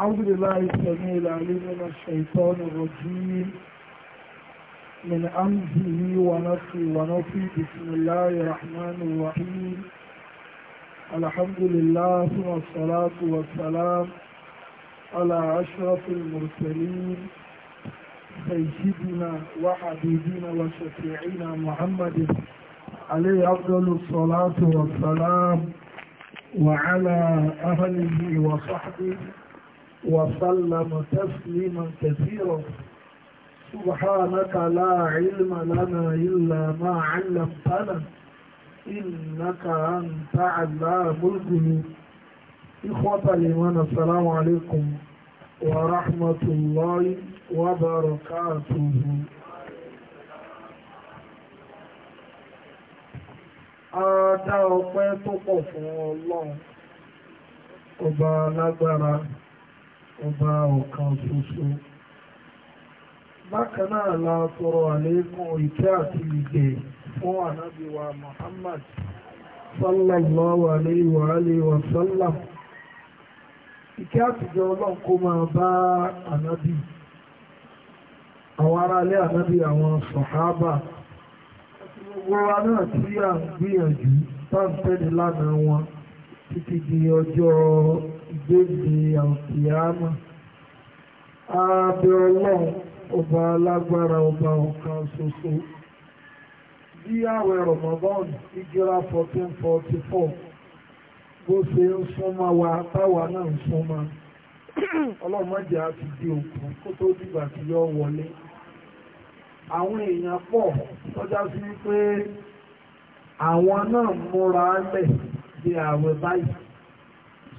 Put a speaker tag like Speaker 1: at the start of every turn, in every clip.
Speaker 1: أعوذ بالله السميع العليم من الشيطان الرجيم من أمزه ونفسه ونفسه بسم الله الرحمن الرحيم الحمد لله والصلاة والسلام على أشرف المرسلين سيدنا وحبيبنا وشفيعنا محمد عليه أفضل الصلاة والسلام وعلى أهله وصحبه وسلم تسليما كثيرا سبحانك لا علم لنا إلا ما علمتنا إنك أنت علام الغيوب إخوة الإيمان السلام عليكم ورحمة الله وبركاته Adá ọpẹ́ tó pọ̀ fún Ọlọ́run,
Speaker 2: ọba lágbára ọba ọ̀kan ṣoṣo
Speaker 1: bákan náà la tọrọ àlékún ìkẹ́ àti ìgbẹ́ fún ànábì wa Muhammad sallallahu alayhi wa alayhi wa sallam ìkẹ́ àtijọ́ ọlọ́run kó máa bá ànábì àwọn aráalé ànábì àwọn sọ̀hábà wọ́ra náà tí à ń gbìyànjú táǹtẹ́ni lánàá wọn títí di ọjọ́ gbébi àwòkìyàmà ààbẹ̀ ọlọ́run ọba alágbára ọba ọ̀kan ṣoṣo bí àwẹ̀ rọ̀mọ́bọ́n ìjọra 1444 bó ṣe ń súnmọ́ wa táwa náà ń súnmọ́ ọlọ́mọdé á ti di òkun kó tó dìgbà tí yọ wọlé àwọn èèyàn pọ̀ tọ́já sí wípé àwọn náà múra lẹ̀ bí àwẹ̀ báyìí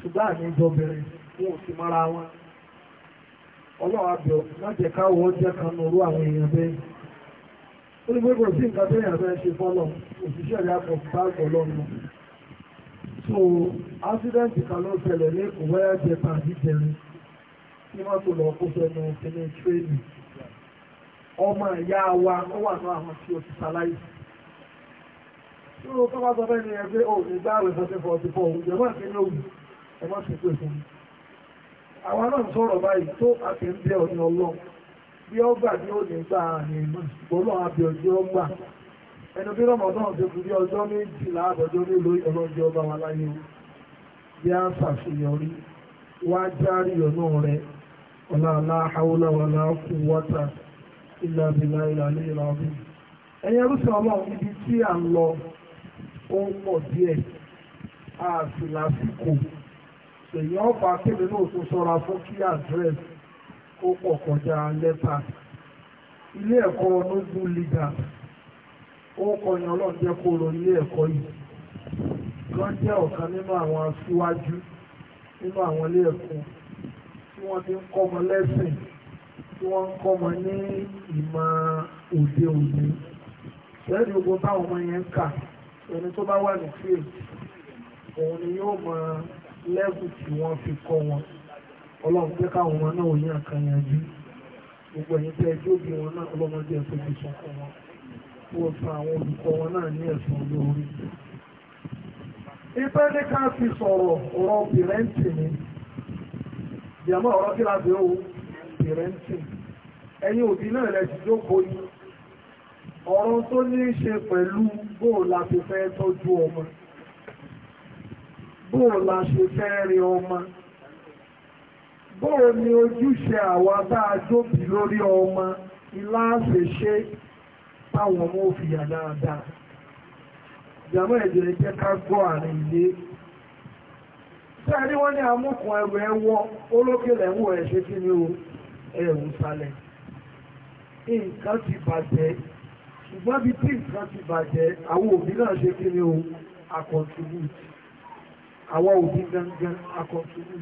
Speaker 1: ṣùgbọ́n àmì ìjọbìnrin wọn ò mara wọn ọlọ́run àbẹ̀ láti káwọ́ ọjọ́ kan nọrú àwọn èèyàn bẹ́ẹ̀ ní sí nǹkan tó yàn fẹ́ ṣe fọ́lọ̀ òṣìṣẹ́ bá lọ́nà so accident kan ló ṣẹlẹ̀ jẹ tàbí jẹrin tí wọ́n tó lọ kó ọmọ ìyá wa ó wà ní àwọn tí ó ti ṣaláyé tí tó bá sọ ni ẹgbẹ́ ẹ má àwọn náà báyìí tó àti ń bẹ ọ̀nà ọlọ́run bí ó gbà ní ní ìgbọ́lọ́ àbí ọjọ́ ọgbà ẹnu bí rọmọdán ṣe kú bí ọjọ́ méjìlá àbọ̀jọ́ nílò ọlọ́jọ́ ọba wa láyé bí a wá járí ọ̀nà rẹ̀ èyí ọ̀fà kéde náà tó sọ́ra fún kí àdírẹ́s ó pọ̀ kọjá lẹ́tà ilé ẹ̀kọ́ nogun leader ó kọyàn ọlọ́run jẹ́ kó lọ ilé ẹ̀kọ́ yìí wọ́n jẹ́ ọ̀kan nínú àwọn aṣíwájú nínú àwọn ilé ẹ̀kọ́ tí wọ́n ti ń kọ́mọ lẹ́sìn tí wọ́n ń kọ́mọ ní ìmọ̀ òde òní ṣẹ́ẹ̀dì ogun táwọn ọmọ yẹn ń kà ẹni tó bá wà ní fíè òun ni yóò máa lẹ́bù tí wọ́n fi kọ́ wọn ọlọ́run pé káwọn ọmọ náà ò ní àkànyànjú gbogbo ẹ̀yìn tẹ́ ẹjọ́ bí wọn náà ọlọ́mọdé ẹ̀sọ́ ti sọ fún wọn tí wọ́n fa àwọn olùkọ́ wọn náà ní ẹ̀sùn lórí. ìfẹ́ ní ká fi sọ̀rọ̀ ọ̀rọ̀ pìrẹ́ǹtì ni ìyàmọ́ ọ̀rọ̀ kí la bẹ̀rẹ̀ o pìrẹ́ǹtì ẹ̀yin òbí náà lẹ ti jókòó yìí ọ̀rọ̀ tó ní í ṣe pẹ̀lú bóòlù àti fẹ́ tọ́jú ọmọ bóò la ṣe fẹ́ rí ọmọ bóò ni ojúṣe àwa bá a jóbi lórí ọmọ ilá ṣe ṣe táwọn ọmọ òfìyà dáadáa ìjàmọ́ ẹ̀jẹ̀ jẹ́ ká gbọ́ àrùn ilé sẹ́ẹ̀rí wọ́n ní amúkùn ẹrù ẹwọ́ olókèlè ẹ̀wọ̀ ẹ̀ kí ni o ẹ̀rù sálẹ̀ nǹkan ti bàjẹ́ ṣùgbọ́n bí tí nǹkan ti bàjẹ́ àwọn òbí náà ṣe kí ni o a contribute àwọn òbí gangan akọ̀tùnú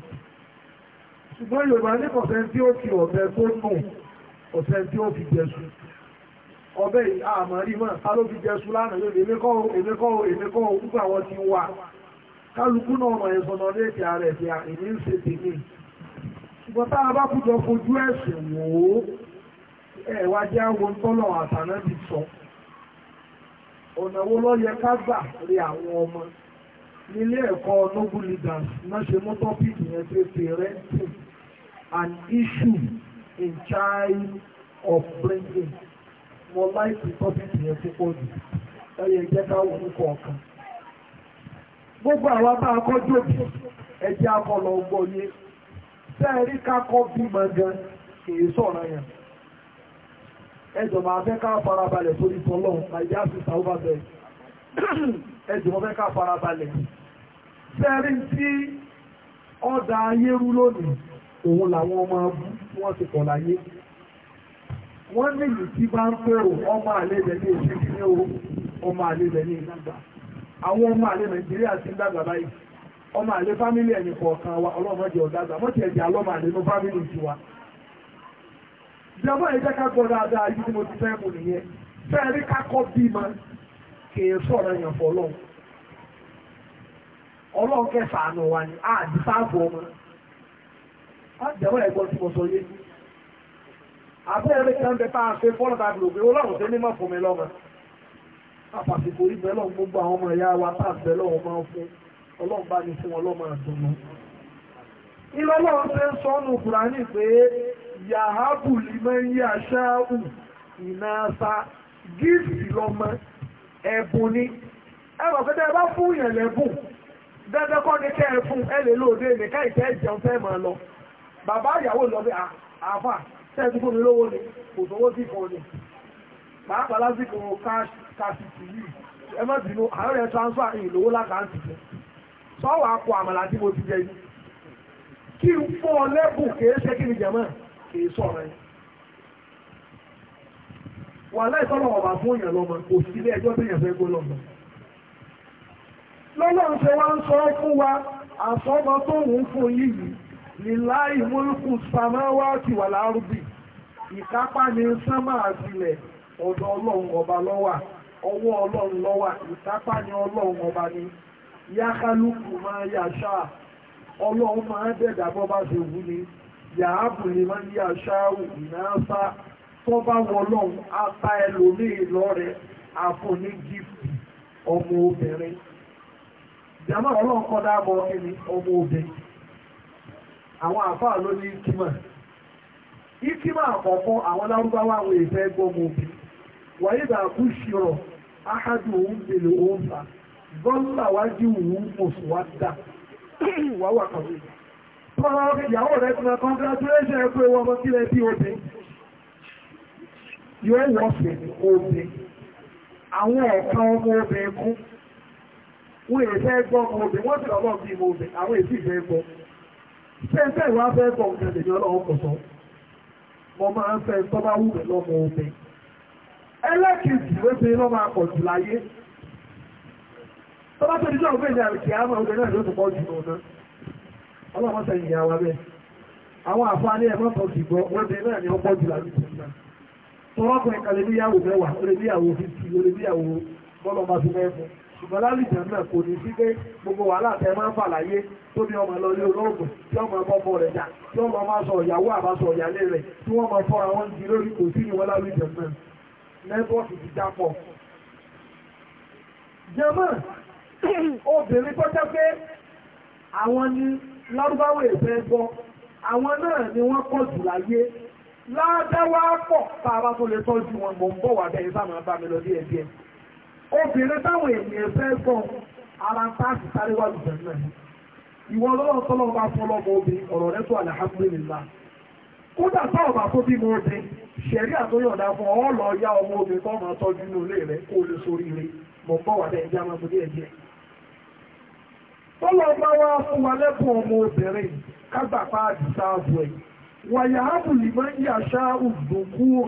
Speaker 1: ṣùgbọ́n Yorùbá ní kọ̀sẹ̀ tí ó fi ọ̀bẹ tó nù ọ̀sẹ̀ tí ó fi jẹ̀sù ọ̀bẹ àmàrí mọ̀ ta ló fi jẹ̀sù lánàá yóò lè mẹ́kọ́ èmẹ́kọ́ èmẹ́kọ́ gbogbo àwọn ti wà kálukú náà mọ̀ ẹ̀sọ̀nà léèkì ààrẹ ti à èmi ń ṣe tèmi ṣùgbọ́n àwọn ọmọ ilé ẹ̀kọ́ noble leaders náà ṣe mú tọ́pìkì yẹn pé parenting an issue in child upbringing mo láìpì tọ́pìkì yẹn púpọ̀ jù ẹyẹ jẹ́ ká wò nípa ọ̀kan gbogbo àwọn bá akọ́jú òbí ẹjẹ́ akọlọ̀ ọgbọ́ yé sẹ́ẹ̀rí kákọ́ bímọ gan kìí sọ̀rọ̀ yẹn ẹjọ̀ máa fẹ́ ká farabalẹ̀ sórí tọ́lọ́ àìjá sí sàúbàbẹ̀ ẹjọ̀ máa fẹ́ ká farabalẹ̀ fẹ́rin tí ọdá ayé rú lónìí òun làwọn ọmọ abú tí wọ́n ti kọ̀ láyé wọ́n tí bá ń pèrò ọmọ ní o ọmọ àlébẹ̀ ní ìdàgbà àwọn ọmọ àlè nàìjíríà ti ń dàgbà báyìí ọmọ fámílì ẹ̀yìn kọ̀ọ̀kan wa ọlọ́mọdé ọ̀dàgbà ẹ̀jẹ̀ alọ́mọ ní fámílì ìjọba ìjẹ́ ká gbọ́ dáadáa yìí tí mo ti ọlọ́run kẹfà àánú wa ni a ní sáàbù ọmọ àjẹwọ́ ẹ̀gbọ́n tí mo sọ yé àbẹ́rẹ́ kan bẹ tá a ṣe fọ́nà tàbí òbí ọlọ́run tó ní mọ̀ fún mi lọ́mọ àpàtìkò ìbẹ́ lọ́n gbogbo àwọn ọmọ ìyá wa tá a bẹ lọ́wọ́ máa ń fún ọlọ́run bá ní fún ọlọ́mọ àdùnnú. ilé ọlọ́run ṣe ń sọnù Kùránì pé yahabu limẹ́ yí aṣááhù ìnáṣá gíìsì lọ́mọ dandan kọ́ ni kẹ́ ẹ fún ẹ lè lóde nìkan ìtẹ́ ìjẹun fẹ́ máa lọ bàbá ìyàwó lọ bí àáfà tẹ́ẹ̀tì fún mi lówó ni kò sówó sí kan ni pàápàá lásìkò káàsìtì yìí ẹ má bínú àárẹ̀ transfer ìlówó lákàntì jẹ sọ́wọ́ àpò àmàlà tí mo ti jẹ yìí kí n fún ọ lẹ́bùn kìí ṣe kí ni jẹ̀mọ́ kìí sọ̀rọ̀ yìí wà láìsọ́lọ̀ ọ̀bà fún ìyàn lọ́mọ kò sí ilé ẹjọ́ tó yàn fẹ́ gbó lọ́mọ lọ́lọ́run ṣe wá ń sọ fún wa àsọ́gbọ́ tó ń fún yìí lílá ìmúlùkù samáwáàtì wà lárúbì ìkápá ni sánmà àtìlẹ̀ ọ̀dọ̀ ọlọ́run ọba lọ́wà ọwọ́ ọlọ́run lọ́wà ìkápá ni ọlọ́run ọba ni yákálùkù máa yàṣá ọlọ́run máa dẹ̀dà bọ́ bá ṣe wù ni yàábù ni máa ń yàṣá ìnáṣá tó bá wọ apá ẹlòmíì lọ́rẹ̀ àfọ̀ní gífù ọmọ obìnrin jàmọ́ ọlọ́run kọ́ dábọ̀ ẹni ọmọ obìnrin àwọn àfáà ló ní ìkímà ìkímà àkọ́kọ́ àwọn lárúbáwá àwọn ìfẹ́ gbọ́mọ obìnrin wàyí bá kú ṣírọ̀ áhádùn òun òun wájú òun wá dà wáwà wọ́n èyí fẹ́ gbọ́ ọmọ obìnrin wọ́n sì lọ́lọ́ bí mo obìnrin àwọn èsì fẹ́ gbọ́ ṣé ẹgbẹ́ ìwà fẹ́ gbọ́ nǹkan lèmi ọlọ́run kò sọ mo máa ń fẹ́ tọ́ bá wù mí lọ́mọ obìnrin ẹlẹ́kìtì lóbìnrin lọ́mọ akọ̀jù láyé tó bá tó dijọ́ òfin ìjà kì á máa obìnrin náà ló ti pọ̀ jù lọ náà ọlọ́run sẹ́yìn ìyá wa bẹ́ẹ̀ àwọn àfáàní ẹ̀mọ́ kan sì gbọ́ wọ́n bẹ náà ni ó pọ̀ jù láyé tó ń gbà tọ́rọ́kùnrin kan lè níyàwó mẹ́wàá ó lè níyàwó fífi ó lè níyàwó bọ́lọ́ bá fi mẹ́fún ṣùgbọ́n lálìjẹ̀ náà kò ní sí pé gbogbo wà láti ẹ máa ń fàlàyé tó ní ọmọ lọlé olóògùn tí ọmọ ọmọ rẹ̀ jà tí ọmọ máa sọ ìyàwó àbáṣọ ìyálé rẹ̀ tí wọ́n máa fọ́ra wọn jí lórí kò sí ní wọ́n lálìjẹ̀ náà nẹ́tíwọ́ọ̀kì ti já pọ̀. jẹ́mọ́ obìnrin tó jẹ́ pé àwọn ni lárúbáwò ìfẹ́ gbọ́ àwọn náà ni wọ́n pọ̀ jù láyé ládáwà pọ̀ tá a bá tó lè tọ́jú wọn mọ̀ ń bọ̀ wà bẹ́ẹ̀ sáà máa bá mi lọ díẹ̀díẹ̀ obìnrin táwọn ènìyàn fẹ́ gbọ́ ara ń táàkì sáré wà lùbẹ̀ náà ìwọ ọlọ́run tọ́lọ́ bá fún ọlọ́mọ obìnrin ọ̀rọ̀ rẹ tó alhamdulillah kódà táwọn bá tó bí mo dé ṣẹ̀rí àtúnyọ̀dá fún ọ lọ yá ọmọ obìnrin tó máa tọ́jú inú ilé rẹ kó o lè sórí rẹ mọ̀ bọ́ wà lẹ́yìn jáma mo díẹ̀ díẹ̀ tọ́lọ́ bá wá fún wa lẹ́kùn ọmọ obìnrin kágbà pa àdìsáàbù ẹ̀ wàyà ábùlì máa ń yà ṣáà ùdùnkúrò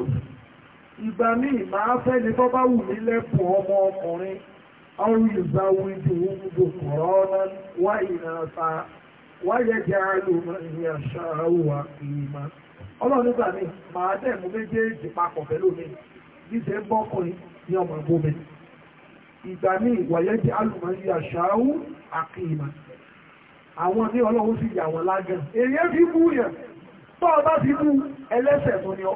Speaker 1: ìgbà ní ìmáa fẹ́ ní bọ́bá wù ní lẹ́pọ̀ ọmọ ọkùnrin ọrùn ìgbà wo ìdò gbogbo kọ̀rọ̀ ọ̀nà wá ìrìnàfà wáyé jẹ́ àlùmọ̀ ìrìn àṣà àwòwà ìmá ọlọ́run nígbà míì máa dẹ̀mú méjèèjì papọ̀ pẹ̀lú mi jíṣẹ́ bọ́kùnrin ní ọmọ gómi ìgbà míì wáyé jẹ́ àlùmọ̀ ìrìn àṣà àwò àkìmá àwọn ní ọlọ́run sì yà wọ́n lágàn èyí fi mú ọba fi ẹlẹ́sẹ̀ tó ní ọ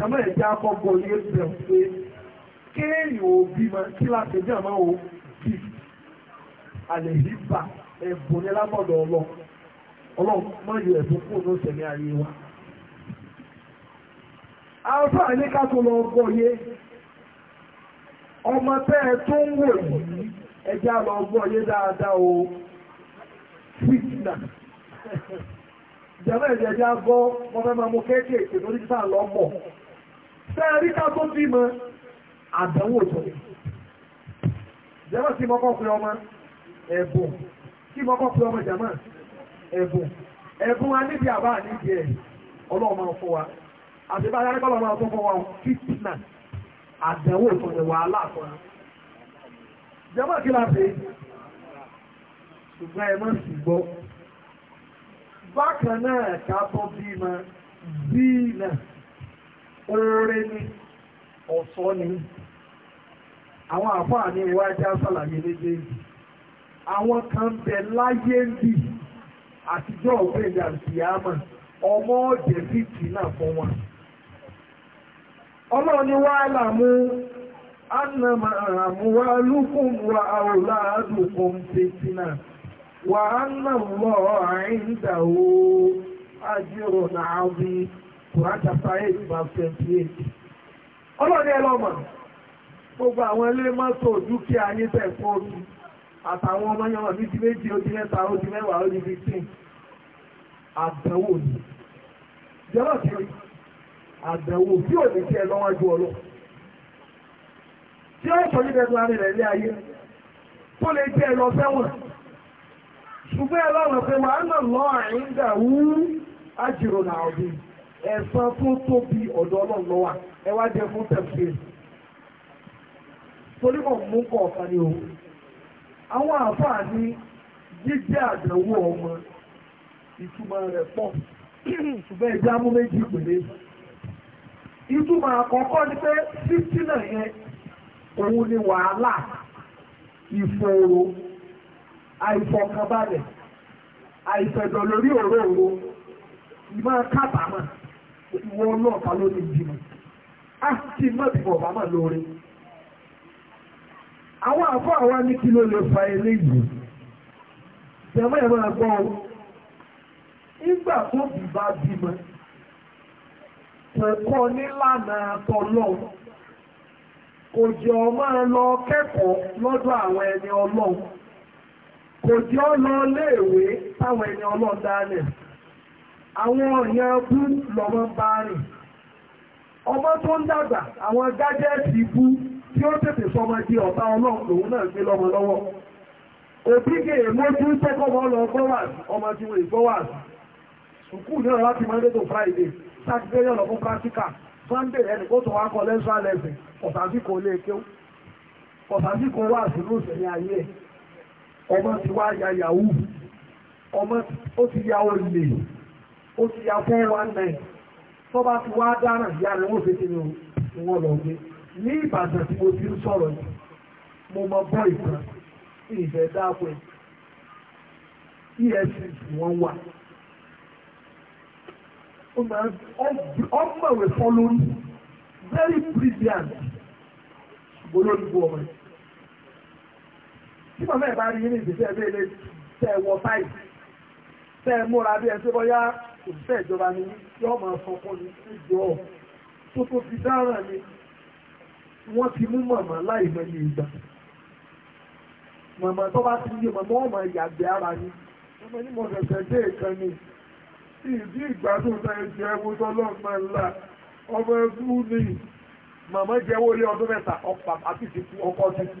Speaker 1: jàmọ́ ẹ̀ já kọ́kọ́ ní ẹ̀sìn pé kéèyàn òbí ma kí láti jẹ́ àmọ́ o kì àlẹ́ yìí bà ẹ̀bùn ní lábọ̀dọ̀ ọlọ́ ọlọ́run mọ́ yọ ẹ̀bùn kúrò ní ọ̀sẹ̀ ní ayé wa. alfa ní ká tó lọ gbọ́ yé ọmọ tẹ́ ẹ tó ń wò yìí ẹ já lọ gbọ́ yé dáadáa o fitna jàmọ́ ẹ̀jẹ̀ já gbọ́ títà lọ́mọ̀ sẹ́ẹ̀rí ká tó bí mọ́ àdánwò tó jẹ́mọ́ tí mọ́kọ́ pé ọmọ ẹ̀bùn tí mọ́kọ́ pé ọmọ jẹ́mọ́ ẹ̀bùn ẹ̀bùn wa níbi àbá níbi ẹ̀ ọlọ́ọ̀mọ fún wa àtibá yára kọ́ lọ́mọ fún wa fìtínà àdánwò tó ní wàhálà fún wa jẹ́mọ́ kí la fi ṣùgbọ́n ẹ mọ́ sì gbọ́ bákan náà ká tó bí mọ́ oore ni ni àwọn àfáà ní iwájú àṣàlàyé méjèèjì àwọn kan bẹ láyé ń bì àtijọ́ ọ̀gbẹ́ni ọmọ ọ̀jẹ̀ sì kì fún wọn. ọlọ́run ni wàá là mú annama wa àwòládùkùn fìtínà wà á nà lọ́ọ̀ nà Quran chapter eight verse twenty eight. ọlọ́ni ẹ lọ́mọ gbogbo àwọn ilé mọ́tò dúkìá yín tẹ̀ fọ́ọ̀tù àtàwọn ọmọ yẹn wọn ní ti méjì ó di mẹ́ta ó di mẹ́wàá ó di fifteen àdánwò ni jọlọ ti rí àdánwò tí ò ní tiẹ̀ lọ́wọ́ ju ọlọ́ tí ó sọ ní dẹ́gbẹ́rán rẹ̀ lé ayé tó lè tiẹ̀ lọ sẹ́wọ̀n ṣùgbọ́n ẹ lọ́rùn pé wàá nà lọ́ àyíǹdà wú àjìrò nà ọ̀dùn. ẹ̀san tó tóbi ọ̀dọ̀ ọlọ́run ló ẹwà jẹ fún tẹ̀síẹ̀ torí mọ̀ mú kọ̀ ni o àwọn àfáà ní jíjẹ́ àdánwò ọmọ ìtumọ̀ rẹ̀ pọ̀ ṣùgbọ́n ẹja méjì pèlè ìtumọ̀ àkọ́kọ́ ni pé fífínà yẹn òun ni wàhálà àìfọkànbalẹ̀ àìfẹ̀dọ̀ lórí ìmọ̀ wọn náà ta ló ní á kí má bí bá bàmà lóore àwọn àfọ́ àwa ní kí ló lè fa eléyìí jẹ́mọ́ ẹ̀rọ ẹ̀gbọ́n o nígbà tó bì bá nílànà lọ kẹ́kọ̀ọ́ lọ́dọ̀ àwọn ẹni lọ léèwé táwọn ẹni àwọn èèyàn bú lọ́mọ bá rìn ọmọ tó ń dàgbà àwọn gájẹ́ẹ̀tì bú tí ó tètè sọmọ di ọ̀tá ọlọ́run lòun náà gbé lọ́mọ lọ́wọ́ òbí gèè mójú tẹ́kọ̀ọ́ lọ gbọ́wàs ọmọ tí wọ́n ìgbọ́wàs sùkúù náà láti monday to friday saturday yọ̀lọ̀ fún practical sunday ẹni kó tó wá kọ lẹ́sùn alẹ́sìn ọ̀tàsíkò lè kéw ọ̀tàsíkò wà sínú ìṣẹ̀lẹ̀ ayé ọmọ ti wá ya yahoo ọmọ ó ti ya olè ó ti ya fún one nine tó bá ti wá dáràn ìyá rẹ̀ wọ́n fèsì ni wọ́n lọ gbé ní ìbàdàn tí mo ti ń sọ̀rọ̀ yìí mo mọ bọ́ ìtàn ìfẹ́ dáàbò efcc wọ́n wà ọmọwé fọ́ lórí very brilliant olóògbé ọmọ yìí tí màmá ẹ̀ bá rí yín ní ìgbésẹ̀ ẹ̀ bẹ́ẹ̀ lé tẹ̀ wọ báyìí tẹ̀ múra bí ẹ ṣe bọ́ yá òṣìṣẹ́ ìjọba ni yọ́ máa sọkún ní ìjọ tó tó fi dáràn ni wọ́n ti mú màmá láì mọye ìgbà màmá tó bá ti yé màmá ọmọ ìyàgbẹ́ ara ni ọmọ ní mọ̀ọ́sẹ̀ tẹ̀lé ìkan ni ìdí ìgbádùn náà ti ẹwú tọ́lọ́mọ ńlá ọmọ ẹgbú ni màmá jẹ́wọ́ lé ọdún mẹ́ta ọ̀pá àti ìsìnkú ọkọ̀ tuntun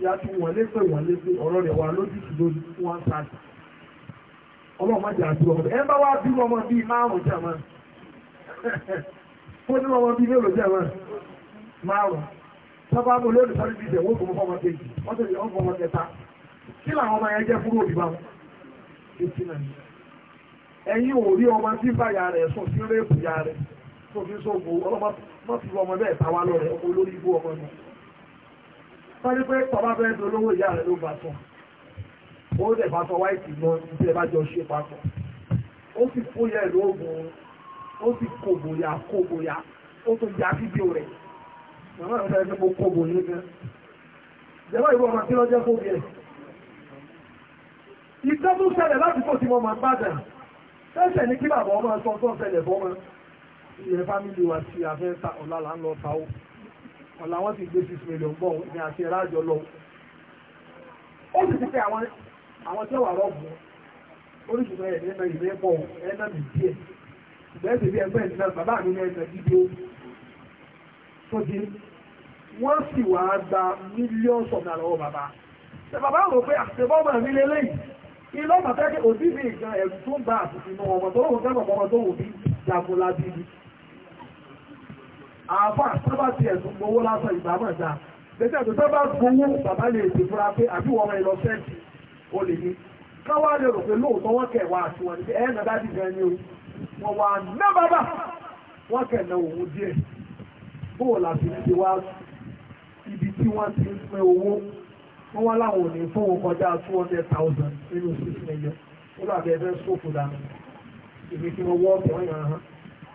Speaker 1: ya tún wọlé pé wọlé pé ọ̀rọ̀ rẹ̀ wà lójútùú lórí fún wọn sáàtì ọlọ́run má jẹ́ àti ọmọ ẹ bá wá bí ọmọ bíi márùn fún ọmọ bíi mélòó márùn sábà bíi fún ọmọ kejì wọ́n tẹ̀lé ọmọ ọmọ kẹta kí làwọn ọmọ yẹn jẹ́ fún òbí bá wọn ò rí ọmọ tí sùn sí sọ́rí pé tọba fẹ́ tó lówó ìyá rẹ̀ ló bá tán ó dẹ̀ bá tán wáìtì lọ ibi ẹ̀ bá jọ ṣe papọ̀ ó sì kó yẹ lóògùn ó sì kó bòyà kó bòyà ó tó ya fídíò rẹ̀ màmá rẹ̀ fẹ́ kó kó bòyà gan jẹ́wọ́ ìwọ ọmọ tí lọ́jọ́ kó bìẹ̀. ìtọ́ tó ṣẹlẹ̀ láti kó tí mo máa gbàdà ṣẹ̀ṣẹ̀ ní kí bàbá ọmọ sọ tó ṣẹlẹ̀ fọ́mọ ilẹ̀ fámìlì wa ti àfẹ́ ọ̀la là ń lọ ta ó ọ̀la wọ́n ti gbé six million bọ̀ ní àti ẹ̀rá àjọ lọ ó sì ti fẹ́ àwọn àwọn tí ó wà rọ́ọ̀bù oríṣiríṣi ẹ̀ nínú ìwé pọ̀ ẹ̀nà mi díẹ̀ ìgbẹ́ ìbí ẹgbẹ́ ìdílé bàbá mi ní ẹ̀nà dídí ó tó di wọ́n sì wà á gba mílíọ̀nù sọ̀nà lọ́wọ́ bàbá ṣe bàbá rò pé àṣebọ́ ọmọ mi lélẹ́yìn ilé ọmọ tẹ́kẹ́ òbí mi ìgbà ẹ̀rù tó ń bá àtúntì náà ọmọ tó ń fẹ́ ọmọ tó ń bí jagunlabi ni àfà sábà ti ẹ̀sùn gbowó lásán ìbámọ̀ dá lẹ́sẹ̀ àti sábà gbowó bàbá lè ti fura pé àbí wọn ẹ̀ lọ sẹ́ẹ̀tì ó lè ní káwá lè rò pé lóòótọ́ wọ́n kẹ̀ wá àti wọn ní ẹ̀ẹ́nà dájú gan ni o wọ́n wá ná bàbá wọ́n kẹ̀ na òun díẹ̀ bóòlù àti ti wá ibi tí wọ́n ti ń pín owó wọ́n wá láwọn òní fún wọn kọjá two hundred thousand nínú six million ó lọ àbẹ̀ẹ́fẹ́ sófò dànù ìgbésí wọn wọ́ ọ̀pọ̀ yàn án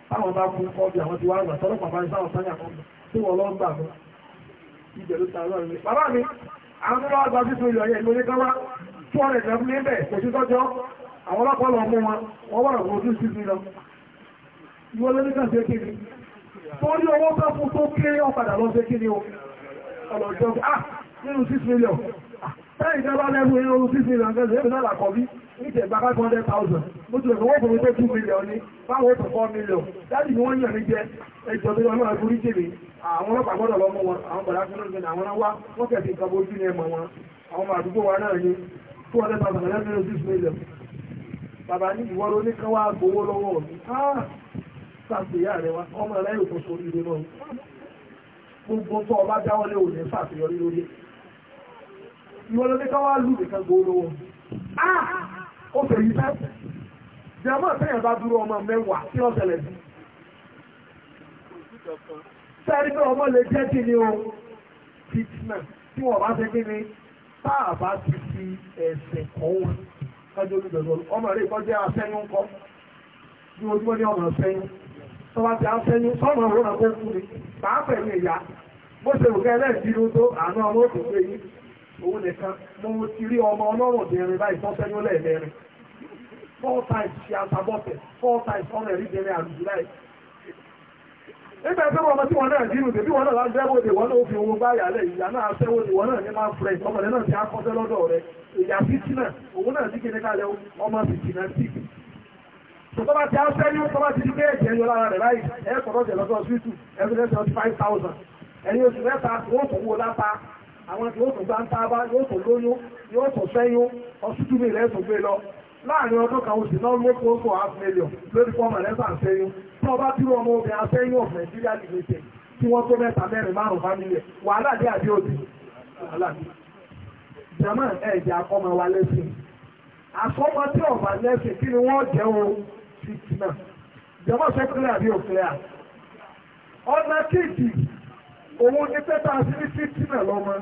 Speaker 1: táwọn bá kú kọ́ bí àwọn ti wá àgbà tọ́lọ́pàá bá ń sáwọn sáyà kan tí wọ́n lọ́ ń gbà mọ́ ibẹ̀ ló ta lọ́rùn mi. bàbá mi àwọn tó bá gba fífi olè ọ̀yẹ́ ìlú oníkọ́wá two hundred and fifty níbẹ̀ kò sí tọ́jọ́ àwọn ọlọ́pàá lọ mú wọn wọ́n wọ́n rọ̀ ojú sí mi lọ. ìwọ ló ní kàn ṣe kí ni torí owó tó fún tó kéré ọ̀padà lọ ṣe kí ni o ọ̀lọ́jọ́ ah nínú six million Táyì ìjọba lẹ́nu irun sísí ìrànkẹ́sẹ̀ ẹ̀rù náà kọ̀ bí níta ìgbà 500,000. Mo ti rẹ̀kọ́ wọ́pọ̀ mi tó 2 million ní, báwọn tó 4 million. Dájì ni wọ́n yàn ní jẹ ẹjọ́ tó yọ náà forí jèrè. Àwọn ọlọ́pàá gbọ́dọ̀ lọ mọ́ wọn, àwọn bọ̀dá fún ọ̀gbìn àwọn wá, wọ́n kẹ̀sì nǹkan bojú ní ẹmọ wọn. Àwọn àdúgbò wa náà ní 200,000 lẹ́nu irun 6 million. Bàbá ní ìwọ́n ló ní kán wá gbowó lọ́wọ́ mi. Ah! Sáàpìyà rẹ̀ wá, ọmọ ẹlẹ́yìn òkú sórí ilé náà. Gbogbo tó ọba dáwọ́lé òní fàṣeyọrí lórí ìwọ̀n lóní ká wá lù nìkan gbòòrò wọn. a ó fẹ́ yí fẹ́ jẹ́mọ́ sẹ́yìn bá dúró ọmọ mẹ́wàá tí ó ṣẹlẹ̀ sí. sẹ́rí pé ọmọ lè o fitna tí wọ́n bá ṣe kí ni tá a bá ti fi ẹ̀sẹ̀ kọ́ wọn kájọ́ olùdọ̀dọ̀ ọmọ rẹ̀ kọjá aṣẹ́yún kọ́ bí ojúmọ́ ní ọmọ aṣẹ́yún tọ́wá ti aṣẹ́yún sọ́mọ òun náà kó kú ni pàápẹ̀lú ìyá bó ṣe òkè ẹlẹ́ẹ̀dínú tó àná ọmọ òkè òun nìkan mo ti rí ọmọ ọlọ́rọ̀ dẹrin báyìí tó tẹ́lú lẹ́ẹ̀mẹrin four times ṣe àtàbọ̀tẹ̀ four times ọmọ ẹ̀rí dẹrin àlùjù láì. nígbà tí ọmọ tí wọn náà dínú tèmi wọn náà lágbẹ́wò dé wọn náà fi owó bá yàlẹ̀ ìyá náà sẹ́wò dé wọn náà ní máa fẹ́ ọmọdé náà ti akọ́sẹ́ lọ́dọ̀ rẹ̀ ìyá fìtì náà òun náà ti kéde kalẹ̀ ọmọ fìtì náà tì tọ́ba ti áṣẹ́ ní tọ́ba ti gbé ẹ̀jẹ̀ yọ lára rẹ̀ láì ẹ̀ kọ̀ọ̀dọ̀ jẹ̀ lọ́dọ̀ ṣútù ẹ̀fẹ̀ lẹ́sẹ̀ ọtí five thousand ẹ̀yin oṣù mẹ́ta wọ́n kò wó lápá àwọn tí ó tún bá ń tábá yóò tún lóyún yóò tún sẹ́yún ọsítúmì rẹ̀ tún gbé lọ láàrin ọdún kan oṣù náà ló kó fún half million lórí fọ́ọ̀mù rẹ̀ bá ń sẹ́yún tí wọ́n bá dúró ọmọ obìnrin asẹ́yún of Nigeria limited tí wọ́n tó mẹ́ta mẹ́rin márùn-ún fámílẹ̀ wàhálà dé àbí òdì wàhálà dé. jama ẹ̀jẹ̀ akọ́mọ wa lẹ́sìn akọ́mọ tí ọ̀fà lẹ́sìn kí ni wọ́n jẹ́ o fìtìmọ̀ jama sẹ́kúlẹ̀ àbí òkúlẹ̀ ọ̀nà kéèkì òun ní pẹ́pà sí ní fítínà lọ́mọ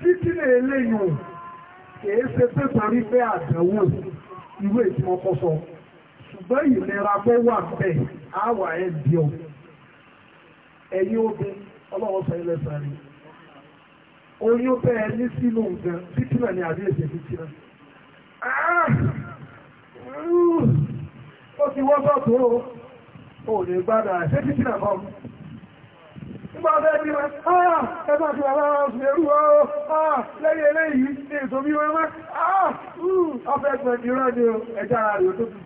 Speaker 1: fítínà eléyìn kìí ṣe pé torí pé àdánwò ìwé ìtìmọ̀kọ́ sọ ṣùgbọ́n ìlera pé wà bẹ̀ àwà ẹ̀ di ọ ẹ̀yin obìn ọlọ́wọ́ sọ ilẹ̀ sàrí oyún bẹ́ ẹ ní sínú nǹkan fítínà ni àbí èsè fítínà ah! ó ti wọ́n sọ́tò ó ò ní gbádà ṣé fítínà kan Nígbà ọ̀fẹ́ bí wọn, "Ah! Ẹgbà tí wọ́n wọ́n fi ẹrú ọ́! Ah! Lẹ́yìn eléyìí, ní ètò bí wọ́n máa, ah! Ọfẹ́ ẹgbẹ̀ ni rọ́ ni ẹjá ara rẹ̀ tó tutù.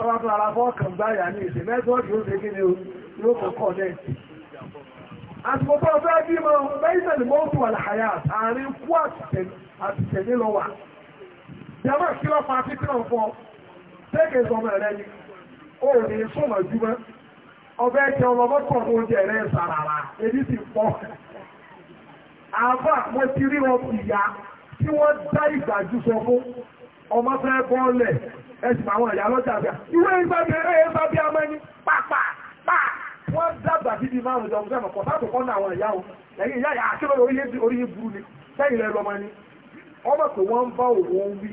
Speaker 1: Ọwá tó ara fọ́ kàn gbáyà ní ìṣẹ́ mẹ́tọ́ọ̀dì ó ṣe kí ni ó kọ̀ọ̀kọ̀ dẹ̀. Àsìkò tó ọfẹ́ bí mọ́, mẹ́sàn-án mọ́tò àlàyà àárín kú àtìtẹ̀lé lọ wà. Ìjọba kí lọ́pàá títí náà fọ́, tẹ́kẹ̀ẹ́ sọmọ rẹ̀ ni, ó ní súnmọ̀ jùmọ́ ọbẹ̀ ẹ̀kẹ́ ọlọ́mọ́kàn mú oúnjẹ rẹ̀ sàràrà èyí sì pọ̀. àbá mo ti rí wọn ìyá tí wọ́n dá ìgbàjú sọ fún ọmọ fẹ́ bọ́ọ̀lẹ̀ ẹ̀sìn àwọn ìyá lọ́jà bíà ìwé ìgbà bẹ̀rẹ̀ ẹ̀ bá bí amẹ́ni pàpà pà wọ́n dàgbà síbi márùn-ún jọ fún ẹ̀mọ̀kọ́ sáàtò kọ́nà àwọn ìyá o ẹ̀yìn ìyá yà á kí lórí orí burú ni sẹ́yìn rẹ̀ lọ́mọ ni ọmọ pé wọ́n ń bá òun wí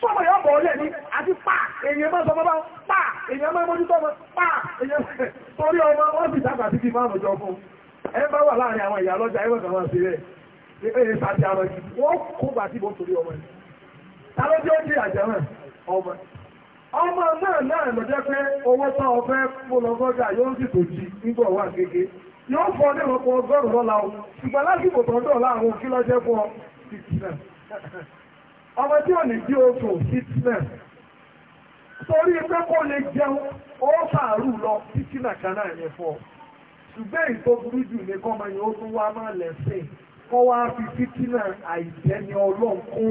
Speaker 1: Sọ́mọ̀ yọ bọ̀ ọlẹ́ ní àti pà èyàn máa sọ bọ́bá pà èyàn máa mójútó ọmọ pà èyàn torí ọmọ wọ́n sì dàgbà títí máa mọ̀ jọ fún. Ẹ bá wà láàrin àwọn ìyá lọ́jà ẹwọ̀n kan wá sí rẹ̀. Ẹ sàti àwọn ìjì wọ́n kó gbà tí mo torí ọmọ yìí. Ta ló jẹ́ oúnjẹ àjẹ́ náà? Ọmọ. Ọmọ náà náà lọ jẹ́ pé owó tán ọfẹ́ kó lọ gọ́jà yóò sì tó jí nígbà wà kéke. Yóò fọ ní ọ̀pọ̀ ọgọ́rùn-ún lọ́la o. Ṣùgbọ́n lásìkò tó ń dọ̀ lọ́jẹ́ fún ọ ọmọ tí ò ní bí oṣù fitness torí pé kó lè jẹun ó sàárù lọ títí nàkan náà yẹn fọ ṣùgbọ́n èyí tó burú jù ní kọ́mọ yẹn ó tún wá máa lẹ́sìn kọ́ wá fi títí náà àìjẹ́ni ọlọ́run kó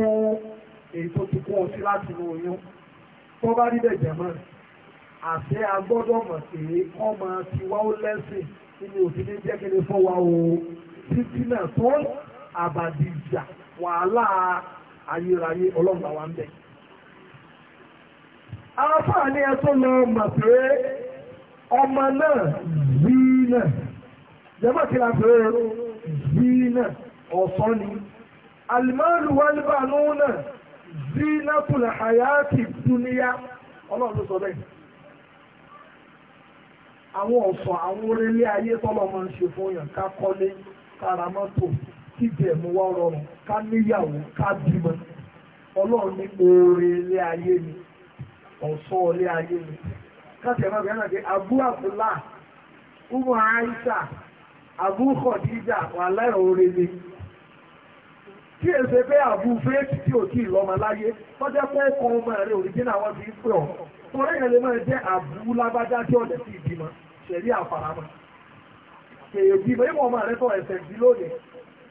Speaker 1: èyí tó ti kó ọ sí láti inú oyún tó bá rí bẹ̀jẹ̀ mọ́ àṣẹ agbọ́dọ̀ mọ̀ pé ọmọ tiwa ó lẹ́sìn nínú òfin ní jẹ́kẹ́lẹ́ fọ́ wa o títí náà tó àbàdìjà wàhálà ayérayé ọlọ́gbà wa ń bẹ̀. afáà ní ẹtún lọ mọ̀ pé ọmọ náà zí náà jẹ́mọ́ kí la pé zí náà ọ̀sán ni alimọ́ọ̀lù wálébà lóhùn náà zí náà kùnà àyàtì dúníyà ọlọ́run sọ bẹ́ẹ̀ àwọn ọ̀sán àwọn orílẹ̀ ayé tọ́lọ́ máa ń ṣe fún yàn ká kọ́lé ká kí ìdẹ̀mú wá rọrùn ká níyàwó ká bímọ ọlọ́run ní oore ilé ayé ni ilé ayé ni káṣí ẹ̀fọ́ bẹ̀rẹ̀ náà abu abdullah umu aisha abu khadija wà láì oore ni tí èsè pé àbú fèèkì tí ò tí láyé pé ọkọ̀ ọmọ rẹ̀ òrìjínà wọn ti ń pè ọ́ yẹn lè máa jẹ́ tí ọ̀dẹ̀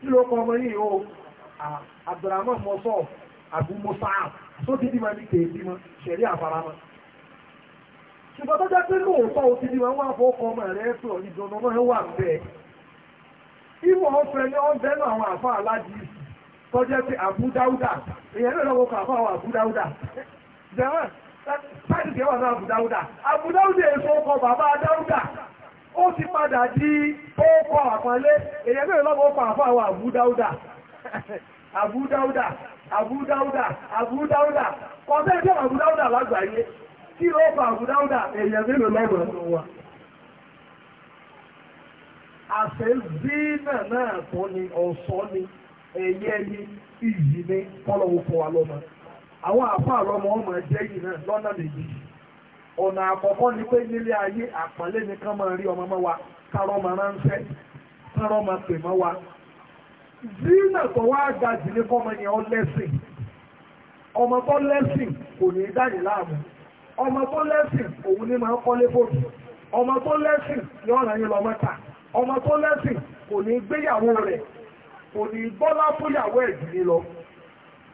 Speaker 1: kí ló ọmọ yìí o Abdulrahman mọ́sọ́ Abu tó ti ní kèébí mọ́ ṣẹ̀rí àfaramọ́ ṣùgbọ́n tó jẹ́ pé lóòótọ́ o ti wọ́n ọmọ rẹ̀ pé ìdùnnú ọmọ wà bẹ́ẹ̀ ìwọ̀n ọ̀fẹ́ bẹ́ẹ̀ Abu padà di ókọ̀ àpọ̀lé èyẹ mẹ́rin lọ́gbọ́ ókọ̀ àfọ́ àbúdáúdà àbúdáúdà àbúdáúdà àbúdáúdà lágbàáyé kí ókọ̀ àbúdáúdà èyẹ mẹ́rin lọ́gbọ́ wa àṣẹ zínà náà tó ni ni ni ìyí ni náà tààrọ̀ máa ránṣẹ́ tààrọ̀ máa zina ga ọ lesin lesin kò ní í láàmù láàmú ọmọ òun ní ma kọ́lé fòtù ọmọ ní ọ̀nà lọ mẹ́ta ọmọ lesin kò ní gbéyàwó rẹ̀ kò ní lọ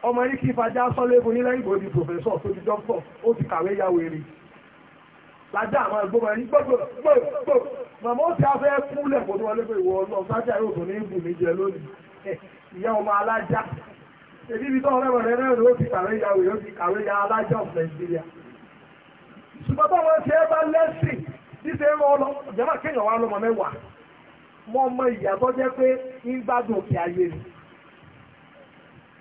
Speaker 1: ọmọ yìí kí nílẹ̀ ìgbòdì tó ti lájá àwọn ẹgbọ́n ẹni gbọ́gbọ́ gbọ́gbọ́ màmá ó ti afẹ́ kúlẹ̀ kó tó wọlé pé ìwọ ọlọ́run sájà yóò tó ní ìbù mi jẹ lónìí ìyá ọmọ alájá èdè ibi tó ọlẹ́wọ̀n rẹ̀ náà ló ti kàwé ya òyò ti kàwé ya alájá of Nàìjíríà ṣùgbọ́n bá wọn ṣe é bá lẹ́sìn títí ń lọ jẹ́mà kéèyàn wá lọ́mọ mẹ́wàá mọ́ ọmọ ìyá tó jẹ́ pé ń gbádùn òkè ayé ni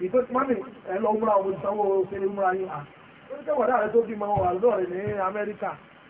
Speaker 1: ìtò tí mọ́mí ẹ̀ lọ múra òun sanwó kéré múra yín à ó ní kẹwàá dáa rẹ tó bímọ wà lọ́ọ̀rẹ́ ní Amẹ́ríkà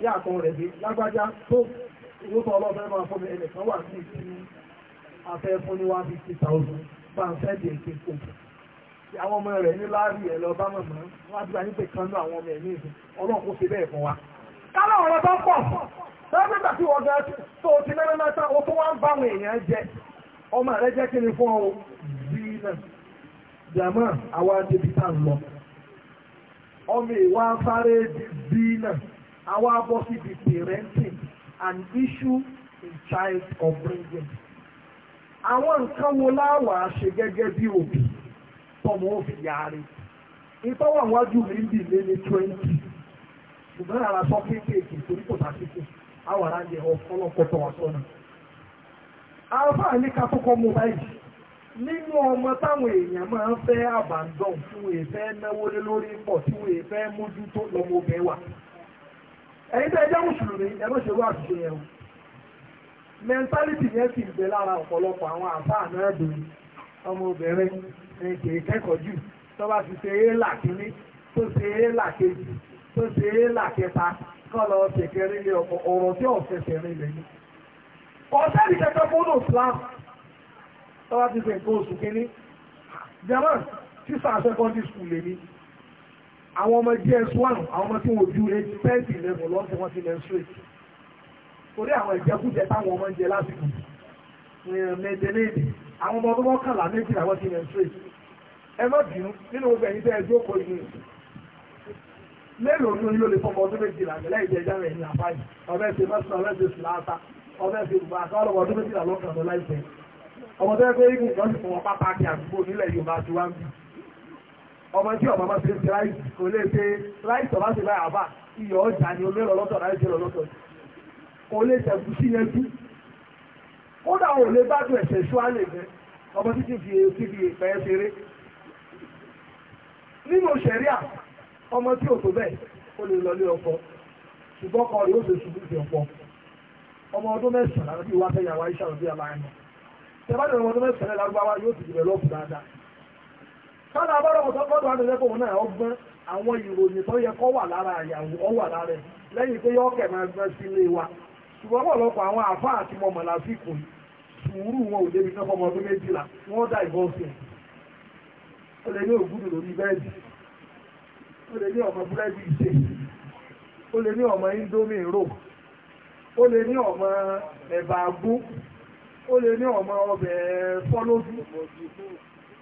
Speaker 1: yàtọ̀ rẹ̀ dé lágbájá tó owó tó ọlọ́fẹ́ máa fún mi ẹnìkan wà sí ìsinmi afẹ́ fún ní one fifty thousand bá ń fẹ́ di èké kò àwọn ọmọ rẹ̀ ní láàrí ẹ̀ lọ bá màmá wọn àti àyíkè kan ní àwọn ọmọ ẹ̀mí ìsìn ọlọ́run kó ṣe bẹ́ẹ̀ fún wa. kálọ̀ ọ̀rọ̀ tó pọ̀ lọ́gbẹ́gbà tí wọ́n gan tó ti lẹ́nu mẹ́ta o tó wá ń bá àwọn èèyàn jẹ ọmọ rẹ̀ jẹ́ kí ni fún ọ bí náà jàmọ́ àwa à ń lọ àwa bọ́ síbi parenting and issue in child upbringing àwọn nǹkan wo láwà ṣe gẹ́gẹ́ bí òbí tọmọ òfin yarí ìtọ́wọ̀ àwájú mi ń bì lé ní twenty ṣùgbọ́n ara sọ pé torí kò àwàrà yẹ wà sọ́nà. ká tó kọ́ nínú ọmọ táwọn èèyàn máa ń fẹ́ ẹ̀yin tẹ́ ẹjẹ́ mùsùlùmí ẹmọ́ṣẹ̀rú àṣìṣe ẹ̀hùn mẹ́ntálítì yẹn ti bẹ lára ọ̀pọ̀lọpọ̀ àwọn àfáà náà dùn ọmọbìnrin ní kìí kẹ́kọ̀ọ́ jù tó bá ti ṣe é là kíní tó ṣe é là kejì tó ṣe é là kẹta kọ́ lọ ṣèkẹ́ nílé ọkọ̀ ọ̀rọ̀ tí ọ̀fẹ́ ṣẹ̀rin lè ní. ọ̀sẹ́ni kẹta fóònù Islam tó bá ti ṣe nǹkan oṣù kíní jẹ́rán tí sàṣẹ́kọ́ndì skul lè ní àwọn ọmọ JS1 àwọn ọmọ tí wọ́n ju age twenty level lọ́sẹ̀ wọ́n ti menstruate torí àwọn ìjẹkújẹ táwọn ọmọ ń jẹ lásìkò eh, mẹtẹlẹẹdì àwọn ọmọ ọdún mọ́kànlá méjìlá wọ́n ti menstruate ẹ má bínú nínú ọgbẹ́ yìí tẹ́ ẹ jókòó yìí mélòó ní olè fọmọ ọdún méjìlá gẹ́lẹ́ ìjẹjá rẹ̀ ní àbáyé ọbẹ̀ ṣe mọ́sùn ọbẹ̀ ṣe sùláta ọbẹ̀ ṣe ìgbà àkọọ́lọ̀ ọdún méjìlá lọ́kàn lọ láìpẹ́ ọmọ tó yẹ pé ikùn kan sì fọwọ́ pápá kí àdúgbò nílẹ̀ Yorùbá ti wá ń bì ọmọ tí ọmọ máa ṣe ṣe ráìsì kò lè ṣe ráìsì ọba ṣe báyà bá iyọ̀ ọjà ni omi lọ́lọ́tọ̀ ráìsì lọ́lọ́tọ̀ kò lè ṣẹ̀kù sí yẹn tú kódà ò lè bá dùn ẹ̀ṣẹ̀ ṣú àlè fẹ́ ọmọ títí fi èsì fi ìpẹ́ ṣeré nínú ṣẹ̀ríà ọmọ tí ò tó bẹ́ẹ̀ ó lè lọ lé ọkọ ṣùgbọ́n kọ rẹ̀ ó ṣe ṣubú sí ọkọ ọmọ ọdún mẹ́sàn-án àti ìwà fẹ́yàwó aisha òbí sọ́dọ̀ abọ́rọ̀ kò sọ́kọ́dọ̀ àdìsẹ́kọ̀ òun náà ọgbọ́n àwọn ìròyìn tó yẹ kọ́ wà lára àyàwó ọ wà lára lẹ́yìn pé yọ́ọ̀kẹ̀ máa gbọ́n sí ilé wa ṣùgbọ́n pọ̀lọpọ̀ àwọn àfá àti mọ̀mọ̀ lásìkò sùúrù wọn ò débi tọ́kọ́ ọmọ ọdún méjìlá wọ́n dá ó lè ní ògúdù lórí bẹ́ẹ̀dì ó lè ní ọmọ búrẹ́dì ìṣe indomie ro ó lè ní ọmọ ẹ̀bà agbó ó lè ní ọmọ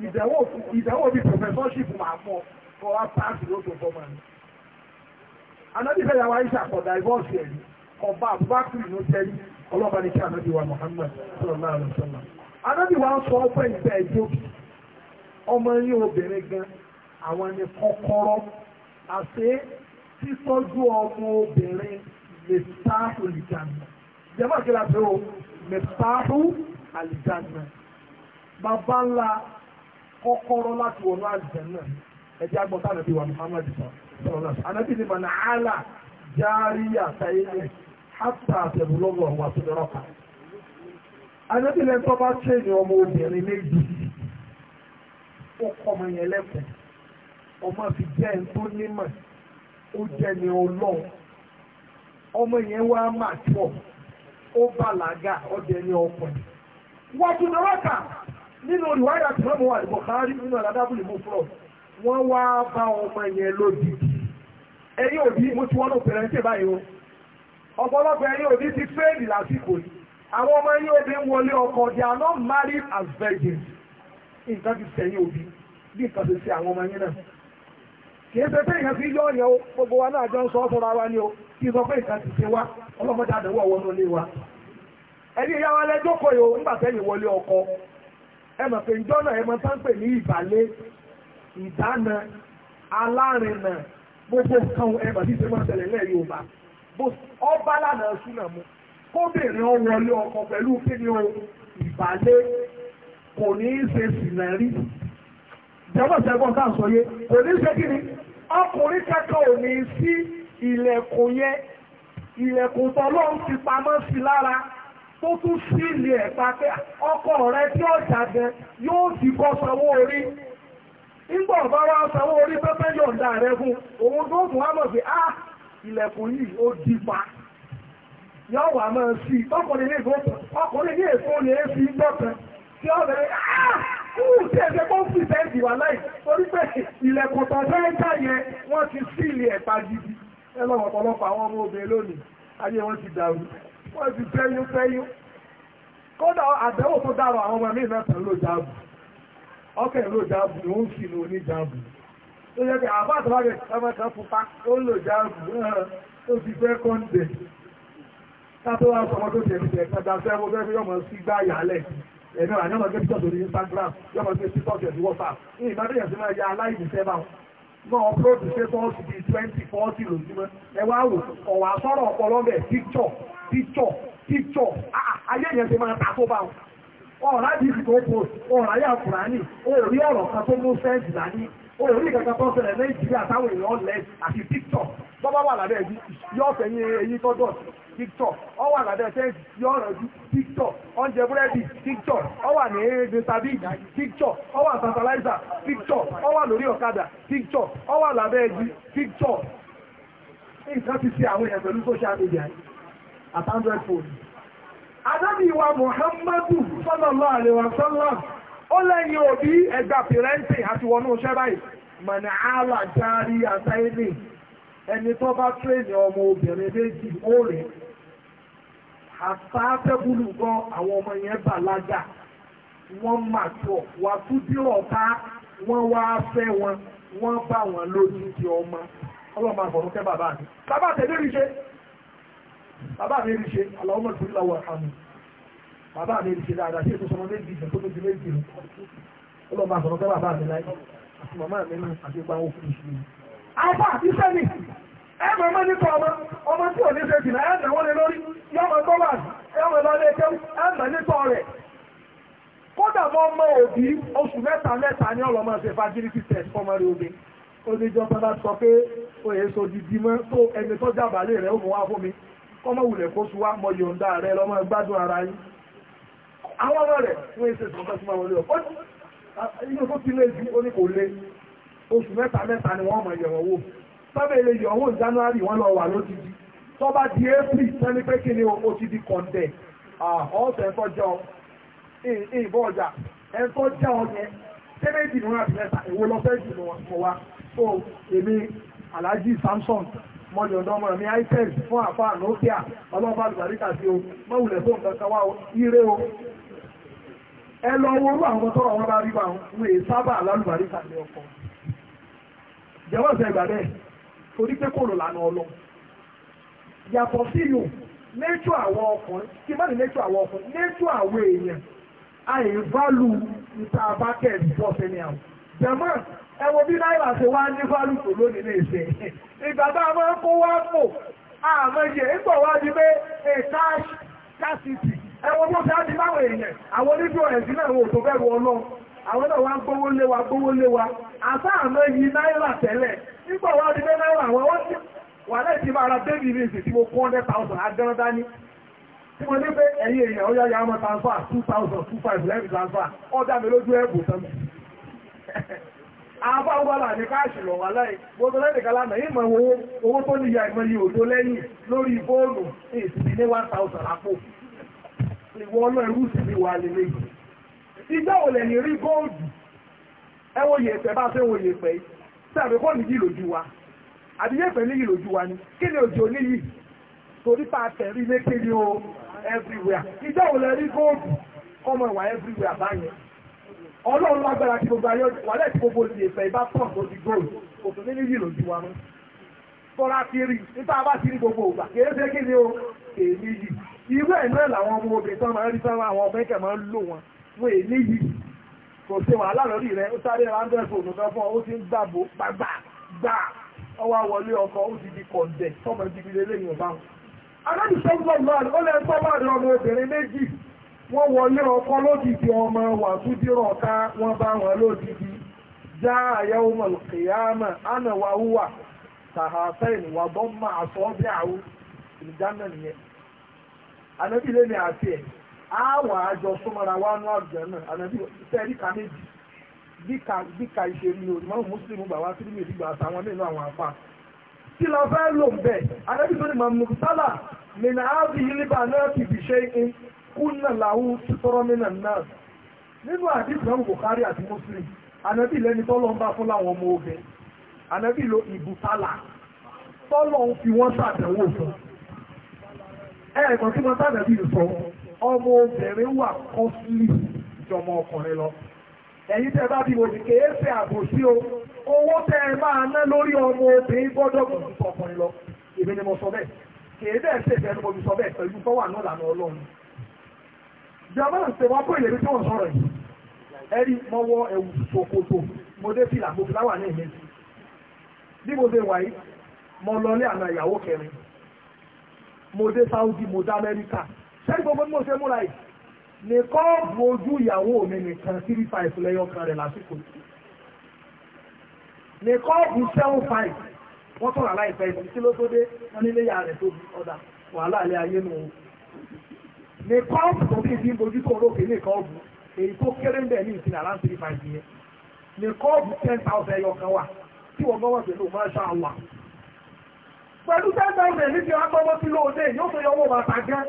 Speaker 1: ìdánwò bíi professorship máa fọ́ for our past road to government. Anábì fẹ́ yàwá Aisha for divorce here, back ẹ̀ ọba Abubakar ló tẹ́lí ọlọ́ba ní kí Anábì wa Muhammad sallallahu alaihi wasallam. Anábì wa ń sọ ọpẹ́ ìfẹ́ ẹjọ́ ọmọ yín obìnrin gan àwọn ni kọ́kọ́rọ́ àti títọ́jú ọmọ obìnrin mẹ́tàáhù àlìjáná. Jẹ́mọ̀ kí la fẹ́ o mẹ́tàáhù àlìjáná. Bàbá ńlá kọ́kọ́rọ́ láti wọnú àlùjánnà ẹjẹ́ agbọ́tà nàbí wa Muhammad sọ̀rọ̀ anabi ni Ala nàálà járíyà tàyẹ̀yẹ hátà àtẹ̀bùlọ́wọ̀ wà tó dọ́rọ́kà anabi lẹ́yìn tó bá tẹ̀ ní ọmọ obìnrin méjì ó kọ́ ọmọ yẹn lẹ́kọ̀ọ́ ọmọ fi jẹ́ ẹni tó ó ọmọ yẹn wá ó bàlágà nínú ìwádà tí wọ́n mú wà Bukhari nínú àdádábùlì mú fúlọ̀ wọ́n wá bá ọmọ yẹn lódì ẹ̀yìn òbí mo ti wọ́n lò pẹ̀lẹ́ báyìí ọ̀pọ̀lọpọ̀ ẹ̀yìn òbí ti fẹ́ẹ̀lì lásìkò yìí àwọn ọmọ ẹ̀yìn òbí ń wọlé ọkọ they are not as virgins nǹkan ti sẹ́yìn òbí bí nǹkan ti àwọn ọmọ ẹ̀yìn náà kì í ṣe pé ìyẹn gbogbo wa náà jọ ń ni o kì í sọ pé nǹkan ti ṣe wa ọlọ́mọdé àdánwò ọwọ́ náà lé wa ẹni ọkọ ẹmọ̀ pé ìjọ náà ẹmọ tá ń pè ní ìbàlẹ̀ ìdáná alárinà gbogbo nǹkan ẹmọ̀ tí ṣe máa tẹ̀lé lẹ́ Yorùbá ọba lánàá súnà mu kóbìnrin ọwọlé ọkọ pẹ̀lú kíni o ìbàlẹ̀ kò ní í ṣe sìnà rí jẹ́mọ̀ sẹ́gbọ́n tá à ń sọ yé kò ní í ṣe kíni ọkùnrin kankan ò ní sí ilẹ̀kùn yẹn ilẹ̀kùn tọ́lọ́ ń fi pamọ́ sí lára tó tún sí ilé ẹ̀pá pé ọkọ rẹ tí ó jàgbẹ́ yóò ti kọ́ sanwó orí nígbà ọ̀bá wá sanwó orí pẹ́pẹ́ yọ̀ǹda rẹ fún òun tó tún wá mọ̀ pé á ilẹ̀kùn yìí ó di pa yóò wà máa sí ọkùnrin ní èso lè fi gbọ́kan tí ó bẹ̀rẹ̀ á kúrò tí ẹ̀fẹ́ kó fi bẹ́ẹ̀dì wà láì torí pé ilẹ̀kùn tó fẹ́ jà yẹn wọ́n ti sí ilé ẹ̀pá gidi ẹ lọ́wọ́ ọ̀pọ̀lọpọ̀ àwọn ọmọ obìnrin lónìí ayé wọn ti dàrú wọ́n ti fẹ́yún fẹ́yún kódà àdẹ́wò tó dára àwọn ọmọ mi náà tán ló jáàbù ọkẹ́ ló jáàbù ni ó ń sìn ní jáàbù tó yẹ kí àbá àtàwárẹ̀ ọmọ kan pupa ó lò jáàbù ó ti fẹ́ kọ́ńdẹ̀ kátó wá sọmọ tó tẹ̀lé tẹ̀ kọjá sẹ́wọ́ fẹ́ fi ọmọ sí gbá yàlẹ̀ ẹ̀mí wà ní ọmọ gẹ́gẹ́ tó lórí Instagram yọmọ sí TikTok ẹ̀dí WhatsApp ní ìbádọ́ yẹn sí máa ya aláìníṣẹ́ bá wọn náà ọpọlọ́ọ̀dù ṣe tọ́ọ̀sì bíi twenty forty lójúmọ́ ẹ wá wò ọ̀wà sọ̀rọ̀ ọpọlọ́ bẹ̀ picture Picture picture ah, ah, ayé yẹn ti máa ta tó bá ọ̀rá di ọ oko ọ̀rá yà kùránì orí ọ̀rọ̀ kan tó mú sẹ́ǹsì dání orí ìkẹta tó ṣẹlẹ̀ Nàìjíríà táwọn èèyàn lẹ àti píkọ̀ tó bá wà lábẹ́ yóò fẹ̀yìn eyín tó dọ̀ ọ wà lábẹ́ yóò rẹ̀ ju oúnjẹ búrẹ́dì ọ wà ní ọ wà ọ wà lórí ọ̀kadà ọ wà lábẹ́ nǹkan ti ṣe at hundred fold. Adábì wa Muhammadu sallallahu alaihi wa sallam ó lẹ́yìn òbí ẹgbà pìrẹ́ǹtì àti wọnú iṣẹ́ báyìí. Mọ̀nà àlà járí àtàìní ẹni tó bá tírèèdì ọmọ obìnrin méjì ó rẹ̀. Àtàtẹ́bùlù gan àwọn ọmọ yẹn bàlágà. Wọ́n máa tọ̀ wà túbírọ̀ ká wọ́n wá fẹ́ wọn wọ́n bá wọn lójú ti ọmọ. Ọlọ́run máa bọ̀ ní kẹ́ bàbá mi rí ṣe aláwọ̀mọ̀ tó láwọ̀ àmì bàbá mi rí ṣe dáadáa ṣe tó sọmọ méjì ìjọ tó méjì méjì rẹ̀ ó lọ máa sọ̀rọ̀ pé bàbá mi láyé àti màmá mi nù àti gba owó fún ìṣúná. àbá àti sẹ́ni ẹ mọ̀ mọ́ nípa ọmọ ọmọ tí ò ní ṣe jìnnà ẹ náwó lé lórí yọmọ gọ́bà yọmọ lọ lé kéwú ẹ mọ̀ nípa rẹ̀ kódà mọ́ ọmọ òbí oṣù mẹ́ta mẹ́ta ní ọlọ́mọ ṣe fagility test fọmọ rẹ̀ obìnrin ó ní jọba bá sọ pé ó yẹ sọ didi mọ́ tó ẹni tó jábàálẹ̀ rẹ̀ ó mọ̀ wá fún mi ọmọ wùlẹ̀ kó ṣúwá mọ yọ̀ǹda rẹ lọ́mọ gbádùn ara yín àwọn ọmọ rẹ̀ wọ́n ṣe tó kọ́sí máa wọlé ọ̀pọ̀ inú tó ti lé ju ó ní kò lé oṣù mẹ́ta mẹ́ta ni wọ́n mọ̀ yẹ̀wọ̀n wò sábẹ́ ilé yọ̀wọ̀n January wọ́n lọ wà lójijì tó bá di April sẹ́ni pé kí ni o ti di kọ̀ǹdẹ̀ ọ̀ọ́sẹ̀ ẹ̀tọ́ jẹ́ ọ ìbọn ọjà ẹ̀tọ́ jẹ́ ọ yẹn tẹ́lẹ̀ ìdìbò náà ti mẹ́ta èwo lọ fẹ́ jù mọ́ wa so èmi Alhaji Samson mọ́jọ̀dọ́ ọmọ mi isis fún àfáà nokia ọlọ́pàá àlùbáríkà sí o mọ́wùlẹ̀ fún nǹkan wá ire o ẹ lọ wo àwọn tọrọ wọn bá rí bá ń sábà lálùbáríkà ní ọkọ jẹ́wọ́ sẹ́ torí pé kò lánà ọlọ yàtọ̀ sí yòó nẹ́tù àwọn ọkùnrin kí bá ní nẹ́tù àwọn ọkùnrin nẹ́tù àwọn èèyàn àìválù ìta ìbọ̀sẹ̀ ni àwọn ẹwọ bí náírà si wá ní fálùkù lónìí lè ṣe ìgbàgbà máa kó wá pò wá ní pé a cash scarcity ẹwọ bó ṣe ti máwọn èèyàn àwọn oníbí ọ̀rẹ́sì náà wọn tó bẹ̀rù ọlọ́run àwọn náà gbówó léwa àtà àmọ́yẹ náírà tẹ́lẹ̀ ìgbà wá ní pé náírà àwọn wọ́n ti mo àbá wọ́là ní káàṣì lọ wà láì gbogbo lẹ́nìkan lánàá ìmọ̀ owó owó tó níyà ìmọ̀ yìí òjò lẹ́yìn lórí fóònù ìsinmi ní 1000 àpò ìwọ ọlọ́ ẹrú sì ní wà lè léyìn ìgbà ò lẹ̀ ní rí góòdù ẹwọ yẹ̀pẹ̀ bá fẹ́ wọ yẹ̀pẹ̀ yìí sí àbẹ̀kọ́ ní yìí lójú wa àbí yẹ̀pẹ̀ ní yìí lójú wa ni kí ni òjò ní yìí torí pa àtẹ̀rí lékè ní o everywhere ìgbà ò lẹ̀ rí góòdù ọmọ ìwà everywhere báyẹn ọlọ́run lágbára tí gbogbo ayé wàlẹ́ tí gbogbo olùdè ìfẹ́ ìbá pọ̀ tó ti góòlù kò tó ní níyì lòdì wa mú tọ́lá ti rí nípa bá ti rí gbogbo ògbà kìí ṣe kí ni o èyí yìí irú ẹ̀ náà làwọn ọmọ obìnrin tán máa ń rí sára àwọn ọmọ ẹ̀kẹ́ máa ń lò wọn wọ́n èyí yìí kò ṣe wàhálà lórí rẹ̀ ó sáré ráńdẹ́ fòònù kan fún ọ ó ti ń gbàgbó gbàgbà gbà ọwọ́ wọlé ọkọ̀ ó ti di kọ̀ǹdẹ̀ tọ́mọ ti fi lé lẹ́yìn ọ̀bá wọn. aláàbìsọ́ gbọ́ wọ́n wọlé ọkọ lódìdí ọmọ wà túdírọ̀ ká wọ́n bá wọn lódìdí já àyà ọmọ kìyàmà wúwà tàhàfẹ́ìn wà bọ́mà àsọ́bí nìyẹn ànábì lé ní àti ẹ̀ àwọn àjọ súnmọ́ra wà nù àgbẹ̀ náà ànábì sẹ́ẹ̀rí ká méjì bíkà ìṣèlú olùmọ̀ mùsùlùmí gbà wá sílùmí àtàwọn nínú kúnnà làwọn títọ́rọ́ mìíràn náà nínú àdìsí àwọn Bukhari àti Muslim ànábì lẹ́ni tọ́lọ́ ń bá fún láwọn ọmọ obìnrin ànábì lo ìbùtálà tọ́lọ́ ń fi wọ́n ṣàdánwò fún ẹ̀ẹ̀kan tí wọ́n ṣàdánwò sọ ọmọ obìnrin wà kọ́sílì jọmọ ọkùnrin lọ ẹ̀yin tẹ́ bá bí mo sì kéé fẹ́ àbòsí o owó tẹ́ ẹ máa ná lórí ọmọ obìnrin gbọ́dọ̀ gbọ́dọ̀ ọkùnrin lọ èmi ni mo sọ bẹ́ẹ̀ kéé bẹ́ẹ̀ ṣèṣẹ́ ni mo fi sọ bẹ́ẹ̀ pẹ̀lú fọ́wà náà lànà Ọlọ́run jama ń ṣe wọ́n pé ìlérí tí wọ́n sọ̀rọ̀ yìí ẹ̀rí mọ́ wọ ẹ̀wù ṣòkòtò mo dé fìlà mo fìlà wà ní ìlé bí mo ṣe wà yìí mo lọ lé àná ìyàwó kẹrin mo dé Saudi mo dé Amẹ́ríkà sẹ́ni gbogbo bí mo ṣe múra yìí nìkan bu ojú ìyàwó mi nìkan three five lẹ́yọ̀ kan rẹ̀ lásìkò nìkan bu seven five wọ́n tọ̀rọ̀ aláìpẹ́ ìsìn kí ló tó dé wọ́n nílé ìyá rẹ̀ tóbi ọ̀dà wàhálà ilé ayé nù ní kọ́ọ̀bù tó fi ń bojú tó olóògbé ní kọ́ọ̀bù èyí tó kéré ń bẹ̀ ní ìsìn àrán three five yẹn ní kọ́ọ̀bù ten thousand ẹyọ kan wà tí wọ́n pẹ̀lú pẹ̀lú ten thousand ti yóò tó bàtà gẹ́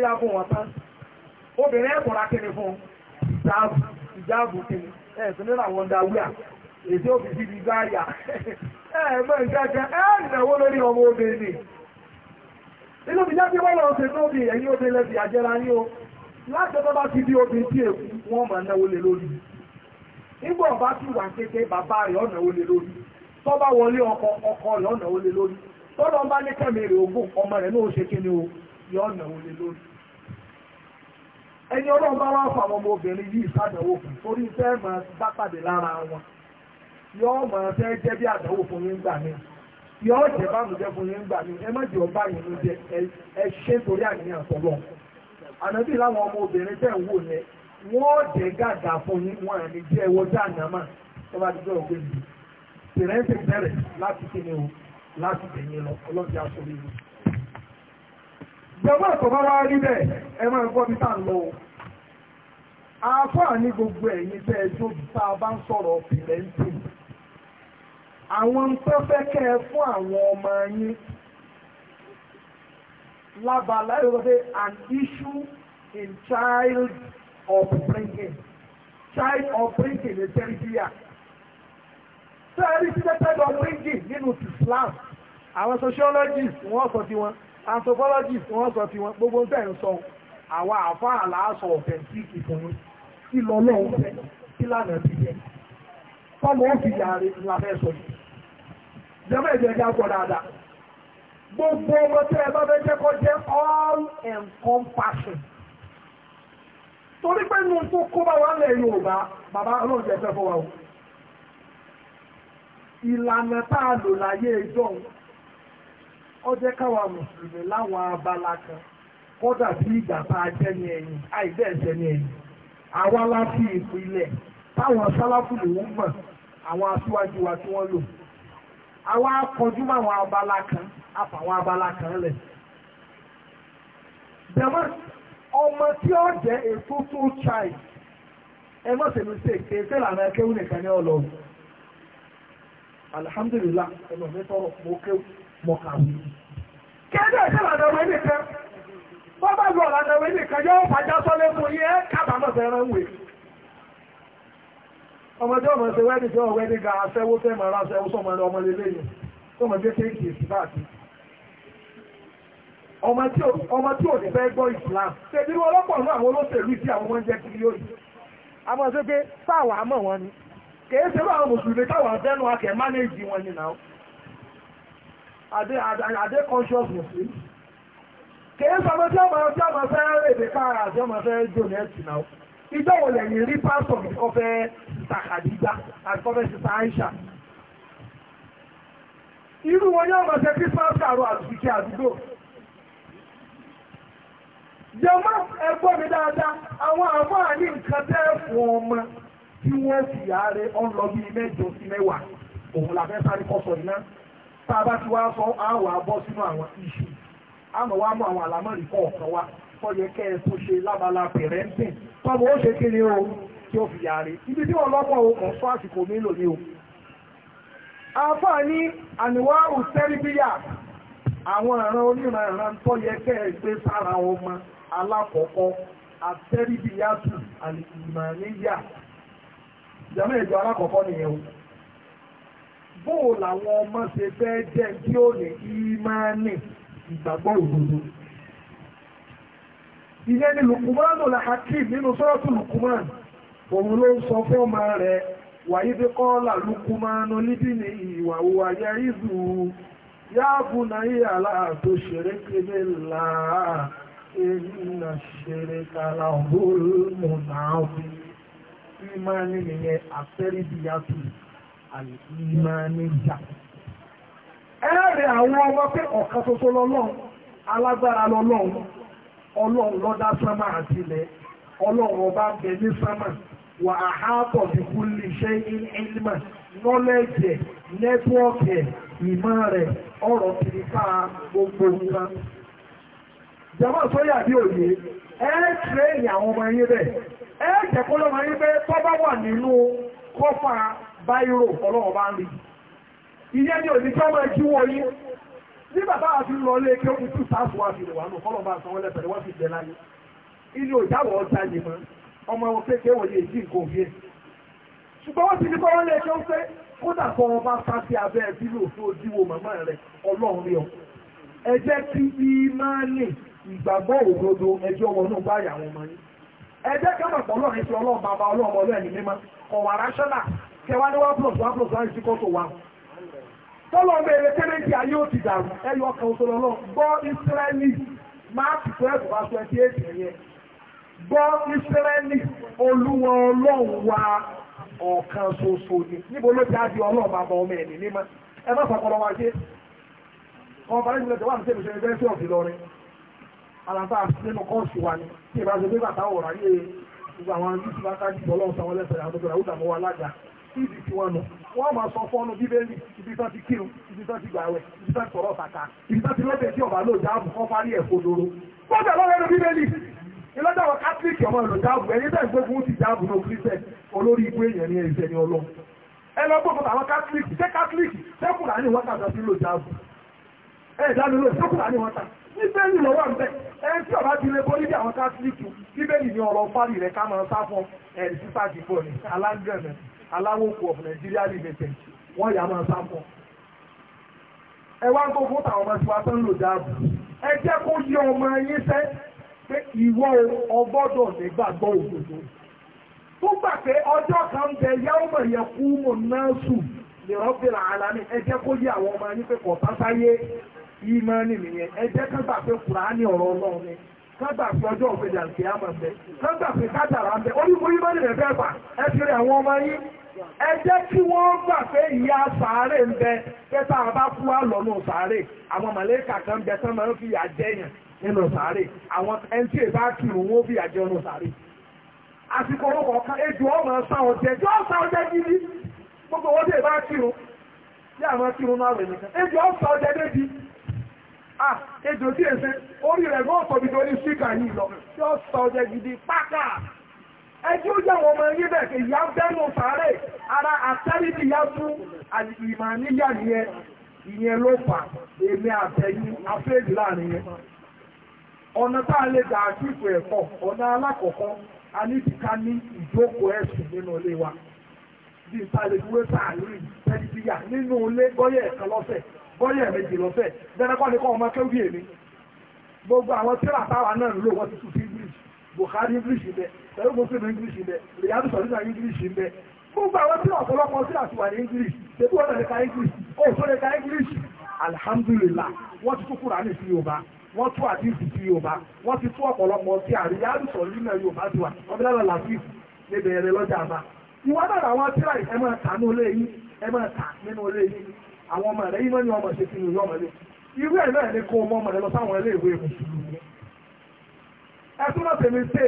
Speaker 1: ẹ fún wọn tán obìnrin kíni fún ìjáàbù kíni inú mi jáde wọ́lọ̀ ọ̀sẹ̀ tó bí ẹ̀yìn obìnrin lẹ́bi àjẹra ní o láti ọjọ́ bá ti bí obìnrin tí èkú wọ́n máa náwó lé lórí nígbà ọba tí wà kéke bàbá rẹ̀ ọ̀nà ó lé lórí tó bá wọlé ọkọ ọkọ rẹ̀ ọ̀nà ó lé lórí tó lọ bá ní kẹ́mi rẹ̀ ogún ọmọ rẹ̀ náà ṣe kíni o yọ ọ̀nà ó lé lórí ẹni ọlọ́run bá wá fún àwọn ọmọ obìnrin yìí sádàwó fún torí fẹ́ máa bá pàdé lára wọn yọ ọmọ fẹ́ jẹ́ bí àdàwó fún yín gbà mìíràn yóò jẹ́ bánújẹ́ fún yín gbà ẹ má ọba yìí ló ẹ ṣe torí àníyàn tọ́lọ́ ànábì láwọn ọmọ obìnrin tẹ̀ ń wò lẹ wọ́n jẹ́ gàgà fún wọn àní jẹ́ ẹwọ́ jẹ́ ànámà tó bá dúdú yìí tìrẹ́ǹtì bẹ̀rẹ̀ láti kíni o láti lọ ọlọ́dẹ yìí. ìjọba rí bẹ́ẹ̀ ẹ máa bí ń ní gbogbo àwọn tó fẹ́ kẹ́ ẹ fún àwọn ọmọ yín lábala yóò fẹ́ an issue in child of bringing, child of bringing ní tẹ́lifíà tẹ́lifí tẹ́tẹ́ upbringing nínú Islam àwọn sociologists wọ́n sọ ti wọn anthropologists wọ́n sọ ti wọn gbogbo ń tẹ̀ ń sọ àwọn àfáà làásọ̀ ọ̀fẹ́ntíìkì fún yín kí lọ́lọ́run fẹ́ kí lànà bí jẹ́ kọ́mọ ó fi yàrá ìlànà ẹ̀sọ̀ yìí jẹ́mọ́ ẹ̀jẹ̀ ẹ̀jẹ̀ àgbọ̀ dáadáa gbogbo ọmọ tí ẹ bá fẹ́ jẹ́ jẹ́ all encompassing torí pé inú tó kó bá wà lẹ̀ Yorùbá bàbá ọlọ́ọ̀jẹ̀ fẹ́ fọwọ́ o ìlànà tá a lò láyé ìjọun ó jẹ́ káwa mùsùlùmí láwọn abala kan kódà sí ìgbà tá a jẹ́ ní ẹ̀yìn àìbẹ́ ẹ̀jẹ̀ ní ẹ̀yìn àwa la fi táwọn sáláfù lòún mọ̀ àwọn aṣíwájú wa tí wọ́n lò àwa kọjú àwọn abala kan àfàwọn ọmọ tí ó jẹ́ ètò chai ẹ mọ̀ sẹ́mi ṣe kéèké lànà kéwù nìkan ní ọlọ́run alihamdulilah ẹnu mi tọrọ mo kéwù mo kàwé. lànà nìkan bọ́bá nìkan yóò ọmọdé ọmọ ṣe wẹ́ẹ̀dì jọ wẹ́ẹ̀dì ga aṣẹ́wó fẹ́ màá aṣẹ́wó sọmọ ẹ̀rọ ọmọ lélẹ́ yẹn sọmọ jẹ́ kéèkì báàkì tí ò ní fẹ́ gbọ́ Islam tẹ̀bí wọn lọ́pọ̀ náà àwọn olóṣèlú tí àwọn kiri yóò yìí àmọ́ ṣe pé sáàwà àmọ́ wọn ni kèé ṣe bá àwọn mùsùlùmí táwọn fẹ́nu akẹ́ mánéèjì wọn ni náà adé conscious muslim kèé ṣe ọmọ tí ọmọ fẹ́ rèé ìjọ wo lẹ́yìn rí pásọ̀ mi kọ́ fẹ́ sísà Khadija àti kọ́ fẹ́ sísà Aisha irú wọn yóò mọ̀ ṣe Christmas carol àtúnṣe àdúgbò jẹmọ́ ẹgbọ́ mi dáadáa àwọn àfáà ní nǹkan tẹ́ fún ọmọ tí wọ́n sì ààrẹ ọlọ bíi mẹ́jọ sí mẹ́wàá òun la fẹ́ sáré kọ́sọ̀ iná tá a bá ti wá sọ àwọ̀ abọ́ sínú àwọn iṣu àmọ́ wá mú àwọn àlámọ́rì kọ̀ọ̀kan wá tó yẹ kẹ́ ẹ tó ṣe lábala pẹ̀rẹ́ńtìn tọ́mọ ó ṣe kí ni o tí ó fi yàrí ibi tí ọlọ́pọ̀ òkùn sọ àsìkò mi lò ní o àfáà ní àníwá òtẹ́rìbíyà àwọn ìran oníran tó yẹ kẹ́ gbé sára ọmọ alákọ̀ọ́kọ́ àtẹ́rìbíyà tù àlìmọ̀níyà ìjàmọ́ ìjọ nìyẹn o bóò làwọn ọmọ ṣe fẹ́ jẹ́ kí ó ní ìgbàgbọ́ òdodo ìyẹn ni lukumanu lahakim nínú sọ́rọ́tù lukumanu òun ló ń sọ fọ́ọ̀mà rẹ̀ wàyídé kọ́ọ̀là lukumanu níbi ni ìwà òwà yẹrí zù yáàbù na yàrá tó ṣeré kébé là á ìnà ṣeré kàlà òhùrùmù náà ìmáni nìyẹn àfẹ́rìdíyàtù àìmáni jà ẹ̀rẹ̀ àwọn ọmọ pé ọ̀kan alágbára ọlọ́run sámà àti ilẹ̀ ọba bẹ ní sámà wà á hábọ̀ bí ìlímà ẹ̀ ìmọ̀ rẹ̀ ọ̀rọ̀ gbogbo nǹkan. jama sọ́yà bí òye ẹ tírẹ́ẹ̀nì àwọn ọmọ yín bẹ́ẹ̀ ẹ lọ́mọ yín bẹ́ẹ̀ bá wà nínú kọ́fà ní bàbá àti lọ lé kí ó fi tú sáàfù wá fi lè wà nù kọ́lọ̀ bá sanwó lẹ́sẹ̀ wọ́n fi jẹ láyé ilé òjáwọ̀ ọjà yìí mọ́ ọmọ ẹwọn kéèkéé wọ̀nyí èjì nǹkan òbí ẹ̀ ṣùgbọ́n wọ́n ti ní kọ́wọ́ lé kí ó fẹ́ kódà kọ́ wọn bá sá sí abẹ́ ẹbí lò tó díwò màmá rẹ̀ ọlọ́run rí ọ ẹ jẹ́ kí ìmánì ìgbàgbọ́ òdodo ẹjọ́ wọn náà bá yà wọn mọ́ yín ẹ jẹ́ ká mọ̀ pọ̀ lọ́rin sí ọlọ́run bàbá ọlọ́run ọlọ́run ẹ̀mí mímọ́ ọ̀wà rational kẹwàá ní one plus one plus one is equal to tọ́lọ̀ bẹ̀rẹ̀ tẹ́lẹ̀kì ayé ò ti dàrú ẹyọ ọkàn òṣèlú náà gbọ́ ìsírẹ́lì máàkì 12 verse 28 eight ẹ̀yẹ gbọ́ ìsírẹ́lì olúwa ọlọ́run wa ọ̀kan ṣoṣo ni níbo ló ti á di ọlọ́run bàbá ọmọ ẹ̀mí mímọ́ ẹ má fọpọlọ wa ṣe ọba ní ìlẹ̀ tẹ̀wá àti ìṣẹ̀lẹ̀ bẹ́ẹ̀ sí ọ̀fìn lọrin alàbá nínú kọ́ọ̀sì wa ni tí ìbá ṣe pé bàtà ọ̀rọ̀ ayé gbogbo àwọn àdúgbò bá ká jù ọlọ́run sáwọn lẹ́sẹ̀ àwọn àdúgbò ìdí tí wọ́n nù wọ́n máa sọ fọ́nù bíbélì ibi tán ti kírun ibi tán ti gbàwẹ̀ ibi tán ti sọ̀rọ̀ kàkà ibi tán ti lọ́bẹ̀ tí ọ̀bà lò jáàbù kan parí ẹ̀ fòdòrò gbọ́dọ̀ lọ́wọ́ ẹnu bíbélì ìlọ́dọ̀ àwọn kátólíìkì ọmọ ìlò jáàbù ẹ̀yìn tẹ̀ gbógun ti jáàbù náà kírísẹ̀ olórí ikú èèyàn ní ẹ̀sẹ̀ ní ọlọ́ ẹ lọ gbọ́dọ̀ àwọn kátólíìkì ṣé kátólíìkì ṣé Kùránì wọ́n kà sí lò jáàbù ẹ̀ dánu lò ṣé Kùránì wọ́n kà bíbélì lọ́wọ́ ń bẹ̀ ẹni tí ọba ti lè borí bí àwọn kátólíìkì bíbélì ní ọ̀rọ̀ fárí rẹ̀ ká máa sá fún ẹ̀ sísá jìbọ̀ ní alágbẹ̀mẹ̀ aláwòkù of Nigeria limited wọ́n yà máa sá fún ẹ wá ń tó fún tàwọn ọmọ tiwa tó ń lò dáàbò ẹ jẹ́ kó yé ọmọ yín sẹ́ pé ìwọ ọgbọ́dọ̀ nígbàgbọ́ òdodo tó gbà pé ọjọ́ kan bẹ yáwùmọ̀ yẹ kú mọ̀ náà sùn lèrọ́bìnrin àlá ni ẹ jẹ́ kó yé àwọn ọmọ yín pé kọ̀ pátáyé ìmọ̀ọ́nì nìyẹn ẹ jẹ́ kán gbà pé Kùránì ọ̀rọ̀ Ọlọ́run ni kán gbà pé ọjọ́ òfin ẹ jẹ́ kí wọ́n gbà pé ìyá sàárè ń bẹ pẹ́tà bá kú wá lọ́nà sàárè àwọn mọ̀lẹ́kà kan bẹ tán máa ń fi ìyà jẹyàn nínú sàárè àwọn ẹni tí èbá kírun wọn ó fi ìyà jẹ ọ̀nà sàárè àsìkò ọlọ́kọ̀ kan ejò ọmọ sá ọjẹ ejò ọsá ọjẹ gidi gbogbo wọn tí èbá kírun bí àwọn kírun náà rẹ̀ nìkan ejò ọsá ọjẹ débi ah ejò tí èsè orí rẹ̀ gbọ́ ẹjọ́ ó yẹ àwọn ọmọ yín bẹ̀ẹ̀ ìyá bẹ́nu sàárẹ̀ ara àtẹ́rìbì yá tú ìmọ̀ níyà nìyẹn ìyẹn ló fà èmi afẹ́ẹ̀dì láàrin yẹn ọ̀nà tá a lè dà àtìkù ẹ̀kọ́ ọ̀nà alákọ̀ọ́kọ́ a ní ti ká ní wa bí n ta lè dúró tẹ́lifíyà nínú ilé ẹ̀kan méjì kọ́ ni ọmọ èmi gbogbo àwọn tíra táwa náà ń lò Bukhari English ń bẹ pẹ̀lú Muslim English ń bẹ Riyadu Sọ̀rọ̀dà English ń bẹ gbogbo àwọn tí ọ̀pọ̀lọpọ̀ sí àti wà ní English ṣètò ọ̀nà ẹ̀ka English ó sọ ẹ̀ka English alhamdulillah wọ́n ti tún Kùránì sí Yorùbá wọ́n tún àdìsí sí Yorùbá wọ́n ti tún ọ̀pọ̀lọpọ̀ sí Riyadu Sọ̀rọ̀dà Yorùbá ti wà ọ̀bẹ̀lára làbí níbẹ̀rẹ̀ lọ́jà àbá ìwọ́n náà àwọn tíra ẹ̀ máa tà nínú ilé yìí ẹ máa ẹtúmọ̀ tèmi ṣe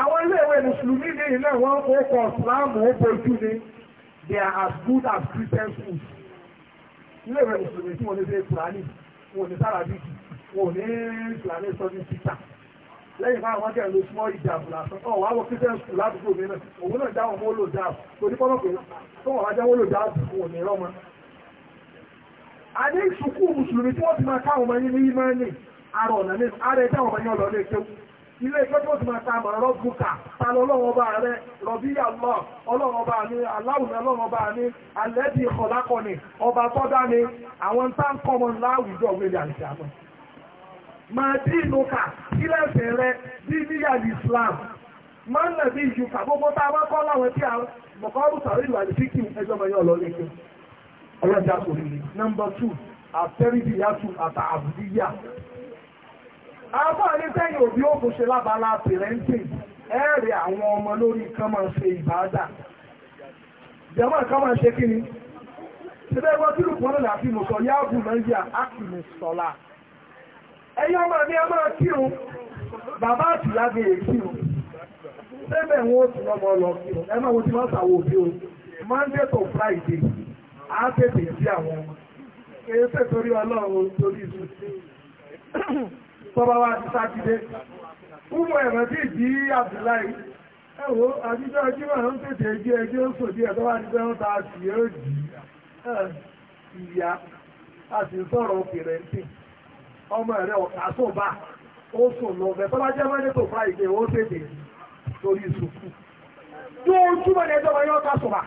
Speaker 1: àwọn iléèwé mùsùlùmí ní iná wọn kó kọ ìsìláàmù ó bojú ni they are as good as Christian schools iléèwé mùsùlùmí tí wọ́n ní ṣe kùránì wọ́n ní sáràbíkì wọ́n ní ìsìláàmù sọ́dí títà lẹ́yìn máa wọ́n jẹ́ ló súnmọ́ ìjàbù lásán ọ̀ wá wọ christian school ládùúgbò mi náà òun náà dáwọn mọ́ lò dáàbù tó ní pọ́nà pé tó wọ́n wájá wọ́n lò dáàbù òun ní rọ́mọ. a ní ìsùnkú mùsùlùmí tí wọ́n ti máa káwọn ọmọ yín ní yí máa ń ní ara ọ̀nà ní ara ẹ̀dá ọmọ yín ọlọ́lé kéwù ilé ẹjọ́ tó ti máa ta àmà rọ́bùkà ta lọ ọlọ́wọ́ba rẹ rọ̀bí àlọ́ ọlọ́wọ́ba ní aláwùn ọlọ́wọ́ba ní alẹ́bí ìkọ̀lákọ̀ ni ọba tọ́dá ni àwọn tá ń láwùjọ wẹ̀lẹ̀ àti àmọ́ máa dí inú kà ilé ẹ̀sẹ̀ rẹ bí níyà Islam máa ń nàbí ìjù kà tá a bá kọ́ láwọn tí a mọ̀kọ́rù sàrí ìlú àti fíkì ẹjọ́ mọ̀ yóò lọ lẹ́kẹ́ ọlọ́jà kò rí number two àtẹ́rìbíyàtù àtàbùdíyà àbọ̀ ní sẹ́yìn òbí ó ṣe lábala parenting ẹ̀rì àwọn ọmọ lórí kan ṣe ìbáadà jẹ́mọ́ kan ṣe kí ni ṣẹlẹ̀ láti mọ̀sọ̀ yáàbù nàìjíríà sọ̀la ẹ̀yìn ọmọ mi ẹ kírun bàbá àtìyá mi èyí kírun wọn ó tún ọmọ lọ kírun tọba wá ti sátidé púpọ̀ ẹ̀rọ tí ìdí àbúláì ẹ̀wọ́ àjíjọ́ ẹjímọ̀ ń tètè ẹjẹ́ ẹjẹ́ ó sòdí ẹ̀tọ́ wá nígbẹ́ wọn tàà sí ó jì ìyá a sì ń sọ̀rọ̀ òkèrè ń tì ọmọ rẹ̀ ọ̀tà tó bá ó sùn lọ bẹ̀ tọ́ba jẹ́ mọ́lẹ́ tó fúra ìdè ó tètè torí sùkú
Speaker 2: tó ń túbọ̀ ní ẹjọ́ wọn yóò
Speaker 1: ká sùn bá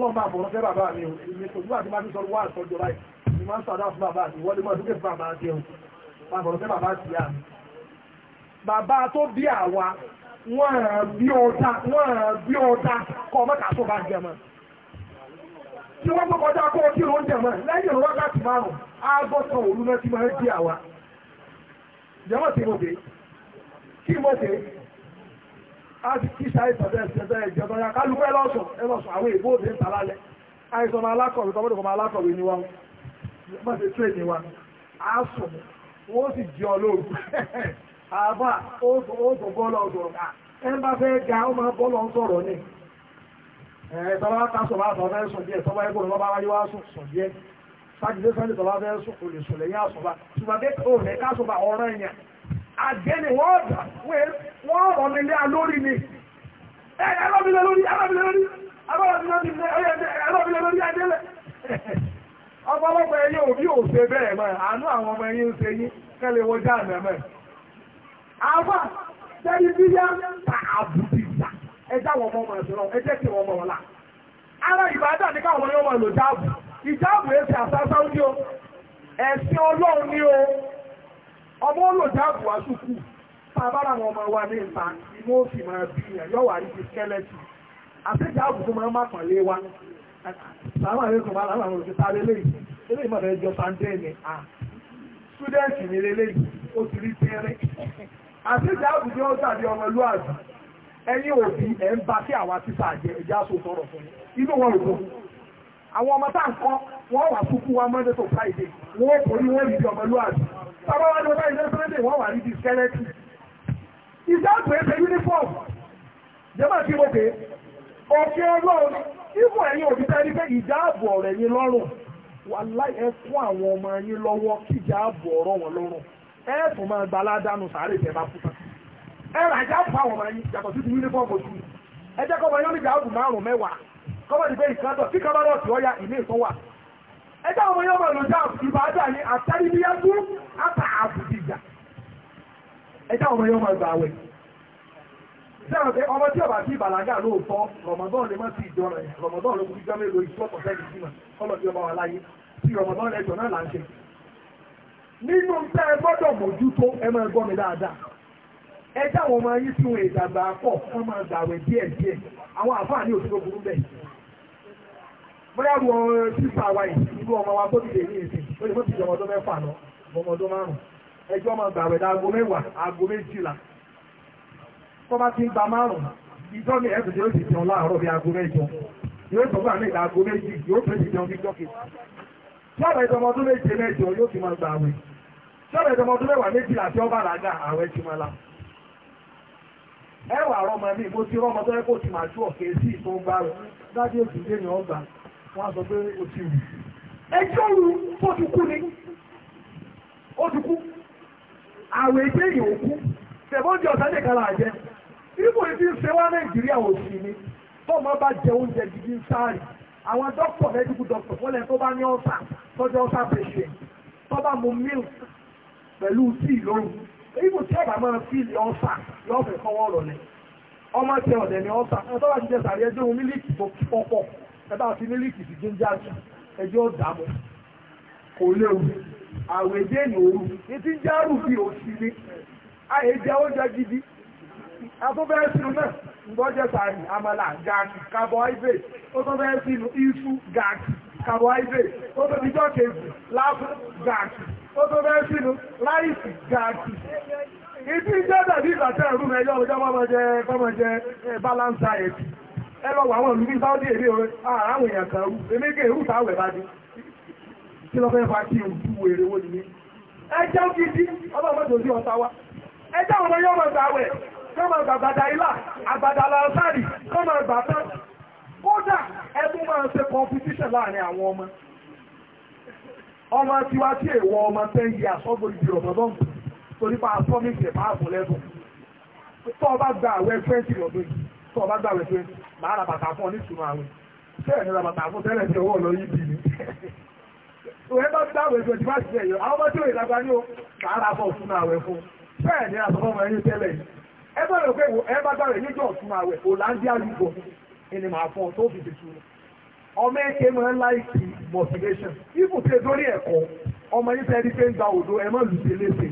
Speaker 1: lọ́n bá bọ̀ lọ́fẹ́ bàbá mi ò ní kò nígbà tí má ti sọ wá àtọ́jọ́ báyìí ni má ń sọ àdá fún bàbá mi wọ́n ní mọ́ wọ́n sọ̀rọ̀ sí bàbá sí àmì bàbá tó bí àwa wọ́n ràn bí ọ̀dà wọ́n ràn bí ọ̀dà kọ́ mọ́ta tó bá jẹ mọ́ tí wọ́n tó kọjá kó kí ló ń jẹ mọ́ lẹ́yìn ìrún wákàtí márùn-ún aago kan òru náà ti máa ń bí àwa jẹ́mọ̀ tí mo dé kí mo dé a ti kí ṣàìsàn bẹ́ẹ̀ sí ẹgbẹ́ ìjọba ya kálukú ẹ lọ́sọ̀ ẹ lọ́sọ̀ àwọn èèbó wọ́n sì jẹ́ ọlọ́run àbá ó tó bọ́ọ̀lọ́ ọ̀dọ̀ ẹn bá fẹ́ ga ó máa bọ́ọ̀lọ́ ń sọ̀rọ̀ ní ẹ̀ẹ́tọ́lá tásọ̀ bá sọ̀rọ̀ fẹ́ sùn díẹ̀ tọ́wọ́ ẹgbọ́n lọ́ba wáyé wá sùn sùn díẹ̀ sájídé sọ́ni tọ́lá fẹ́ sùn kò lè sùn lẹ́yìn àsọ̀bá ṣùgbọ́n pé ó lẹ́ kásọ̀bá ọ̀rọ̀ ẹ̀yàn àgbẹ̀ni wọ́n rọ̀ mi lé lórí ni ẹ̀ẹ́ ẹlọ́bìnrin lórí ẹlọ́bìnrin lórí ẹlọ́bìnrin lórí ẹlọ́bìnrin lórí ẹdẹ́lẹ̀ ọ̀pọ̀lọpọ̀ ẹyẹ òbí ò ṣe bẹ́ẹ̀ mọ́ àánú àwọn ọmọ ẹyẹ ń ṣe yín kẹ́lẹ̀ wọ́n já àmì mọ́ àfà tẹ́lí bí yá ta àbùdì ìjà ẹjá wọn ọmọ ẹ̀sìn náà ẹjẹ́ kí wọn mọ̀ wọn là ara ìbàdàn ní káwọn ọmọ yóò máa lò jáàbù ìjáàbù èsì àsásá ń yó ẹ̀sìn ọlọ́run ní o ọmọ olò jáàbù àṣùkù tàbára àwọn ọmọ wa ní ìta inú òsì máa bí yẹn yọ̀wà rí ti skẹ́lẹ́tì àti jáàbù tó máa ń má pàlé wa àwọn àrẹ́kùn bá láwọn àwọn òṣìṣẹ́ sáré lẹ́yìn eléyìí mọ̀ fẹ́ jọ pàǹdẹ́ ni à ṣúdẹ́ǹtì mi lélẹ́yìn ó ti rí tẹ́rẹ́ àtẹ́jà àbùjọ ó tàbí ọmọlúwàbí ẹ̀yin òbí ẹ̀ ń bá sí àwa títà jẹ ẹja sọ sọ̀rọ̀ fún inú wọn ò dùn àwọn ọmọ tá à ń kọ́ wọ́n wà fúkú wa Monday to Friday wọ́n ó kórí wọ́n rí ọmọlúwàbí bàbá wa ní ọjọ́ wọ́n wà rí ibù ẹ̀yin òbítẹ́ ní pé ìjáàbù ọ̀rọ̀ ẹ̀yin lọ́rùn wàláì ẹ fún àwọn ọmọ ẹ̀yin lọ́wọ́ kí ìjáàbù ọ̀rọ̀ wọn lọ́rùn ẹ fún máa gba aládánù sàárè ìfẹ́ bá kú tán ẹ rà ìjáàbù àwọn ọmọ ẹ̀yin yàtọ̀ sí ti yúnífọ́ọ̀mù ojú ẹ jẹ́ kọ́ ọmọ ẹ̀yin ìjáàbù márùn mẹ́wàá kọ́mọ̀ ní pé tí kọ́mọ̀ sẹ́wọ̀n ọmọ tí ọba tí balaga lóòótọ́ rọmọdọ́n lè má ti ìjọ rẹ̀ rọmọdọ́n ló kú jọ mélòó ìṣọ́pọ̀ sẹ́ẹ̀dì símọ̀ kọ́lọ̀ tí ọba láyé tí rọmọdọ́n nínú ẹ gbọ́dọ̀ ẹ máa gbọ́ mi dáadáa ẹ ọmọ ayé tí wọn ìdàgbà pọ̀ tó bá ti ń gba márùn-ún ìjọ́ ní ẹ̀sùn tí ó sì jẹun láàárọ̀ bí aago mẹ́jọ yóò tó bá ní ìlà aago méjì yóò tó sì jẹun bí jọ́kì ṣọ́ọ̀bẹ̀ ìjọmọ ọdún méje mẹ́jọ yóò ti máa gba àwẹ̀ ṣọ́ọ̀bẹ̀ ìjọmọ ọdún mẹ́wàá méjì àti ọba làgà àwẹ̀ ti máa la ẹwà rọmọ mi mo ti rọmọ tó yẹ kó ti máa tú ọ̀kẹ́ sí ìtò ń gbá rẹ̀ dájú òsì lé ní ọgbà wọ́n sọ pé ó ti wù ẹjọ́ ru ó ti kú ni ó ti kú àwẹ̀ ìgbéyìí òkú tẹ̀bọ́n jẹ́ ọ̀sán nìkan là jẹ́ ibo ìdí ń ṣe wá nàìjíríà ò sí ni bọ́ọ̀mọ́ bá jẹ oúnjẹ gidi ń sáàrì àwọn dókítà mẹ́díkù dókítà fọlẹ̀ tó bá ní ọ̀sà tọ́jú ọ̀sà patient tó bá mu milk pẹ̀lú tíì lóru ibo tí ọ̀bà máa fíìlì ọ̀sà yóò fẹ́ kọ́wọ́ rọ̀lẹ́ ọmọ tẹ ọ̀dẹ̀ ní ọ̀sà ẹ̀tọ́ bá ti jẹ sàrí ẹjọ́ mílíkì tó pọ̀pọ̀ ẹ̀bá àti mílíkì ti jíjá jù ẹjọ́ dààmú kò léwu àwẹ̀dẹ́ ní òru ní ti ń járù bí òsì ni àyè jẹ oúnjẹ gidi atúbẹ̀ sínú náà gbọ́jẹ́ sàárì àmàlà gààkì carbohydrate ó tó bẹ́ sínú carbohydrate ó tó láàbù tó láìsì gààkì ìdí jẹ́bẹ̀ bí ìgbàtẹ́ ẹ̀rú mẹ́jọ ọjọ́ mọ́mọ́jẹ́ mọ́mọ́jẹ́ balance diet ẹ lọ wà ah, àwọn ìlú ní èdè èèyàn kan rú emeke dé kí lọ kí n bú ọlọ́mọdé òsì ọ̀tá wa kọ́mọ̀ gbàgbàdà ilá àgbàdà làásàrì kọ́mọ̀ gbàtán kódà ẹbú máa ń ṣe competition láàrin àwọn ọmọ ọmọ tiwa tí èèwọ̀ ọmọ ten years ọgbọ̀n ìdí ọ̀bọ̀n torí pa promise ẹ̀ máa fún lẹ́bùn tó ọba gba àwẹ̀ twenty lọ́dún yìí tó ọba gba àwẹ̀ twenty máa ra bàtà fún ọ ní ìṣúná àwẹ̀ bẹ́ẹ̀ ni ra bàtà fún tẹ́lẹ̀ tí ọwọ́ lọ yìí bì mí òwe bá gba àwẹ̀ twenty five ṣẹ̀yọ àwọn ọmọ tí ò ìdàgbà ní o máa ra bọ̀ fún àwẹ̀ fún bẹ́ẹ̀ ni àtọ́fọ́mọ ẹ bá rẹ̀ pé ẹ bá bá rẹ̀ níjọ́ ọ̀tún àwẹ̀ Hollandia lùgbọ̀ ẹni màá fún ọ tó fi tètè ọmọ ẹ̀kẹ́ máa láìkì motivation ibù tẹ dórí ẹ̀kọ́ ọmọ yìí fẹ́ẹ́ di pé ń gba òdo ẹ má lù sí léṣe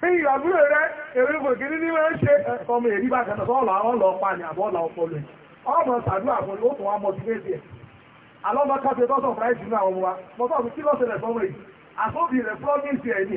Speaker 1: pé ìyàbúrò rẹ èrè fòkìrí ní máa ń ṣe ọmọ èrí bá kẹta tó ọ̀là ọ̀là ọ̀pá ni àbọ̀ ọ̀là ọpọlọ yìí ọmọ sàdúrà fún ó tún wá motivate ẹ̀ alọ́mọ káfíńtọ́sọ̀ fúráìsì ní àwọn ọmọ wa mọ́tò àti kí lọ́sẹ̀ rẹ̀ fọ́mọ yìí àtọ́bì rẹ̀ promise ẹ̀ ní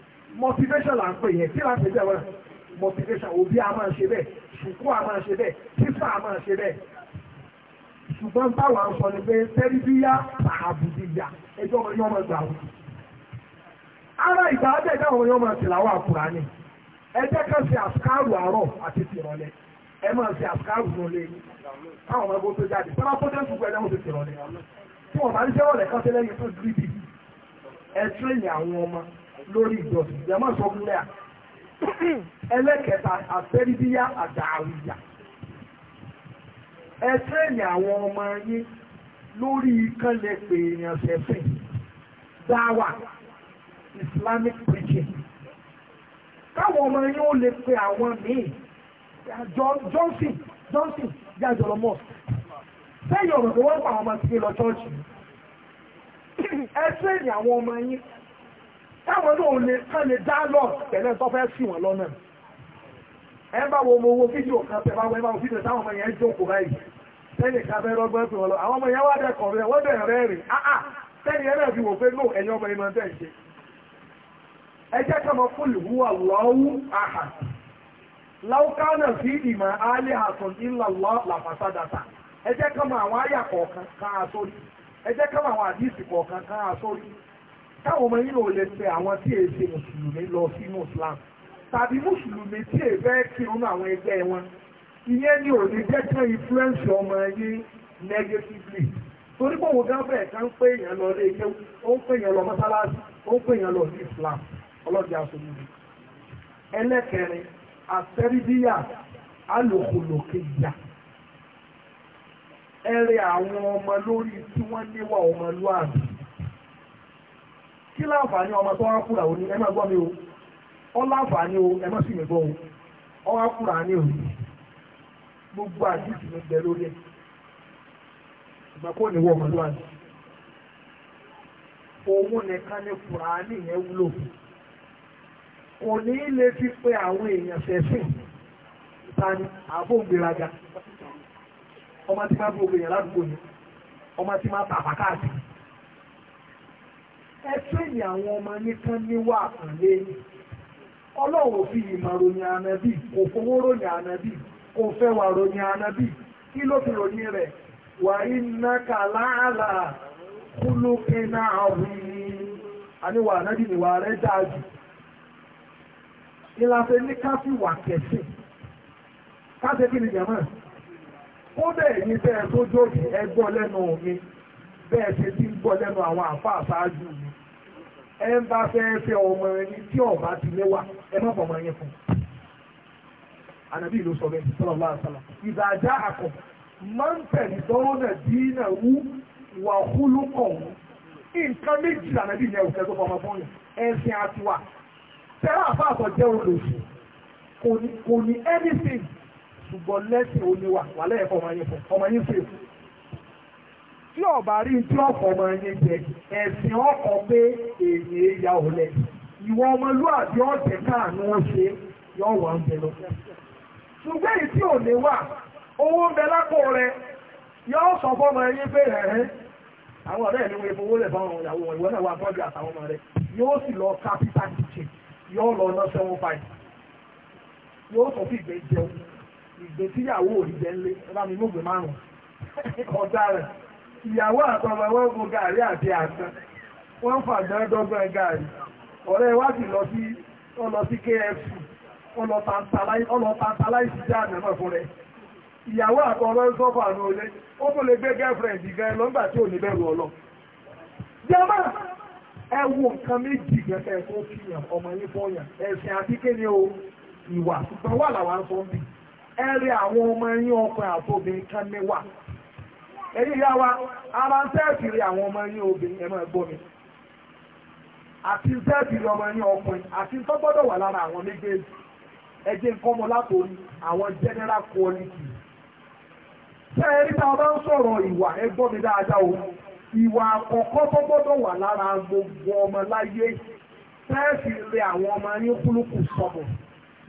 Speaker 1: motivation là ń pè yẹn kí láti bẹ̀rẹ̀ motivation òbí a máa ṣe bẹ́ẹ̀ ṣùkú a máa ṣe bẹ́ẹ̀ títà a máa ṣe bẹ́ẹ̀ ṣùgbọ́n táwa ń sọ ni pé tẹ́lifíyà tààbùdìyà ẹjọ́ ọmọ yọ́mọ gbà wù. ara ìgbà àbẹ̀dá ọmọ yọ́mọ tìlàwà àkùrà ni ẹ jẹ́ ká ṣe àṣkárù àárọ̀ àti tìrọ̀lẹ́ ẹ máa ṣe àṣkárù ní olè yìí táwọn ọmọ ẹgbẹ́ tó jáde tọ́lá tó dẹ́sùn gbẹ́ náà ó ti tìrọ̀lẹ́ tí wọ́n bá ń ṣẹ́wọ̀lẹ̀ kan tẹ́lẹ́yìn tó gírídì ẹ tírẹ̀yìn àwọn lórí ìjọsìn ìjàmọ́ sọ fún lẹ́à ẹlẹ́kẹta àtẹ́ríbíyá àdàwìyà ẹ tẹ́ẹ̀nì àwọn ọmọ yín lórí kánlẹ̀ pé èèyàn ṣẹ̀fìn dáwà islamic preaching káwọn ọmọ yín ó lè pe àwọn míì johnson johnson jáde ọ̀rọ̀ mọ́ sẹ́yìn ọ̀rọ̀ tó wọ́n pa àwọn ọmọ sí lọ chọ́ọ̀chì ẹ tẹ́ẹ̀nì àwọn ọmọ yín táwọn náà lè kán lè dá lọ tẹ̀lé sí wọn lọ́nà ẹ bá wo mo wo fídíò kan tẹ bá ẹ bá wo fídíò táwọn ọmọ yẹn jókòó báyìí tẹ́lẹ̀ ká lọ àwọn ọmọ yẹn wá dẹ́kọ̀ rẹ̀ wọ́n bẹ̀rẹ̀ rẹ̀ rìn áà ah, ah, tẹ́lẹ̀ yẹn náà fi wò pé ló ẹ̀yọ́ ọmọ ìmọ̀ ṣe ẹ jẹ́ ah, fún ìlú káwọn ọmọ yìí ò lè fẹ́ àwọn tí èé ṣe mùsùlùmí lọ sínú Islam tàbí mùsùlùmí tí èé fẹ́ kírun àwọn ẹgbẹ́ wọn ìyẹn ni ò ní jẹ́ kí influence ọmọ yìí negatively torí pé òun gábẹ̀ ẹ̀ka ń pè èèyàn lọ lé ike ó ń pè èèyàn lọ mọ́sálásí ó ń pè èèyàn lọ ní Islam ọlọ́dẹ aṣojú ẹlẹ́kẹrin àtẹ́ríbíyà alòkòlòkèjà ẹrẹ àwọn ọmọ lórí tí wọ́n níwà ọmọlúwàbí kí láǹfààní ọmọ tó wá fúra òní ẹ má gbọ́ mi o ọ láǹfààní o ẹ má sì mí o ọ wá fúra ní òní gbogbo àdìsí mi bẹ lórí ẹ ìgbà kó ní wọ́n ọmọdé wa ni òun nìkan ni fúra ní ìyẹn wúlò kò ní lè fi pé àwọn èèyàn fẹ́sìn ìtani àbò gbéraga ọmọ tí máa bí obìnrin ládùúgbò ni ọmọ tí máa tàbá káàkiri. ẹ tírèmì àwọn ọmọ ní kán níwà àpọ̀nlé ọlọ́run fi ìmọ̀ ròyìn ànábì kò fowó ròyìn ànábì kò fẹ́ wà ròyìn ànábì kí ló fi ròyìn rẹ̀ wà iná kàláàlà kúlókínà àwìn àníwà ànábì nìwà rẹ̀ ìlàfẹ́ ní kí ni jàmọ́ ó bẹ́ẹ̀ ní bẹ́ẹ̀ tó jókè ẹgbọ́ lẹ́nu mi bẹ́ẹ̀ ṣe ti ń gbọ́ lẹ́nu àwọn àfáà ṣáájú mi ẹ ń bá fẹ́ fẹ́ ọmọ ẹni tí ọba ti lẹ́wà ẹ má bọ̀ ọmọ yẹn fún un. ànàbí ìlú sọ bẹ́ẹ̀ sọlọ bá a sọlọ ìgbà àjá àkọ máa ń tẹ̀lé dọ́rọ́ náà dínà wú wà húlú kọ̀ọ̀hún nǹkan méjì ànàbí ìyẹn òkè tó fọmọ fún yẹn ẹ̀sìn àtiwà tẹ́lá àfáàtọ̀ jẹ́ olóṣù kò ní anything ṣùgbọ́n lẹ́sìn oníwà wà lẹ́yìn fún ọmọ yẹn fún ọmọ yẹn fún tí ọ̀bá rí tí ọkọ̀ ọmọ yẹn jẹ ẹ̀sìn ọkọ̀ pé èyí e ya ọ̀lẹ̀ ìwọ ọmọlúwàbí ọ̀tẹ̀ káàánú ṣe yọ wà ń bẹ lọ. ṣùgbọ́n èyí tí ò lè wà owó ń bẹ lápò rẹ yọ sọ fọmọ ẹyin pé ẹ̀hẹ́ àwọn ọ̀rẹ́ mi wọ́n fowó lẹ̀ fáwọn ìyàwó wọn ìwọ náà wà tọ́jú àtàwọn ọmọ rẹ yóò sì lọ kápítà kìchìn yọ lọ ná sẹ́wọ́n báyìí yóò sọ fún ìgbẹ́ jẹun ìgbẹ́ tíyàwó òrìjẹ́ ńlé ẹ bá mi márùn-ún ọ̀dà rẹ̀ ìyàwó àtọmọ wọn gun gàrí àti àtàn wọ́n fàgbọ́n dọ́gbọ́n gàrí ọ̀rẹ́ wá sì lọ sí ọlọ sí KFC ọlọ tantalize jẹ́ àmẹ́mọ̀ fún rẹ̀ ìyàwó àtọmọ ń sọ́fà ní olé ó tún lè gbé girlfriend gan lọ́gbà tí ò ní bẹ̀rù ọlọ jẹ́mọ́ ẹ wo nǹkan méjì gẹ́gẹ́ tó kíyàn ọmọ o ìwà ṣùgbọ́n wà làwọn sọ ń bì ẹ rí àwọn ọmọ yín ọkọ àtòbí mẹ́wàá ẹ̀yìn ìyá wa ara ń tẹ́ẹ̀kiri àwọn ọmọ yín obìnrin ẹ̀mọ́ ẹ̀gbọ́n mi àti tẹ́ẹ̀kiri ọmọ yín ọkùnrin àti tó gbọ́dọ̀ wà lára àwọn méjèèjì ẹjẹ́ nǹkan ọmọ látòrí àwọn general quality tẹ́ẹ̀rí tá a bá ń sọ̀rọ̀ ìwà ẹ̀gbọ́n mi dáadáa o ìwà àkọ́kọ́ tó gbọ́dọ̀ wà lára gbogbo ọmọ láyé tẹ́ẹ̀kiri àwọn ọmọ yín kúlùkù sọ̀bọ̀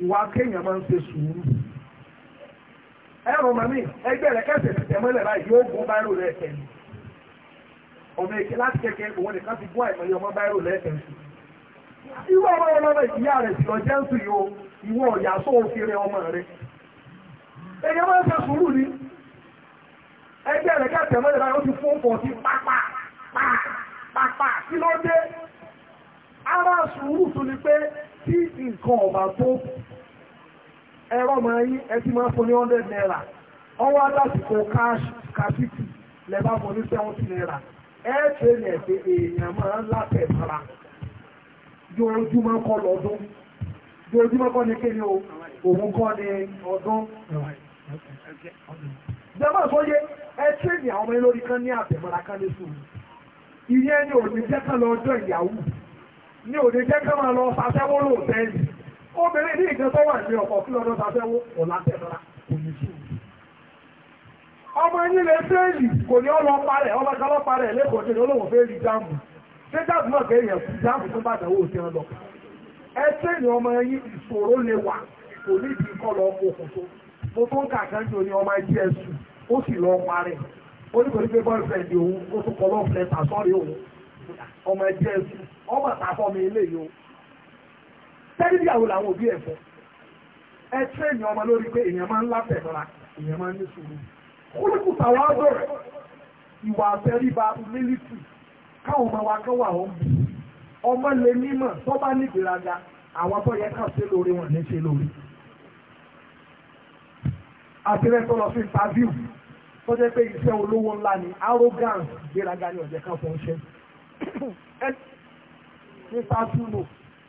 Speaker 1: ìwà kéèyàn máa ń ṣe sùúrù ẹrùn mọ̀mí ẹgbẹ́ rẹ̀ kẹsẹ̀ ti tẹ̀ mọ́lẹ̀ báyìí yóò gún báírò rẹ̀ tẹ̀ ní ọmọ èké láti kékeré òun nìkan ti gún àìmọye ọmọ báírò rẹ̀ tẹ̀ sí. irú ọmọ wọn lọ́wọ́ ìyá rẹ̀ sì ọjọ́ ń sùn yìí o ìwọ ọ̀yà sọ òfìrè ọmọ rẹ̀. èyí máa ń fẹ́ sùúrù ni ẹgbẹ́ rẹ̀ kẹsẹ̀ mọ́lẹ̀ báyìí ó ti fún pọ̀ sí pápá pápá kí ló dé? ara sùúrù tó ni pé tí nǹkan ẹ̀rọ máa yí ẹtí máa fún ní hundred naira ọwọ́ alásìkò cash capiti lẹ́bàá fún ní seventy naira ẹ̀ẹ́dẹ̀ ní ẹ̀fẹ́ èèyàn máa ń látẹ̀ fara yóòjúmọ́ kọ́ lọ́dún yóòjúmọ́ kọ́ ní kéde o òun kọ́ ní ọdún jẹ́mọ́ sóyé ẹ tí ní àwọn ọmọ lórí kan ní àtẹ̀mọ́ra kan ní sùúrù ìyẹn ni òní jẹ́ kan lọ ìyàwó ni òní jẹ́ kan máa lọ fàṣẹ́wó lóòtẹ́ẹ̀lì obìnrin ní ìgbẹ́ tó wà ní ọ̀pọ̀ kí lọ́dọ́ ta fẹ́ sùn. ọmọ yín lè fẹ́ẹ̀lì kò ní ọlọ́ parẹ̀ ọlọ́ka rẹ parẹ̀ lẹ́kọ̀ọ́ tẹ̀lé fẹ́ẹ̀lì jáàmù ṣé jáàmù náà kẹ́ jáàmù tó bá ọlọ. ọmọ lọ mo tó ń kà kan ní ọmọ ẹgbẹ́ ó sì lọ parẹ̀ ó ní kò ní tẹ́lifí àwọn làwọn òbí ẹ̀ fọ́ ẹ tẹ́lẹ̀ ọmọ lórí pé èèyàn máa ń láfẹ̀ lọ́ra èèyàn máa ń ní sùúrù kúlùkù tàwọn àdọ̀rẹ̀ ìwà àfẹ́ríba mílítì káwọn ọmọ wa kọ́ wà ó ń bù ọmọ lè mímọ̀ tó bá ní ìgbéraga àwọn tó yẹ kàn ṣe lórí wọn ní ṣe lórí. àtẹ́rẹ́ tó lọ sí interview tó jẹ́ pé iṣẹ́ olówó ńlá ni arrogance ìgbéraga ni ọ̀jẹ̀ kan fún ṣe. ẹ ní sáà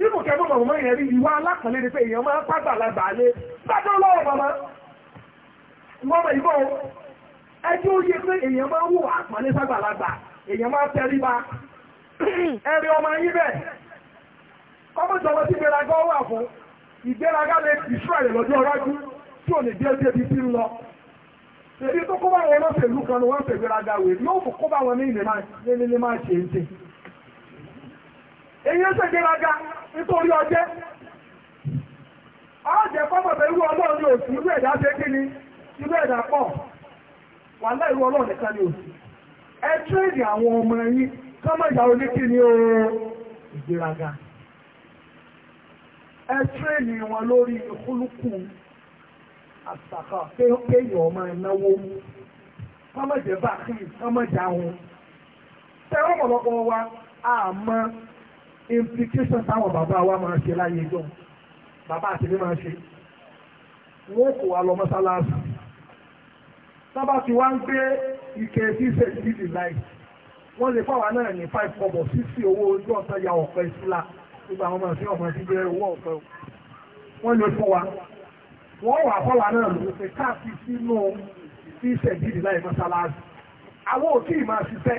Speaker 1: nínú kẹ́ mọ̀mọ̀ mọ́ ìyẹn rí ìwà alákànlé ni pé èèyàn máa ń lé gbádùn lọ́wọ́ màmá eji ìbọ̀ ẹjọ́ yẹ pé èèyàn máa ń wò àpọ̀lé èèyàn máa tẹríba ẹ̀rí ọmọ yín bẹ́ẹ̀ ọmọ ìjọba tí ìgbéraga wà fún ìgbéraga lè destroy rẹ̀ lọ́jọ́ tí ò lè èyí ń ṣègbéraga nítorí ọjẹ́ ọjẹ́ fọ́mọ̀ pẹ̀lú ọlọ́run òsì irú ẹ̀dá ṣe kí ni irú ẹ̀dá pọ̀ wà láì irú ọlọ́run nìkan ni òsì ẹ tírèdì àwọn ọmọ yín kọ́mọ̀ ìyá oní kí ni o ìgbéraga ẹ tírèdì wọn lórí ìkúlùkù àtàkà kéèyàn ọmọ ìnáwó kọ́mọ̀ jẹ́ bá kí kọ́mọ̀ jáwọn tẹ́wọ́n pọ̀lọpọ̀ wa àmọ́ implication táwọn bàbá wa máa ṣe láyé jọ bàbá àti mi máa ṣe wọn kò wá lọ mọ́sálásì sábà tí wọ́n ń gbé ike ṣíṣe ìdílé láì wọ́n lè fáwọn náà ní five kọ́bọ̀ sísì owó ojú ọ̀sán ya ọ̀pẹ ìsúlá gbogbo àwọn ọmọ sí ọmọ sí jẹ́ owó ọ̀pẹ wọ́n lè fún wa wọ́n wà fọ́wà náà lò pé káàkiri sínú ṣíṣe ìdílé láì mọ́sálásì àwọn òkè ìmọ̀ ṣiṣẹ́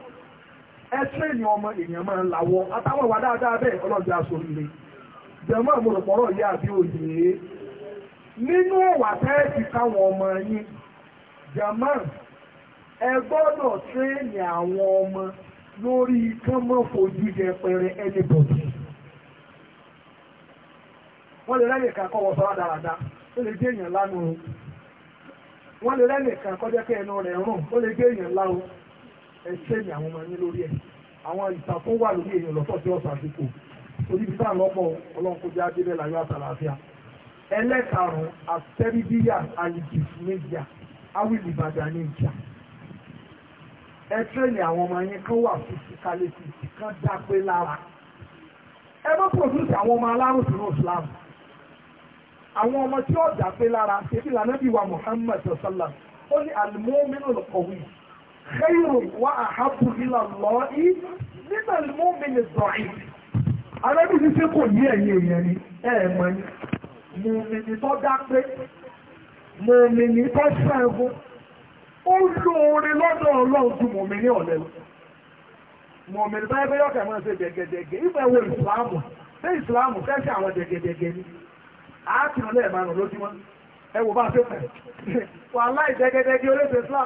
Speaker 1: ẹtírẹ́ ni ọmọ èèyàn máa ń lawọ́ àtàwọn ìwà dáadáa bẹ́ẹ̀ ọlọ́dún aṣọ ilé jẹ̀mọ́ àmúròpọ̀rọ̀ àbí òye nínú ìwà tẹ́ẹ̀tì káwọn ọmọ yín jẹ̀mọ́ ẹ gbọ́dọ̀ àwọn ọmọ lórí kánmọ́ fojú ẹṣẹ́ ni àwọn ọmọ yín lórí ẹ̀ àwọn ìta wà lórí èèyàn lọ́tọ̀ tí ọ̀sán ti kù torí bí sáà lọ́pọ̀ ọlọ́nkọjá débẹ̀ láyọ̀ àtàlàáfíà ẹlẹ́karùn-ún àlìjìfù méjìá awìlì ìbàdàn ní ìjà ẹ ni àwọn ọmọ yẹn kan wà fisikálẹ̀ fìsì kan dápé lára ẹ má pòdúsì àwọn ọmọ alárùn sínú Islam àwọn ọmọ tí ó dápé lára ṣèbí lànà bí wa Muhammad sallam ó ní alimọ́mínú lọ́kọ̀wé yìí kẹ́yìn wá àhábù ilà lọ í nígbà mú mi lè sọ ì arábí ti fi kò yí ẹ̀yìn èèyàn ni ẹ̀ mọ̀ ni mo mi ni tó dá pé mo mi ni tó ṣẹ́gun ó lóore lọ́dọ̀ ọlọ́run ju mo mi ní ọ̀lẹ́ mo mi ni báyìí bẹ́ẹ̀ yọ̀kẹ́ máa ṣe jẹgẹjẹgẹ ìfẹ́ wo ìsìlámù ṣé ìsìlámù kẹ́sì àwọn jẹgẹjẹgẹ ni àá kìrọ̀lẹ́ ẹ̀ máa rùn lójúmọ́ ẹ wò bá ṣe fẹ́ wà láì jẹgẹjẹgẹ olóṣèlú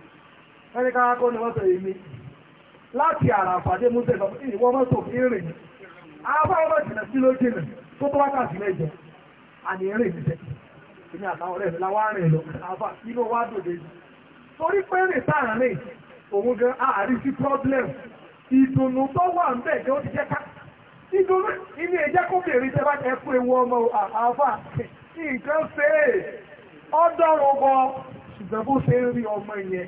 Speaker 1: ẹni káwá kó ni wọ́n sọ èmi láti àràfà dé múṣẹ́ sọ pé ìwọ́n mọ́tò fi ń ọmọ jìnà sí ló jìnà tó tó wákàtí mẹ́jọ àní àtàwọn ọ̀rẹ́ mi la wá lọ afá inú wa dòde yìí torí pé rìn sáà òun gan àárín sí problem ìdùnnú tó wà ń bẹ̀ jẹ́ ó ti jẹ́ ká ìdùnnú inú ẹ̀jẹ̀ kó bèrè bá jẹ́ fún ewu ọmọ àfà nǹkan ọdọ́rùn-ún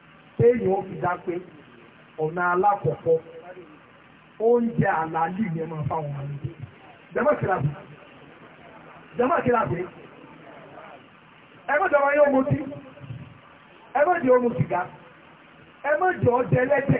Speaker 1: téèyàn ó fi dá pé ọ̀nà alákọ̀ọ́kọ́ oúnjẹ àlàálì yẹn máa fáwọn àlejò jẹ́mọ̀ kìláàbù jẹ́mọ̀ kìláàbù ẹgbẹ́ jọba yóò mutí ẹgbẹ́ jọ mu sìgá ẹgbẹ́ jọ jẹ ẹlẹ́tẹ̀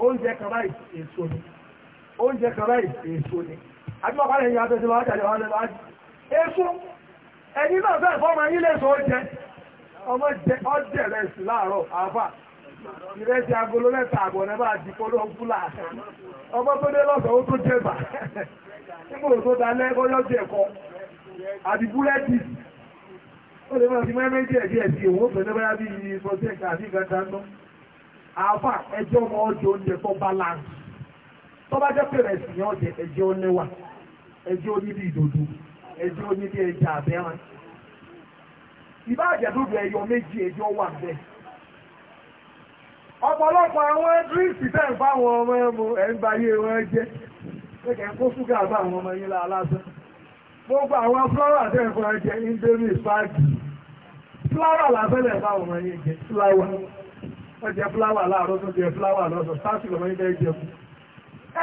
Speaker 1: oúnjẹ kan báyìí èso ni oúnjẹ kan báyìí èso ni àdúgbàpárẹ̀ yìí àtẹ́sí wá jáde wá lẹ́nu ájì èso ẹni náà fẹ́ fọ́mọ yín lè so oúnjẹ ọmọ jẹ ọjẹ rẹ sí láàárọ̀ àfà ìrẹsì agolo lẹ́ta àgbọ̀n náà bá di kóró fúlà ọmọ tó dé lọ́sọ̀ ó tó jẹba nígbà tó dalẹ́ ó yọjú ẹ̀kọ́ àti búrẹ́dì ó lè máa fi mẹ́mẹ́jì ẹ̀dí ẹ̀dí òun ó fẹ́ lẹ́bàá bí sọ́jẹ́ kàdí gàdá àáfà ẹjọ́ ọmọ ọjọ́ oúnjẹ tó balance tó bá jẹ́ pé rẹ̀sì yẹn ọjẹ́ ẹjẹ́ ó lẹ́wà ẹjẹ́ ó níbi ìdòdó ẹjẹ́ ó níbi ẹja àbẹ́rán ìbá àjẹ̀dúdú ẹyọ méjì ẹjọ́ wà bẹ́ẹ̀ ọ̀pọ̀lọpọ̀ àwọn drinks tẹ́ ń fáwọn ọmọ ẹmu ẹ̀ ń gbayé wọn jẹ́ kẹ́kẹ́ ń kó ṣúgà bá àwọn ọmọ yín lálásán gbogbo àwọn flora tẹ́ ń ẹjẹ́ indomie spaghetti flower làbẹ́lẹ̀ bá àwọn ọmọ yín jẹ́ flower wọ́n jẹ fúláwà láàárọ̀ tó jẹ fúláwà lọ́sọ̀ sáàtì lọ́mọ ní bẹ́ẹ̀ jẹun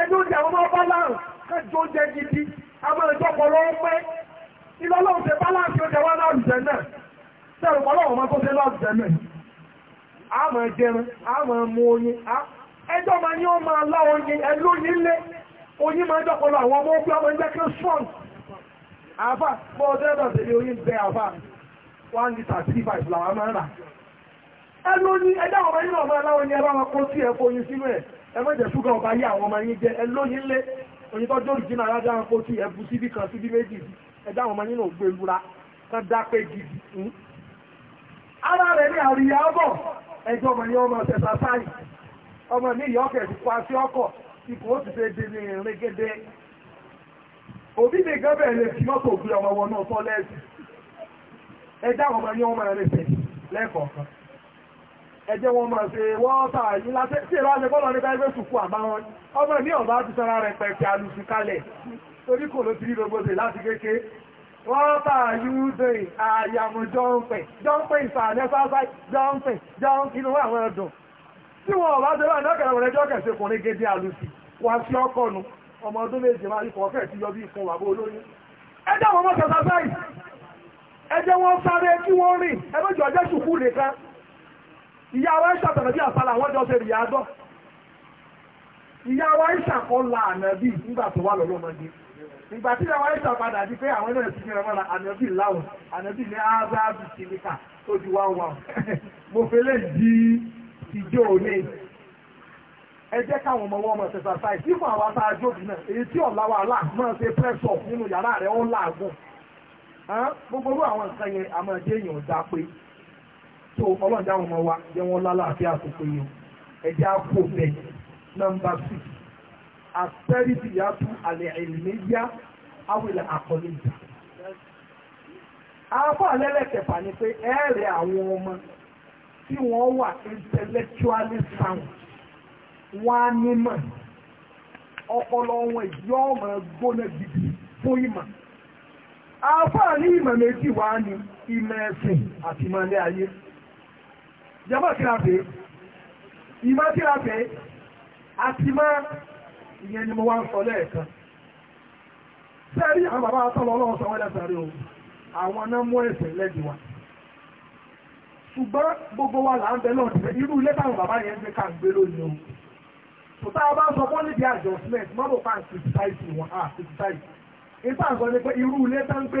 Speaker 1: ẹjọ́ jẹ àwọn ọmọ balance kẹjọ jẹ gidi àwọn ìjọpọ̀ lọ́wọ́ pẹ́ ìlọ́lọ́wọ́ ṣe balance ó jẹ wá láàrùjẹ náà sẹ́rù pọ̀lọ́wọ́ ọmọ tó ṣe tẹ̀lé oyin bẹ àfà one litre three five làwọn rà ẹlò ní ẹjá ọmọ yìí ọmọ aláwọ̀ ní ẹbá wọn kó sí ẹ̀fọ́ oyin sínú ẹ̀ ẹmọ́jẹ̀ ṣúgà ọba yí àwọn ọmọ yìí jẹ ẹlò yìí lé oyin tọ́jú òrìjìnà alájá wọn kó sí ẹbù síbí kan síbí méjì ẹjá ọmọ yìí náà gbé lura kan dápé gidi hmm? ara rẹ̀ ní àríyábọ̀ ẹjọ́ ọmọ yìí ọmọ ṣẹ̀ṣà sáì ọmọ ní ìyọ́kẹ̀ ti pa sí ọkọ̀ ikú ó ti fẹ́ dé ní ìrìngédé òbí lè gẹ́bẹ̀ lè fi mọ́tò gbé ọmọ wọn náà tọ́lẹ́ẹ̀sì ẹjá ọmọ yìí ọmọ rẹ̀ fẹ̀ lẹ́kọ̀ọ̀kan ẹjẹ́ wọn máa ṣe wọ́ọ́ta yìí láti tí èlò àjẹgbọ́lọ́ ní báyìí sùkú àbáwọn ọmọ ní ọ̀bá ti sọ́ra rẹ̀ pẹ̀kẹ́ alùsù kalẹ̀ torí kò ló ti rí gbogbo ṣe láti kéke wọ́ọ́ta yúdè àyàmù jọ́ǹpẹ̀ jọ́ǹpẹ̀ ìsàlẹ̀ ẹjẹ́ wọn sáré kí wọ́n rìn ẹgbẹ́jọ́ ọjọ́ ṣùkú nìkan ìyá wa ìṣà tàbí àsálà wọ́n jọ ṣe àádọ́ ìyá wa ìṣà kọ́ la ànàbí nígbà tó wà lọ́lọ́mọdé ìgbà tí ìyá wa ìṣà padà di pé àwọn ẹlẹ́rìí ti fi rẹ̀ mọ́ra ànàbí láwọn ànàbí ní ázáàbì kìlíkà tó di wá wà mo fẹ́ lè di ìjọ òní ẹ jẹ́ káwọn ọmọ wọn mọ̀ ṣẹ̀ṣà sáì tí fún àwọn aṣáájú òbí náà èyí tí ọ̀la wa là máa ṣe press nínú yàrá rẹ̀ ó ń làágùn gbogbo àwọn nǹkan yẹn àmọ́ ẹ̀jẹ̀ èèyàn dá pé tó ọlọ́jà wọn wa jẹ́ wọn lálá àti àsopọ̀ yìí ẹ̀jẹ̀ àpò bẹ́ẹ̀ nọmba six àfẹ́rìsì yàtú àlẹ́ ẹ̀lẹ́mẹ́yà àwìlẹ̀ àkọlẹ́jà. afọ alẹ́lẹ́kẹ̀fà ni pé ẹ̀ẹ́rẹ̀ àwọn ọmọ tí wọ́n wà intellectually sound wọ́n á nímọ̀ ọpọlọ wọn yóò máa gbóná gidi fún ìmọ̀ afọ àní ìmọ̀ méjì wá ní ìmọ̀ ẹ̀sìn àti ìmọ̀ ayé. jẹmọ́ kí láti ìmọ́ kí láti àti mọ́ ìyẹn ni mo wá ń sọ lẹ́ẹ̀kan sẹ́rí àwọn bàbá àtọ́lọ́ ọlọ́run sọ wọ́n o àwọn náà mú ẹ̀sẹ̀ ṣùgbọ́n gbogbo wa là ń bẹ lọ́ọ̀tì rẹ̀ irú ilé táwọn bàbá yẹn gbé ká ń gbé lónìí tó bá sọ fún wọn ni pé irú ilé gbé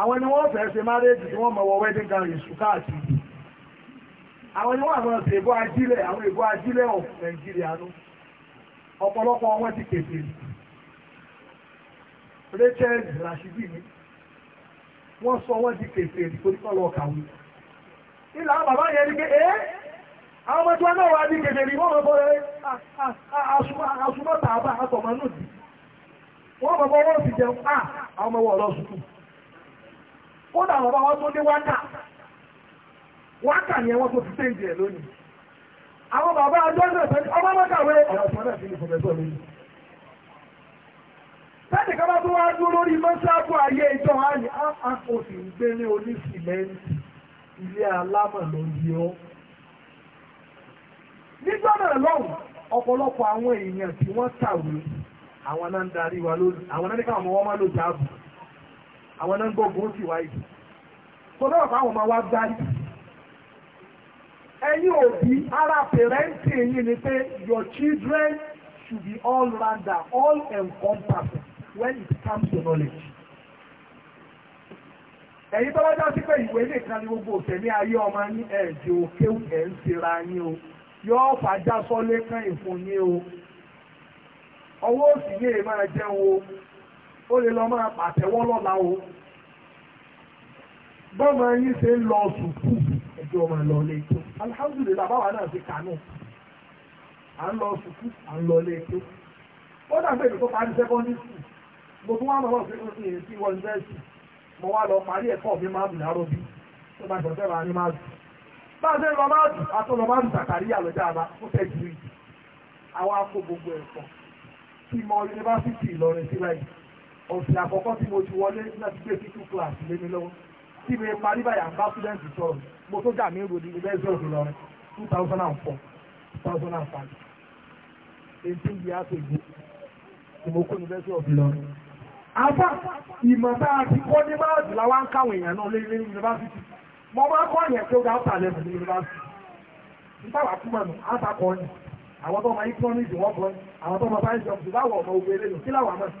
Speaker 1: àwọn ni wọ́n fẹ́ ṣe márèjì tí wọ́n mọ̀ wọ wedding gown ìṣù káàkiri àwọn ni wọ́n àwọn ṣe èbó ajílẹ̀ àwọn èbó ajílẹ̀ of Nigeria nú ọ̀pọ̀lọpọ̀ wọn ti kèfè Rachel Rashidi ni wọ́n sọ wọ́n ti kèfè ìpolítọ́lọ̀ kàwé ilà bàbá yẹn ni pé ẹ́ àwọn ọmọ tí wọ́n náà wà ní kèfè ní wọ́n mọ̀ bọ́ rẹ̀ asúmọ́ta àbá àtọ̀mọ́nù wọ́n mọ̀ bọ́ wọ́n ti jẹun àwọn ọmọ wọn lọ sùkúù kódà àwọn ọba tó dé wákà wákà ni ẹwọ́n tó ti tẹ́ ìdí ẹ̀ lónìí àwọn bàbá adọ́sẹ̀ tẹ́lẹ̀ ọba mọ́kàwé ọ̀rọ̀ tí wọ́n náà fi ní pọ̀fẹ́sọ̀ lónìí láti kọ́ bá tó wá dúró lórí mọ́ṣáàbù ayé àwọn náà ń gbọ́ gbòó sì wáyé tó náà fáwọn ọmọ wa gbá yìí ẹ̀yin òbí ara pẹ̀rẹ́ǹtì yìí ni pé your children should be all rounder all encompassing when it comes to knowledge ẹ̀yin tọ́lá já sí pé ìwé nìkan ni gbogbo òtẹ̀mí ayé ọmọ yín ẹ̀jẹ̀ òkè ẹ̀ ń sera yín o yóò fàájà sọ́lé kan ìfún yín o ọwọ́ òsì yìí máa jẹun o ó lè lọ máa pàtẹ́wọ́ lọ́la o bọ́mọ yín ṣe ń lọ sùkú ẹjọ́ ọmọ ẹ̀ lọ lé tó alihamudulilayi bàbá wa náà ti kànú à ń lọ sùkú à ń lọ lé tó ó dàgbé ìdókò parí sẹ́kọ́ndì sùkú mo tún wá mọ̀ lọ́sẹ̀ tó ti yẹn sí wọ́n yunifásitì mo wá lọ parí ẹ̀kọ́ mi máa bù láró bí tó bá jọ̀ọ́ sẹ́wà ní máa bù bá a ṣe ń lọ máa bù àtọ́ lọ máa bù sàkàríyà lọ́jà àbá ó tẹ̀ ju ìdí àwọn akó gbogbo ẹ̀kọ́ tí mo yunifásitì Ìlọrin sí báyìí ọ̀sẹ̀ àkọ́kọ́ tí mo ti wọlé láti gbé sí two class lé mi lọ́wọ́ tí mi parí báyà ń bá student sọ̀rọ̀ mo tó dà mí ròdì university of Ìlọrin two thousand and four two thousand and five eighteen years ago tí mo kó university of Ìlọrin. àbá ìmọ̀ bá a ti kọ́ ní báàdì làwọn ń káwọn èèyàn náà lé ní yunifásitì mo máa kọ́ yẹn tó ga ọ̀tà lẹ́nu ní yunifásitì nígbà wà kúmọ̀ nù á ta kọ́ ni àwọn tó ma economics wọ́n kọ́ ni àwọn tó ma science jobs láwọ̀ ọmọ ogun eléyìí kí láwọ̀ àmọ́ sí.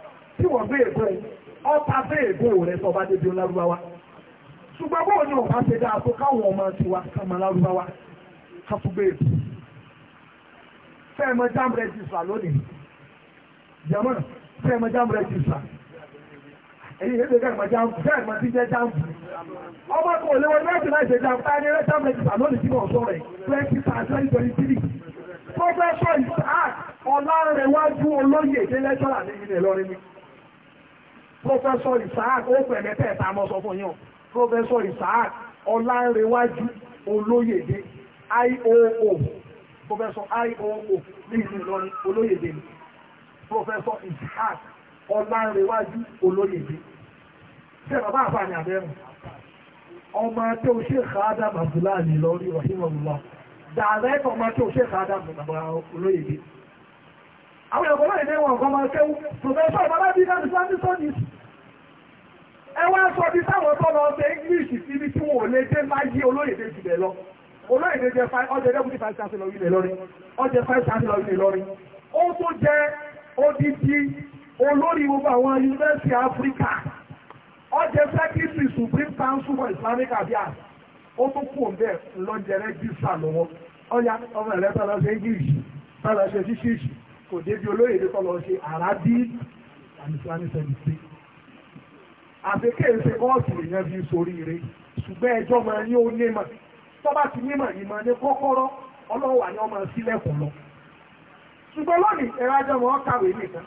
Speaker 1: tí wọ́n gbé ègbò ọ̀pá fẹ́ ègbò rẹ̀ sọ bá débi lárúbáwá ṣùgbọ́n bóun ni ọ̀pá ṣe dáa tó káwọn ọmọ tiwa ká máa lárúbáwá ká tún gbé ègbò fẹ́ẹ̀mọ jam rẹ́jísà lónìí jẹ́mọ́ fẹ́ẹ̀mọ jam rẹ́jísà èyí ìwé fẹ́ẹ̀mọ jam fẹ́ẹ̀mọ tí jẹ́ jam ọmọ kan òlewo mẹ́sì láì ṣe jam tá ní ẹ̀rẹ́ jam rẹ́jísà lónìí tí professor isaac ọlárẹ̀wájú olóyè délẹ́jọ́rà ní lọ́rin ni. Professor Isaac ó pẹ̀lẹ́ tẹ̀ta mọ́ sọ fún yín Professor Isaac Ọlánrewájú Olóyèdè IOO Professor IOO ní ìlú Ìlọrin Olóyèdè ni Professor Isaac Ọlánrewájú Olóyèdè ṣé bàbá àfààní àbẹ́rùn ọmọ tí o ṣe kàádà Abdullahi Ìlọrin rahimahullah dàrẹ́tọ̀ ọmọ tí o ṣe kàádà Abdullahi Olóyèdè àwọn ìyàwó ilé wọn kan máa kéwú professor balábí láti sáńtì studies ẹ wá sọ bí táwọn tó lọ ṣe english síbi tí wọn ò lè dé láyé olóyèdè jùlẹ lọ olóyèdè jẹ ọjọ́ deputy five chancellor ilẹ̀ lọ́rin ọjọ́ five chancellor ilẹ̀ lọ́rin ó tó jẹ odidi olórí gbogbo àwọn university africa ọjọ́ secretary supreme council for islamic affairs ó tó kú òun bẹ́ẹ̀ lọ́jẹ̀rẹ́ jísà lọ́wọ́ ọ̀ya ọmọ ẹ̀rẹ́ tọ́lá ṣe english tọ́lá ṣe ṣíṣíṣì kò débi olóyè ní ṣe àràbí and islamic service àfikẹ́ ìṣe kọ́ọ̀sì èèyàn fi sórí ṣùgbọ́n ẹjọ́ máa ní ó tọ́ba ti nímọ̀ ìmọ̀ ní kọ́kọ́rọ́ ọlọ́wà ni ọmọ sílẹ̀kùn lọ ṣùgbọ́n lónìí ẹ̀rọ ọmọ yẹn jẹ́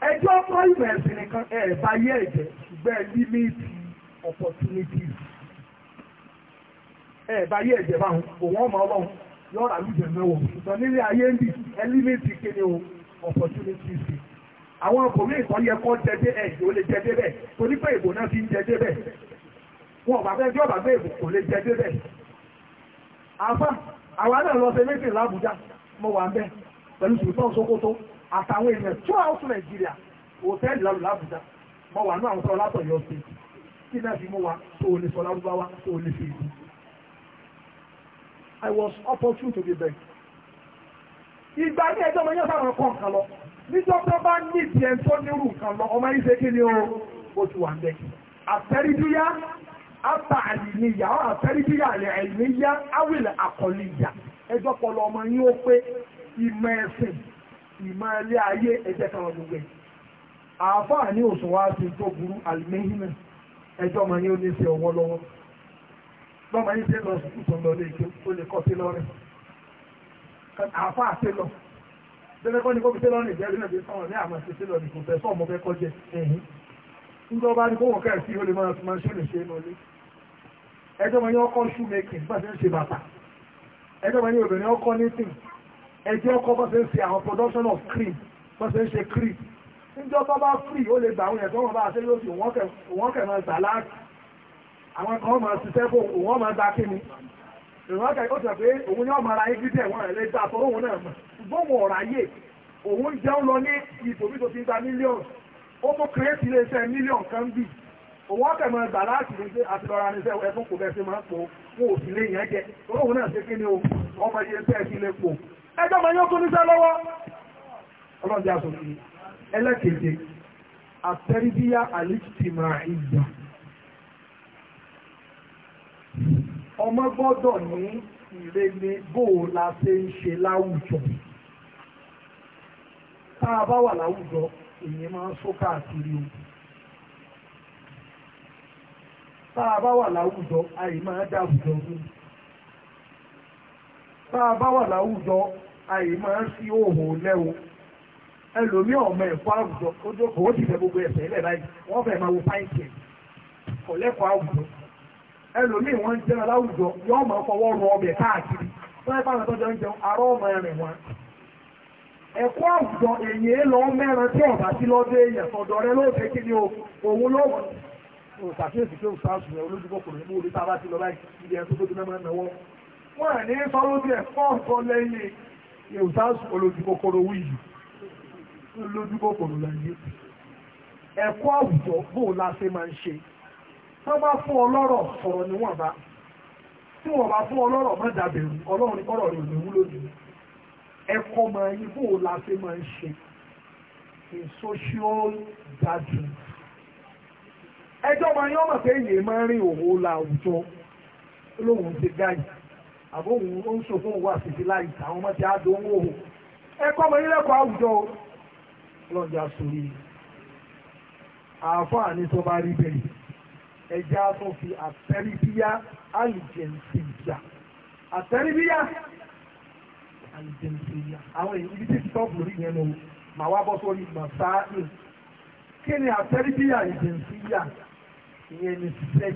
Speaker 1: ẹjọ́ ìmọ̀ ẹ̀sìn nìkan ẹ̀jẹ̀ ṣùgbọ́n ẹ̀jẹ̀ báwọn òun ọmọ ọlọ́run yọ́ra lùjẹ̀ mẹ́wọ̀ ṣùgbọ́n nílé ayé ń bì ẹlímẹ́tì kéde o opportunity sí àwọn ọkùnrin ìkan yẹ kọ́ jẹjẹ ẹ̀ ò lè jẹjẹ bẹ́ẹ̀ tó ní pé ìbò náà fi ń jẹjẹ bẹ́ẹ̀ wọn ò bá fẹ́ jọba gbé ìbò kò lè jẹjẹ bẹ́ẹ̀ àfà àwa náà lọ sí méjì l'Àbújá mo wà ń bẹ pẹ̀lú ṣùgbọ́n Sókótó àtàwọn èèyàn throughout Nàìjíríà hòtẹ́ẹ̀lì lálù l'Àbújá mo wà ní àwọn sọ látọ̀ yọ sí kí náà fi mú wa tó o lè sọ lárúbáwá tó o lè fi ìdí I was opportune to be there. Ìgbà ní ẹjọ́ ọmọ yẹn sáwọn ọkọ̀ nǹkan lọ. Níjọ́ tó bá ní ìdí ẹ̀ tó nírú nǹkan lọ, ọmọ yìí ṣe kí ni ó ti wà bẹ́ẹ̀. Àtẹ́rídíyá, àtà àlìníyà, ọ́ àtẹ́rídíyá àlẹ́ àìníyá, áwìlẹ̀ àkọlíyà. Ẹjọ́ pọlọ ọmọ yìí ó pé ìmọ̀ ẹ̀sìn, ìmọ̀ ilé ayé ẹjẹ́ kan gbogbo ẹ̀. Àáfàá ní òṣùwọ̀n á ti tó lọ́mọ yìí ṣe lọ sùkúù tó ń lọ léèké ó lè kọ́ sí lọ́rẹ̀ àfa àṣẹ lọ bẹ́ẹ̀ kọ́ ni kó fi tẹ́lọ́ ní ìjẹ́rìí náà fi sọ̀rọ̀ ní àmọ́ ṣe tẹ́lọ́ ní kò fẹ́ sọ́ọ̀mọ́ fẹ́ kọ́ jẹ ẹ̀yìn nígbà bá ní kó wọ̀n kẹ́ẹ̀sì ó lè máa fi máa ṣe lè ṣe é lọlé ẹjọ́ wọn yóò kọ́ shoe making bá ṣe ń ṣe bàtà ẹjọ́ wọn yóò obìnrin ọkọ́ knitting ẹjọ́ ọkọ́ bá ṣe ń ṣe àwọn production of cream bá ṣe ń ṣe cream níjọ́ bá bá free ó lè gbà àwọn ẹ̀tọ́ wọn bá ṣe yóò fi wọ́n kẹ̀ máa gbà láàkì àwọn kan máa ṣiṣẹ́ fún òun wọ́n máa gba kí ni ìrọ̀lá kẹ́kẹ́ ó sọ pé òun ni wọ́n máa ra ingredient wọn rẹ̀ lè gbà tọ́rọ òun náà mọ̀ ṣùgbọ́n wọn ọ̀rá yè òun jẹun lọ ní ìtòbí tó ti gba mílíọ̀nù ó tó kírẹ́tì iléeṣẹ́ mílíọ̀nù kan bì òun ọ̀kẹ́ máa gbà láti ní pé àti lọ́ra ní sẹ́wọ́ ẹ̀fún kò bẹ́ẹ̀ sí máa pò wọn ò sì lè yẹn jẹ tọ́rọ òun náà ṣe kí ni o ọmọ yẹn tẹ́ sí lè pò ẹjọ́ máa yóò tó níṣẹ́ lọ́wọ́ ọlọ́dẹ aṣọ ẹlẹ́kẹ̀ẹ́dẹ́ àtẹ́ríbíyá àlìtìmáà ìgbà ọmọ gbọ́dọ̀ ní ìrẹ́lẹ̀ bó o la ṣe ń ṣe láwùjọ tá a bá wà láwùjọ èyí máa ń sọ káàkiri o tá a bá wà láwùjọ àyè máa dá àwùjọ rú tá a bá wà láwùjọ àyè máa ń sí òhò lẹ́wọ̀ ẹlòmí ọmọ ẹ̀kọ́ àwùjọ ó jókòó ó ti fẹ́ gbogbo ẹ̀fẹ́ lẹ̀ báyìí wọ́n fẹ́ máa wo fáìkì ọ̀lẹ́kọ̀ọ́ àwùjọ ẹlòmíì wọ́n ń jẹun láwùjọ yóò máa fọwọ́ rọ ọbẹ̀ káàkiri wọ́n ẹ bá wọn tọ́jọ́ ń jẹun arọ́ ọmọ ẹ̀rìn wọn. ẹ̀kọ́ àwùjọ èyí ń lọ mẹ́ran tí ọ̀bà sí lọ́dọ̀ èèyàn sọ̀dọ̀ rẹ lóòótọ́ kí ni òun ló wọ̀. òṣàkíyèsí pé òṣàṣù yẹn olójú a bá ti lọ báyìí ibi ẹ̀ tó tó dúná máa ń náwó. wọ́n ẹ̀ ní sọ́lódì ẹ̀kọ́ àwùjọ bóun la máa ń ṣe tó bá fún ọlọ́rọ̀ sọ̀rọ̀ níwọ̀n bá tí wọ́n bá fún ọlọ́rọ̀ má dàbẹ̀rù ọlọ́run kọ́rọ̀ rẹ̀ òní wúlò jù ẹ̀kọ́ máa yí bó o la ṣe máa ń ṣe in social gathering ẹjọ́ máa yán mọ̀ pé èyí máa ń rìn òwò la àwùjọ olóhùn ti gáyì àbó òun ó ń ṣòfò wà síbi láì àwọn ọmọ ti á dùn ún wò ẹ̀kọ́ máa yín lẹ́kọ̀ọ́ àwùjọ ọlọ́jà sórí àáfàá ní tó bá rí bẹ́ẹ̀ ẹja tó fi àtẹ́rìbíyá alìjẹ̀nsìyà àtẹ́rìbíyá alìjẹ̀nsìyà àwọn èyí ibi tí stop lórí yẹn lọ mà wá bọ́ sórí màsáàlì kí ni àtẹ́rìbíyá alìjẹ̀nsìyà ìyẹn ni sex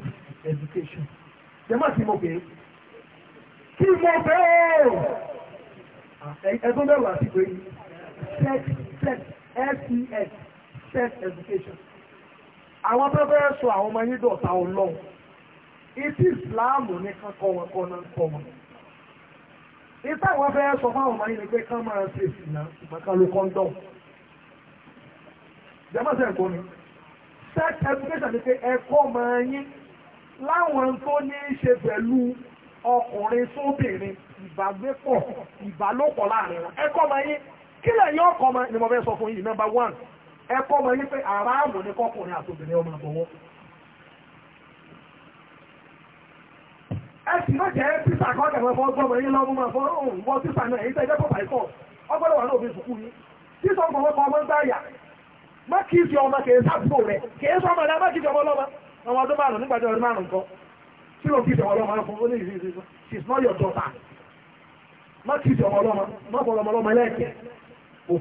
Speaker 1: education jẹ́mọ́ sí mo pè é kí mo pè é ẹ̀ẹ́dọ́gbẹ̀rún àti pé sex sex sex sex education àwọn tó fẹ́ sọ àwọn ọmọ yín dọ̀tá ọlọ́run ìtì ìsìláàmù ní kankan wọn kọ́ náà ń kọ́ wọn ìtà àwọn fẹ́ sọ fáwọn ọmọ yín ni pé kán máa ṣe ìsìnà ṣùgbọ́n kan ló kọ́ńdọ̀m jẹ́mọ́sẹ̀ ẹ̀kọ́ ni sex education ni pé ẹ̀kọ́ ọmọ yín láwọn tó ní í ṣe pẹ̀lú ọkùnrin sóbìnrin ìbágbépọ̀ ìbálòpọ̀ láàrin wọn ẹ̀kọ́ ọmọ yín kí lẹ́yìn ọkọ̀ ọmọ ni mo fẹ́ sọ fún yín number one ẹkọ́ mọ̀ yí pé àráàmù ní kọkùnrin àtòbìnrin ọmọ àbọ̀wọ́ ẹ̀sì náà jẹ́ písà kan kẹ̀mọ́ fọ́ gbọ́mọ̀ yí lọ́mú máa fọ́ òun wọ́n písà náà èyí tẹ́jẹ́ pọ̀ pàìkọ́ ọgbọ́dọ̀ wà náà òbí sùkú yí písà ọmọ wọn kọ́ ọmọ ń dáyà má kí fi ọmọ kèé sáàbùkù rẹ̀ kèé sọ ọmọ rẹ̀ your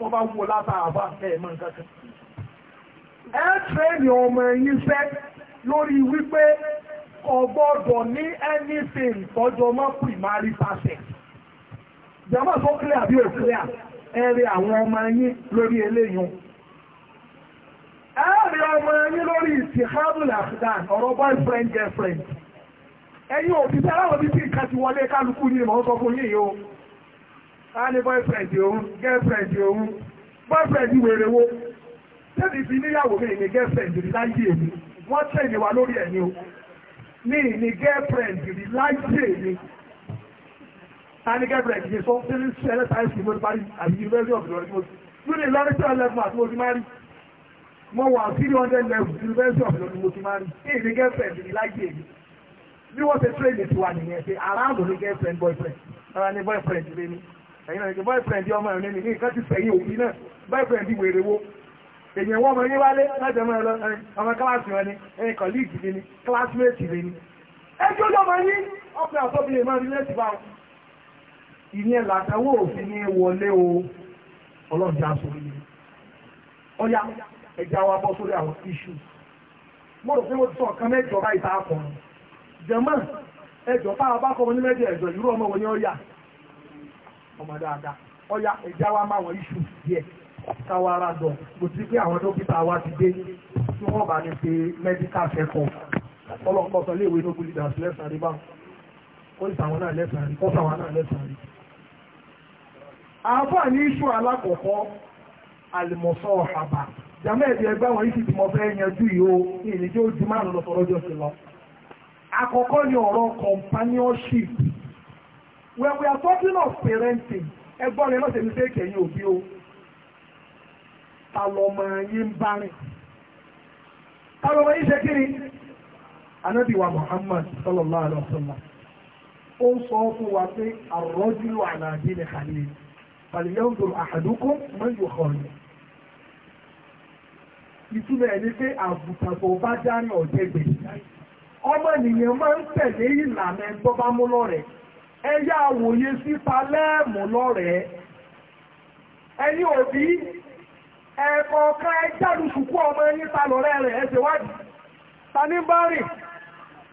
Speaker 1: wọ́n bá wú látàbà ẹ̀mọ́ nǹkan kan ẹ tẹ́ẹ̀nì ọmọ yín fẹ́ lórí wípé kò gbọ́dọ̀ ní anything tọ́jọ́ mọ́ primary passing jẹ́mọ́ tó clear àbí ò clear ẹ̀rẹ̀ àwọn ọmọ yín lórí eléyìn ẹ̀rẹ̀ ọmọ yín lórí ìtìhádùn àfidàn ọ̀rọ̀ boyfriend girlfriend ẹ̀yin òbí tẹ́láwọ̀ bí tí ìkàtí wọlé kálukú ní ìmọ̀ sọ fún yín yìí o a ní boyfriend òun girlfriend òun boyfriend wèrè wo tẹ́lẹ̀ fi níyàwó mi ní girlfriend rí láyé mi wọ́n tẹ̀lé wa lórí ẹ̀ ni o ní ní girlfriend rí láyé mi a ní girlfriend yìí sọ sí ní ẹlẹ́sàáyé sí lórí parí àbí university of lórí mo ti ní lórí tí wọ́n lẹ́fún àti mo ti máa rí mo wà three hundred level university of lórí mo ti máa rí ní ní girlfriend rí láyé mi bí wọ́n ṣe tẹ́lẹ̀ tiwa nìyẹn ṣe aráàlú ní girlfriend boyfriend ara ní boyfriend rí ni ẹ̀yìn náà ìgbẹ́ boyfriend ọmọ ẹ̀rọ ní nǹkan ti sẹ̀yìn òbí náà boyfriend wèrè wo èyàn wọ́n mọ ní wálé láti ọmọ ẹ̀rọ ọmọ kíláàsì wọn ni ẹ̀yìn kọ̀líìgì mi ni kíláàsìmẹ́tì mi ni ẹjọ́ lọ́mọ yín ọ̀pẹ àtọ́bìnrin máa ní lẹ́sìn báwọn ìyẹn làtàwọ̀ òfin ní wọlé o ọlọ́jà sórí ni ọya ẹja wa bọ́ sórí àwọn iṣu mo rò pé mo ti sọ ọ̀kan mẹ́jọ báyìí tá a kọ̀ jẹ̀mọ́ ẹjọ́ bá a bá ọmọ dáadáa ọya ẹja wa máa wọn iṣu díẹ̀ káwa ara dọ̀ kò sí pé àwọn dókítà wa ti dé tí wọ́n bá ní ṣe medical check-up ọlọ́pọ̀ sọ léèwé ní ogun leaders lẹ́sàn rí báwọn ó sì àwọn náà lẹ́sàn rí kọ́sà àwọn náà lẹ́sàn rí. àáfàá ní iṣu alákọ̀ọ́kọ́ àlùmọ̀sọ́ ọ̀hàbà jàmẹ́ ẹ̀dì ẹgbẹ́ wọn yìí ti mọ fẹ́ yanjú yìí o ìrìnjẹ́ ojú márùn-ún lọ́sọ̀rọ̀ ọjọ́ sí lọ. àkọ́kọ́ ni ọ̀rọ̀ companionship when we are talking of parenting ẹgbọ́n rẹ lọ́sẹ̀ níṣẹ́ ìkẹyìn òbí o talọ́mọ yín bá rìn talọ́mọ yín ṣe kíni Muhammad sallallahu alaihi wa sallam ó sọ fún wa pé àrọ́júlù àlàdé ni khalil fàlìyàndùn ahadukum man yukhalil ìtumọ̀ ẹni pé àbùtàbọ̀ bá dání ọ̀jẹ̀gbẹ̀ ọmọ nìyẹn máa ń tẹ̀lé ìlànà ẹ yá àwòye sí palẹ́ẹ̀mù lọ́rẹ̀ẹ́ ẹni òbí ẹ̀kọ̀ọ̀kan e jáde sùkú ọmọ yín ta lọ́rẹ́ rẹ̀ ẹ wádìí ta ní bá rìn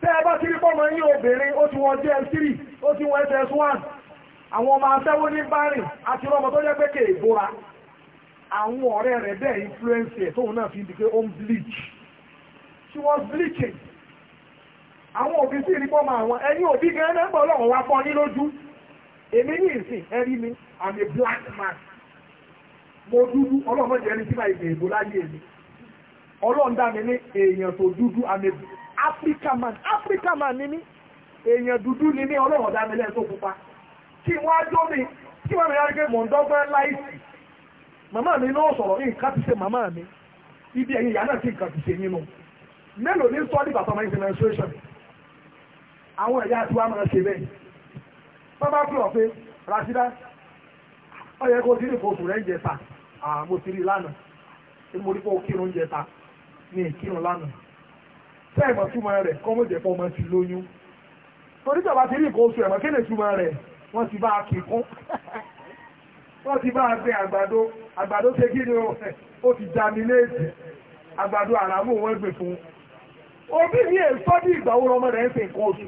Speaker 1: tẹ́ ẹ bá ti rí pọ́mọ yín obìnrin ó ti wọ js3 ó ti wọ ss1 àwọn ọmọ afẹ́wó ní bá influence she was bleaching àwọn òbí sí ìrìpọ̀ máa wọn ẹni òbí gan náà gbọ́ lọ́wọ́ fọ́ ní lójú èmi ní ìsìn ẹni mi I'm a black man mo dúdú ọlọ́mọ jẹ́ ní síbà ìgbè èbó láyé èmi ọlọ́run dá mi ní èèyàn tó dúdú a African man African man ni mí èèyàn dúdú ni mí ọlọ́run dá mi pupa kí wọ́n mi kí wọ́n mi ń ibi àwọn ẹ̀yà tí wá máa ṣe bẹ́ẹ̀ bábá pọ̀ pé Rasida ó yẹ kó tìrì fòfò rẹ̀ ń jẹta àmọ́ tìrì lánàá tí mo rí pé ó kírun ń jẹta ní ìkírun lánàá tẹ́ ẹ̀mọ̀ túmọ̀ rẹ̀ kọ́ mọ̀ jẹ̀pọ̀ ọmọ ti lóyún torí tọ̀bá tìrì kó oṣù ẹ̀mọ̀ kéde túmọ̀ rẹ̀ wọ́n ti bá a kì kún wọ́n ti bá a gbẹ àgbàdo àgbàdo ṣe kí ni ó ti jaminéètì àgbàdo àràmù wọn gbè fún òbí mi èso bí ìgbà wo ọmọ rẹ̀ ń fi nǹkan oṣù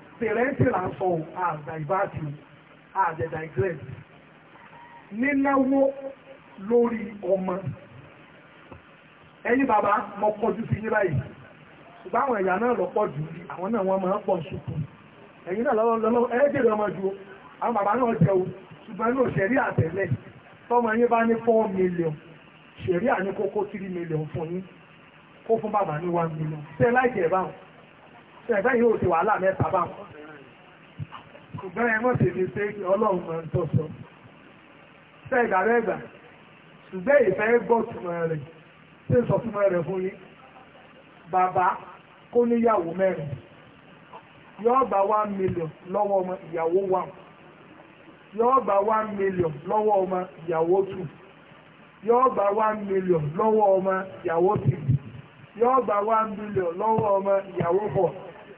Speaker 1: tẹ̀rẹ́ǹtì là ń sọ àgbà ìbáàtì àdẹ̀dà ìgrẹ́t nínáwó lórí ọmọ ẹ̀yin bàbá mo kọjú sí yín báyìí ṣùgbọ́n àwọn ẹ̀yà náà lọ́pọ̀ jù àwọn náà wọ́n máa ń pọ̀ ṣùkú ẹ̀yin náà lọ́wọ́ ẹ̀ẹ́dẹ̀rẹ̀ ọmọ ju àwọn bàbá náà jẹ́ o ṣùgbọ́n inú òṣèré four million ṣèré àní three million fún yín kó fún one million ṣe ṣẹ̀fẹ́ yóò ti wàhálà mẹ́ta bá wọn ṣùgbọ́n ẹ mọ́ tèmi pé ọlọ́run máa ń tọ́ sọ ṣe ìdàrẹ́ ẹ̀gbà ṣùgbọ́n ìfẹ́ gbọ́ túmọ̀ rẹ̀ ṣe sọ túmọ̀ rẹ̀ fún yín bàbá kó níyàwó mẹ́rin yóò bá one million lọ́wọ́ ọmọ ìyàwó one yóò gba one million lọ́wọ́ ọmọ ìyàwó two yóò gba one million lọ́wọ́ ọmọ ìyàwó three yóò gba one million lọ́wọ́ ọmọ ìyàwó four.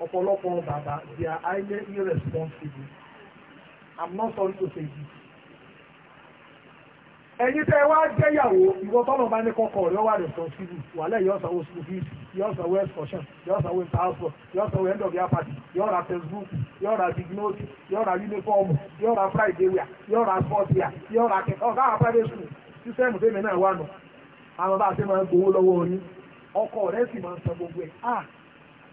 Speaker 1: ọ̀pọ̀lọpọ̀ bàbá they are highly irresponsible i'm not sorry to say this. ẹ̀yin tẹ́ wá jẹ́yàwó ìwọ tọ́lọ̀ bá ní kọ́kọ́ rẹ̀ wà responsible wàhálẹ̀ yóò sanwó school fees yóò sanwó excursion yóò sanwó interhouse yóò sanwó end of year party yóò ra textbook yóò ra dignote yóò ra uniform yóò ra friday wear yóò ra sports wear yóò ra kẹkẹ ọ̀gá àwọn private school sísẹ́mù tẹ́mi náà wà nù àwọn bá a ṣe máa ń gbowó lọ́wọ́ yín ọkọ rẹ̀ sì máa ń san gbogbo ẹ̀ ah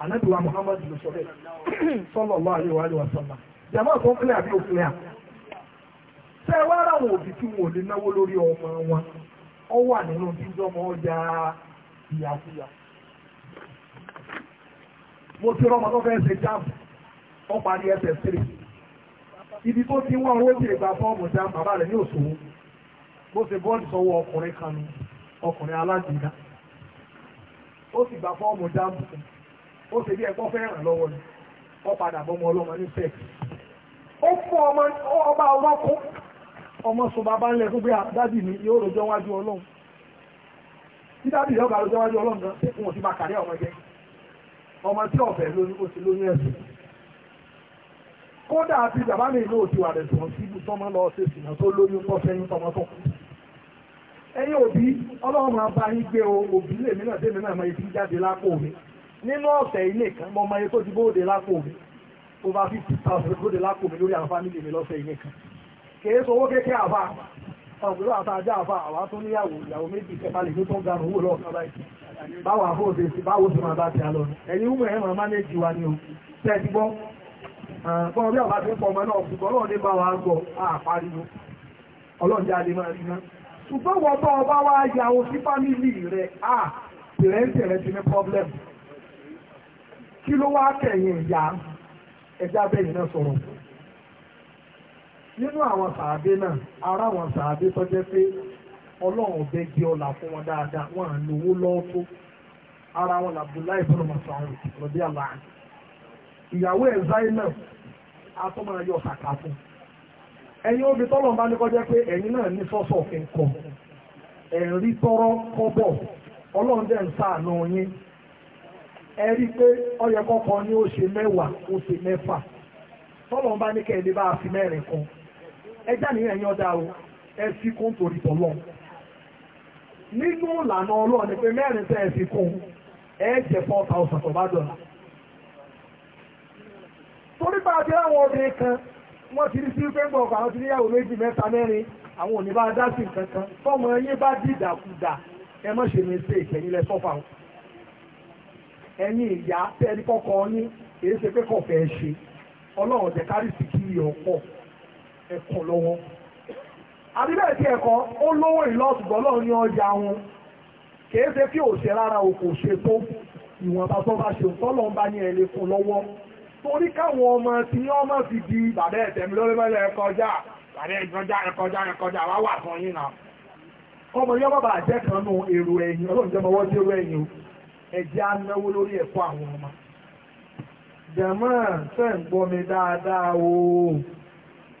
Speaker 1: ànábì wa muhammadu ló sọ Alaihi sọ́lọ̀ lọ́wọ́ àríwá àríwá sọ́lá jàmọ́ tó ń kílẹ̀ àbí òkúlẹ̀ à ṣé ẹ wá ráwọn òbí tí wọn ò ọmọ wọn ọ wà nínú jíjọ́ ọmọ ọjà ìyàkúyà mo ti rọmọ tó fẹ́ ṣe jáàmù ọ parí ẹsẹ̀ tírì ibi tó ti wọ́n owó jèrè gba fọ́ọ̀mù jáàmù bàbá rẹ̀ ní òṣòwò bó ṣe bọ́ọ̀lù sọ́wọ́ ọkùnrin kan ọkùnrin alájìdá ó sì gba fọ́ọ̀mù jáàmù ó ṣe bí ẹ̀kọ́ fẹ́ ràn lọ́wọ́ ni ó padà bọ́mọ ọlọ́mọ ní sex ó fún ọmọ ọba ọlọ́kún ọmọ sọ bàbá ńlẹ̀ fún pé ah, dádì mi yóò rojọ́ wájú ọlọ́run tí dádì yóò bá wájú ọlọ́run gan ṣé wọn ti bá kàrí ọmọ jẹ ọmọ tí ọ̀fẹ́ lóyún ó ti lóyún ẹ̀sìn kódà àti bàbá mi ìlú òtí wà rẹ̀ tó ń síbú tọ́mọ lọ ṣe sìnà tó lóyún pọ́ sẹ́yìn tọmọ tó kù ẹ̀yin òbí ọlọ́run máa bá yín gbé òbí lèmi náà tèmi náà máa fi jáde lápò mi nínú ọ̀sẹ̀ ilé kan mọ ọmọ yẹn tó ti bóde lápò mi over fifty thousand bóde lápò mi lórí àwọn fámìlì mi lọ́sẹ̀ ilé kan kìí sọ owó kékeré àbá ọ̀gbìnrin àtàjá àbá àwọn tó níyàwó ìyàwó méjì kẹta lè ní tó ń ga owó lọ́ọ̀kan báyìí báwo àfóòdè sí báwo tó máa bá ti àlọ́ ẹ̀yìn ìwé ẹ̀mọ̀ mánéjì wa ni o tẹ́ẹ̀tì gbọ́ ọ̀pọ̀ bí ọ̀bá ti pọ̀ ọmọ náà ṣùgbọ́n ọlọ́run ní bá wa gbọ́ àpariwo ọlọ́run jẹ́ alẹ́ máa rí ná ṣùgbọ́n wọ́n bá wa yàwó sí fámìlì rẹ̀ à tẹ̀rẹ̀ ti ní pọ́blẹ́mù kí ló wá kẹyìn ẹ̀yà ẹ̀já bẹ́yìn náà sọ̀rọ̀ nínú àwọn sàádé náà ara àwọn sàádé tó pé ọlọ́run ọ̀bẹ gbé ọlà fún wọn dáadáa wọn à ń lówó lọ́wọ́ ara wọn làbúláì fún ọmọ sàárò ìyàwó ẹ̀ kàkà fún Ẹyin bá pé ẹ̀yin náà ní ẹ rí pé ọyẹ kọkàn ni ó ṣe mẹ́wàá ó ṣe mẹ́fà tọ́lọ̀ ń bá ní kẹ́ẹ̀lé bá fi mẹ́rin kan ẹ jáde ẹ̀yìn ọ̀dà o ẹ fi kún torí tọ́lọ̀ nínú ìlànà ọlọ́ọ̀ ni pé mẹ́rin tẹ́ ẹ fi kún ẹ jẹ́ four thousand tó bá dọ̀là torí bá a ti ráwọn obìnrin kan wọ́n ti rí sí pé ń bọ̀ ọkọ̀ àwọn ti níyàwó méjì mẹ́ta mẹ́rin àwọn ò ní bá dá sí nǹkan kan fọ́mọ ẹyẹ bá dìdàkudà ẹ má ṣe mí sí ìkẹyìn lẹ sọ́fà wọn ẹ̀yin ìyá tẹ́ni kọ́kọ́ yín èyí ṣe pé kọ̀fẹ́ ṣe ọlọ́run jẹ́ kárí sí kí ọ̀pọ̀ ẹ̀kọ́ lọ́wọ́ àbíbẹ̀ tí ẹ̀kọ́ ó lówó ìlọ́sùgbọ́n lọ́run ní ọjà wọn kìí ṣe kí ò ṣe rárá o kò ṣe tó ìwọ̀nba tó bá ṣe tọ́lọ̀ ń bá ní ẹ̀lẹ́ fún lọ́wọ́ torí káwọn ọmọ tí wọ́n mọ̀ sí di bàbá ẹ̀tẹ̀mí lórí mọ́lẹ̀ ẹ̀kọjá bàbá ẹ̀kọjá ẹ̀kọjá ẹ̀kọjá wá wà fún yín náà ọmọ yọ́ bàbá àjẹ́ kan nù èrò ẹ̀yìn ọlọ́run jẹ́ mọ́wọ́ sí èrò ẹ̀yìn o ẹ̀jẹ̀ anáwó lórí ẹ̀kọ́ àwọn ọmọ jẹ̀mọ́ fẹ́ ń gbọ́ mi dáadáa o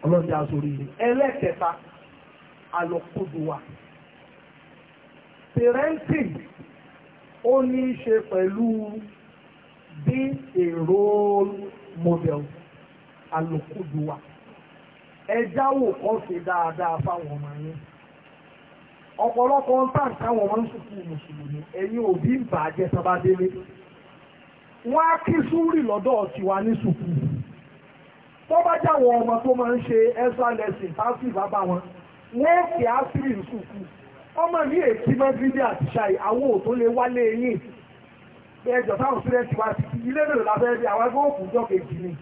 Speaker 1: ọlọ́dẹ àsórí rẹ̀ ẹlẹ́kẹta alọ́kùdùwà parenting ó ní í ṣe pẹ̀lú bí a role model alọ́kùdùwà ẹjáwò kan ṣe dáadáa fáwọn ọmọ yẹn ọ̀pọ̀lọpọ̀ ń tàn káwọn ọmọ ń sùkú mùsùlùmí ẹ̀yin òbí ń bà jẹ́ sábà délé wọ́n á kí súrì lọ́dọ̀ tiwa ní sùkú tó bá jáwọn ọmọ tó máa ń ṣe extra lesson fásitì bàbá wọn wọ́n kì á sírì sùkú ọmọ ní èkí mẹ́gídé àti ṣáì àwọn ò tó lè wálé yìí ẹjọ́ táwọn sílẹ̀tì wa ti ilé mẹ́rin lábẹ́ rí àwọn ẹgbẹ́ òkú jọ kejì ni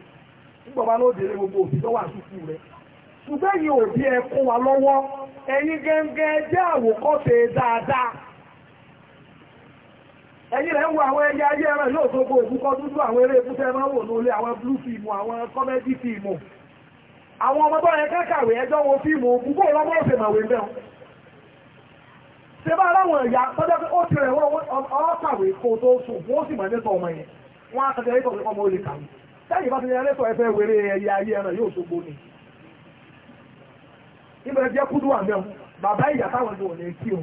Speaker 1: nígbà bá lóde gbogbo òbí tó wà rẹ̀ ṣùgbẹ́ òbí ẹ wa lọ́wọ́ Eyi gẹ́gẹ́ jẹ́ àwòkọ́ṣe dáadáa ẹ̀yin rẹ̀ ń wo àwọn ẹyẹ ayé ẹran yóò tó gbogbo dúdú àwọn eré ẹkúṣẹ́ máa wò lórí àwọn blue film àwọn comedy film àwọn ọmọ bọ́ ẹ̀kẹ́ ẹjọ́ wo gbogbo ọlọ́mọ ọ̀sẹ̀ màwé mẹ́wọ́n ṣe bá aláwọn ẹ̀yà tọ́jọ́ pé ó ti rẹ̀ kó tó sùn wọ́n sì ọmọ yẹn wọ́n á olè kàwé sẹ́yìn ayé ẹran yóò ni. níbẹ̀rẹ̀ jẹ́ kúdú àmì ọ bàbá ìyá táwọn ìlú òní kí o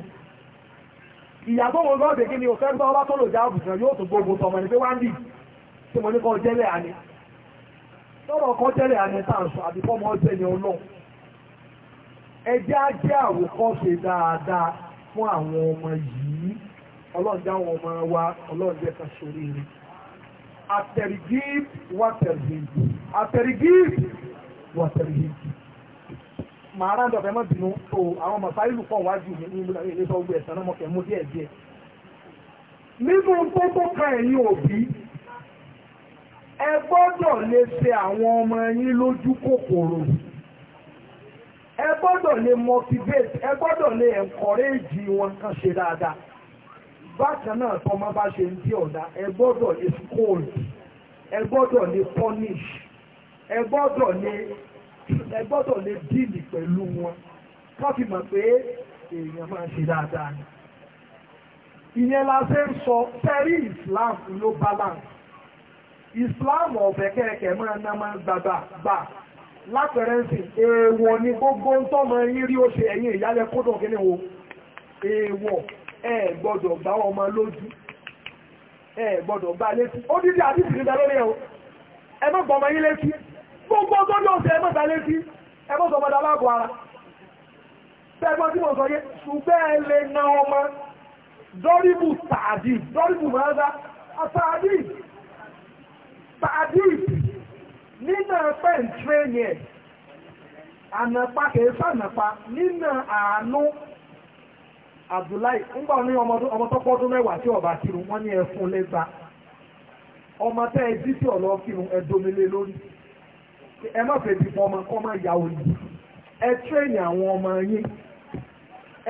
Speaker 1: ìyá tó wọn lọ́ọ̀dẹ̀ kí ni òfẹ́ gbọ́ ọba tó lò já àbùsùn yóò tó gbogbo tọmọ ní pé wá ń bì tí mo ní kọ́ jẹ́lẹ̀ àní lọ́rọ̀ kọ́ jẹ́lẹ̀ àní tàǹsù àbí fọ́mọ ọjẹ́ ni ọlọ́run ẹjẹ́ á jẹ́ àwòkọ́ṣe dáadáa fún àwọn ọmọ yìí ọlọ́ọ̀dẹ́ àwọn ọmọ wa ọlọ́ọ̀dẹ́ kan ṣorí rẹ̀ àtẹ̀rìgí wàtẹ̀rìgí àtẹ̀rìgí wàtẹ̀rìgí ma ráńdọ̀ fẹ́ mọ́ bínú o àwọn màfá ìlú pọ̀ wájú mi ní ilé sọ gbé ẹ̀sán náà mọ̀kẹ́ mú díẹ̀ díẹ̀. nínú gbogbo kan òbí ẹ gbọdọ lè ṣe àwọn ọmọ yín lójú kòkòrò ẹ gbọ́dọ̀ lè motivate ẹ lè encourage wọn kan ṣe dáadáa bákan náà bá ṣe ń ẹ lè scold ẹ lè punish ẹ ẹ gbọ́dọ̀ lè díìlì pẹ̀lú wọn ká fi mọ̀ pé èèyàn máa ṣe dáadáa ni ìyẹn la ṣe ń sọ tẹ́rí Islam ló balance Islam ọ̀bẹ kẹ́kẹ́ máa ná máa gbàgbà gbà lápẹ̀rẹ́sì èèwọ̀ ni gbogbo ń tọ́mọ yín rí ó ṣe ẹ̀yìn ìyálẹ̀ kódò kíní wo èèwọ̀ ẹ gbọ́dọ̀ gbá ọmọ lójú ẹ gbọ́dọ̀ gbá létí ó dídí àdìsí nígbà lórí ẹ̀ o ẹ má gbọ́ ọmọ yín létí gbogbo ọjọ́ yóò tẹ ẹmọ́ta létí ẹmọ́ sọ padà láàbò ara tẹ́gbọ́n tí mo sọ yé ṣùgbẹ́ ẹlẹ́ na ọmọ dọ́rìbù tààdì dọ́rìbù mọ́ra àtààdì tààdì nínà pẹ́ ń tírẹ́nì ẹ̀ ànàpá kìí sànàpá nínà àánú Abdullahi ńgbà ní ọmọ tọ́pọ̀ ọdún mẹ́wàá tí ọba kírun wọ́n ní ẹfun lẹ́gbàá ọmọ tẹ́ ẹ jí sí ọ̀lọ́ kírun ẹ̀dómi lé lórí ẹ má fẹ́ ti fọmọ ọmọ ìyàwó yìí ẹ tírẹ̀nì àwọn ọmọ yín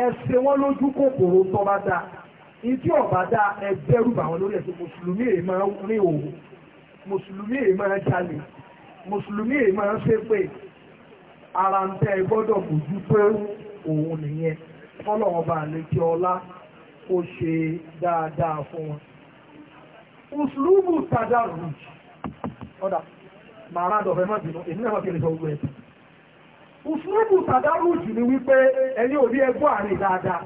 Speaker 1: ẹ ṣe wọ́n lójú kòkòrò tó bá dáa ìdí ọ̀bá dáa ẹ bẹ̀rù bà wọn lórí ẹ̀sìn mùsùlùmí èyí máa ń rí òwò mùsùlùmí èyí máa ń jalè mùsùlùmí èyí máa ń ṣépè ara ń tẹ́ ẹ gbọ́dọ̀ bójú tó òun nìyẹn fọ́lọ́wọ́n bá lè ọlá kó ṣe dáadáa fún wọn. mùsùlùmù tàdá rùj ọ̀dà màá rádọ̀ fẹ́ má bínú èmi náà fi lè sọ gbogbo ẹ̀. òṣùwọ́bù sàdárù jù ni wípé ẹ̀yin ò rí ẹgbọ́ àárín dáadáa.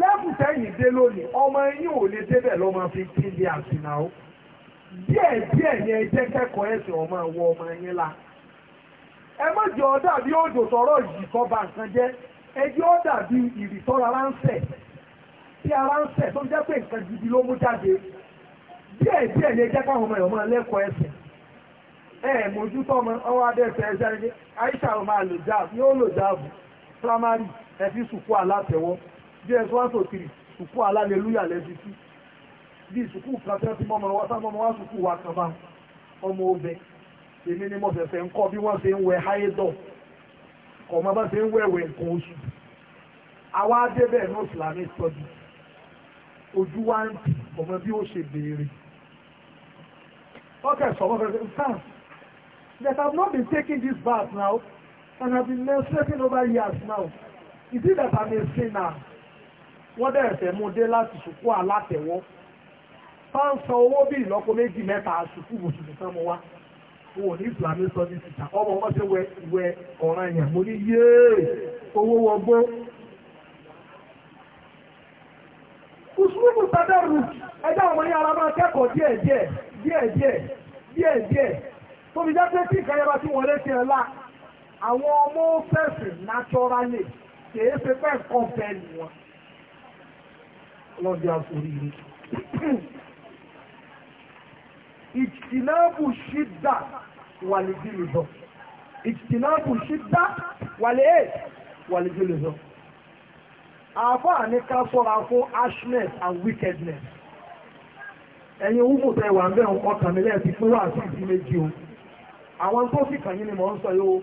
Speaker 1: lẹ́bù tẹ́yìn dé lónìí ọmọ ẹ̀yin ò lè débẹ̀ lọ́mọ fi kí ilé àṣìnà o. díẹ̀ díẹ̀ ni ẹ jẹ́ kẹ́kọ̀ọ́ ẹ̀sìn ọmọ ẹ̀wọ̀ ọmọ ẹ̀yin la. ẹ má jẹ́ ọ̀dà bí òjò sọ̀rọ̀ yìí kọ́ ba nǹkan jẹ́ ẹ jẹ́ ọ̀dà bí ìrìtọ́ra ránṣẹ́ tí ara ń sẹ̀ tó ń jẹ́ pé nǹkan gidi ló mú jáde díẹ̀ díẹ̀ lè jẹ́ káwọn ọmọ ìwọ̀n lẹ́kọ̀ọ́ ẹ̀sìn ẹ̀ mójútó ọmọ ọwọ́ adẹ́sẹ̀ ẹ̀sẹ̀ ẹ̀sẹ̀ àìsà ọmọ àlòjáàbù yóò lòjáàbù primary ẹ̀fí sùkú alátẹ̀wọ́ js one sùkú alálelúyà lẹ́sí sí bí sùkú kan tẹ́ tí mọ́mọ́ wá sùkú wa kan bá ọmọ obẹ èmi ni mo fẹ̀fẹ̀ ń kọ́ bí wọ́n ṣe ń wẹ háyédọ̀ bá ṣe ń wẹ̀wẹ̀ nǹkan oṣù àwa ní ojú wa ń ọmọ bí ó Okay, so what is fast? That I've not been taking this bath now, and I've been menstruating over years now. Is it that I'm a sinner? Wọ́n bẹ̀rẹ̀ fẹ́ mú dé láti sùkú alátẹ̀wọ́. Fáńsọ owó bí ìlọ́po méjì mẹ́ta sùkú mùsùlùmí sán mo wá. Wọ́n ní Islamic studies teacher. Ọmọ wọn ṣe wẹ ìwẹ ọ̀ràn yẹn. Mo ní yéé owó wọgbó. Kùsùlùmù Sádẹ́rù ẹjọ́ àwọn ọmọ yẹn ara máa kẹ́kọ̀ọ́ díẹ̀díẹ̀ díẹ̀díẹ̀ díẹ̀díẹ̀ tó fi jẹ́ pé tí ìkẹyẹba tí wọ́n lé ti ẹ̀ la àwọn ọmọ fẹ̀sìn naturally kìí ṣe fẹ́ kọ́ńpẹ́ẹ̀lì wọn lọ́dẹ àforí rí ìtìlábù ṣídà wà lè jí lè zọ ìtìlábù ṣídà wà lè ẹ̀ wà lè jí lè zọ àfáà ní ká sọ́ra fún harshness and wickedness ẹ̀yin wúfò tẹ wà ń bẹ̀ ọkàn mi lẹ́ẹ̀sì fún wà sí ìdí méjì o àwọn tó sì kàn yín ni mò ń sọ yìí o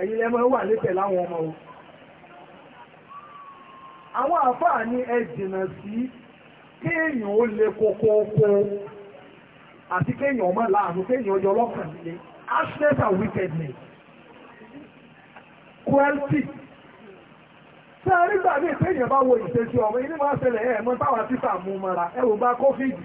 Speaker 1: ẹ̀yin lẹ́mọ̀ wà lẹ́tẹ̀ láwọn ọmọ o àwọn àfáà ní ẹ jìnnà sí kéèyàn ó le kókóókó àti kéèyàn ọmọ láàánú kéèyàn ọjọ́ ọlọ́kàn nílé ashleta wickedness cruelty tí a rí gbàgbé kéèyàn bá wo ìṣesí ọmọ inú máa ṣẹlẹ̀ ẹ̀ mọ́ táwọn títà mú mara ẹ wò bá kọ́fíìdì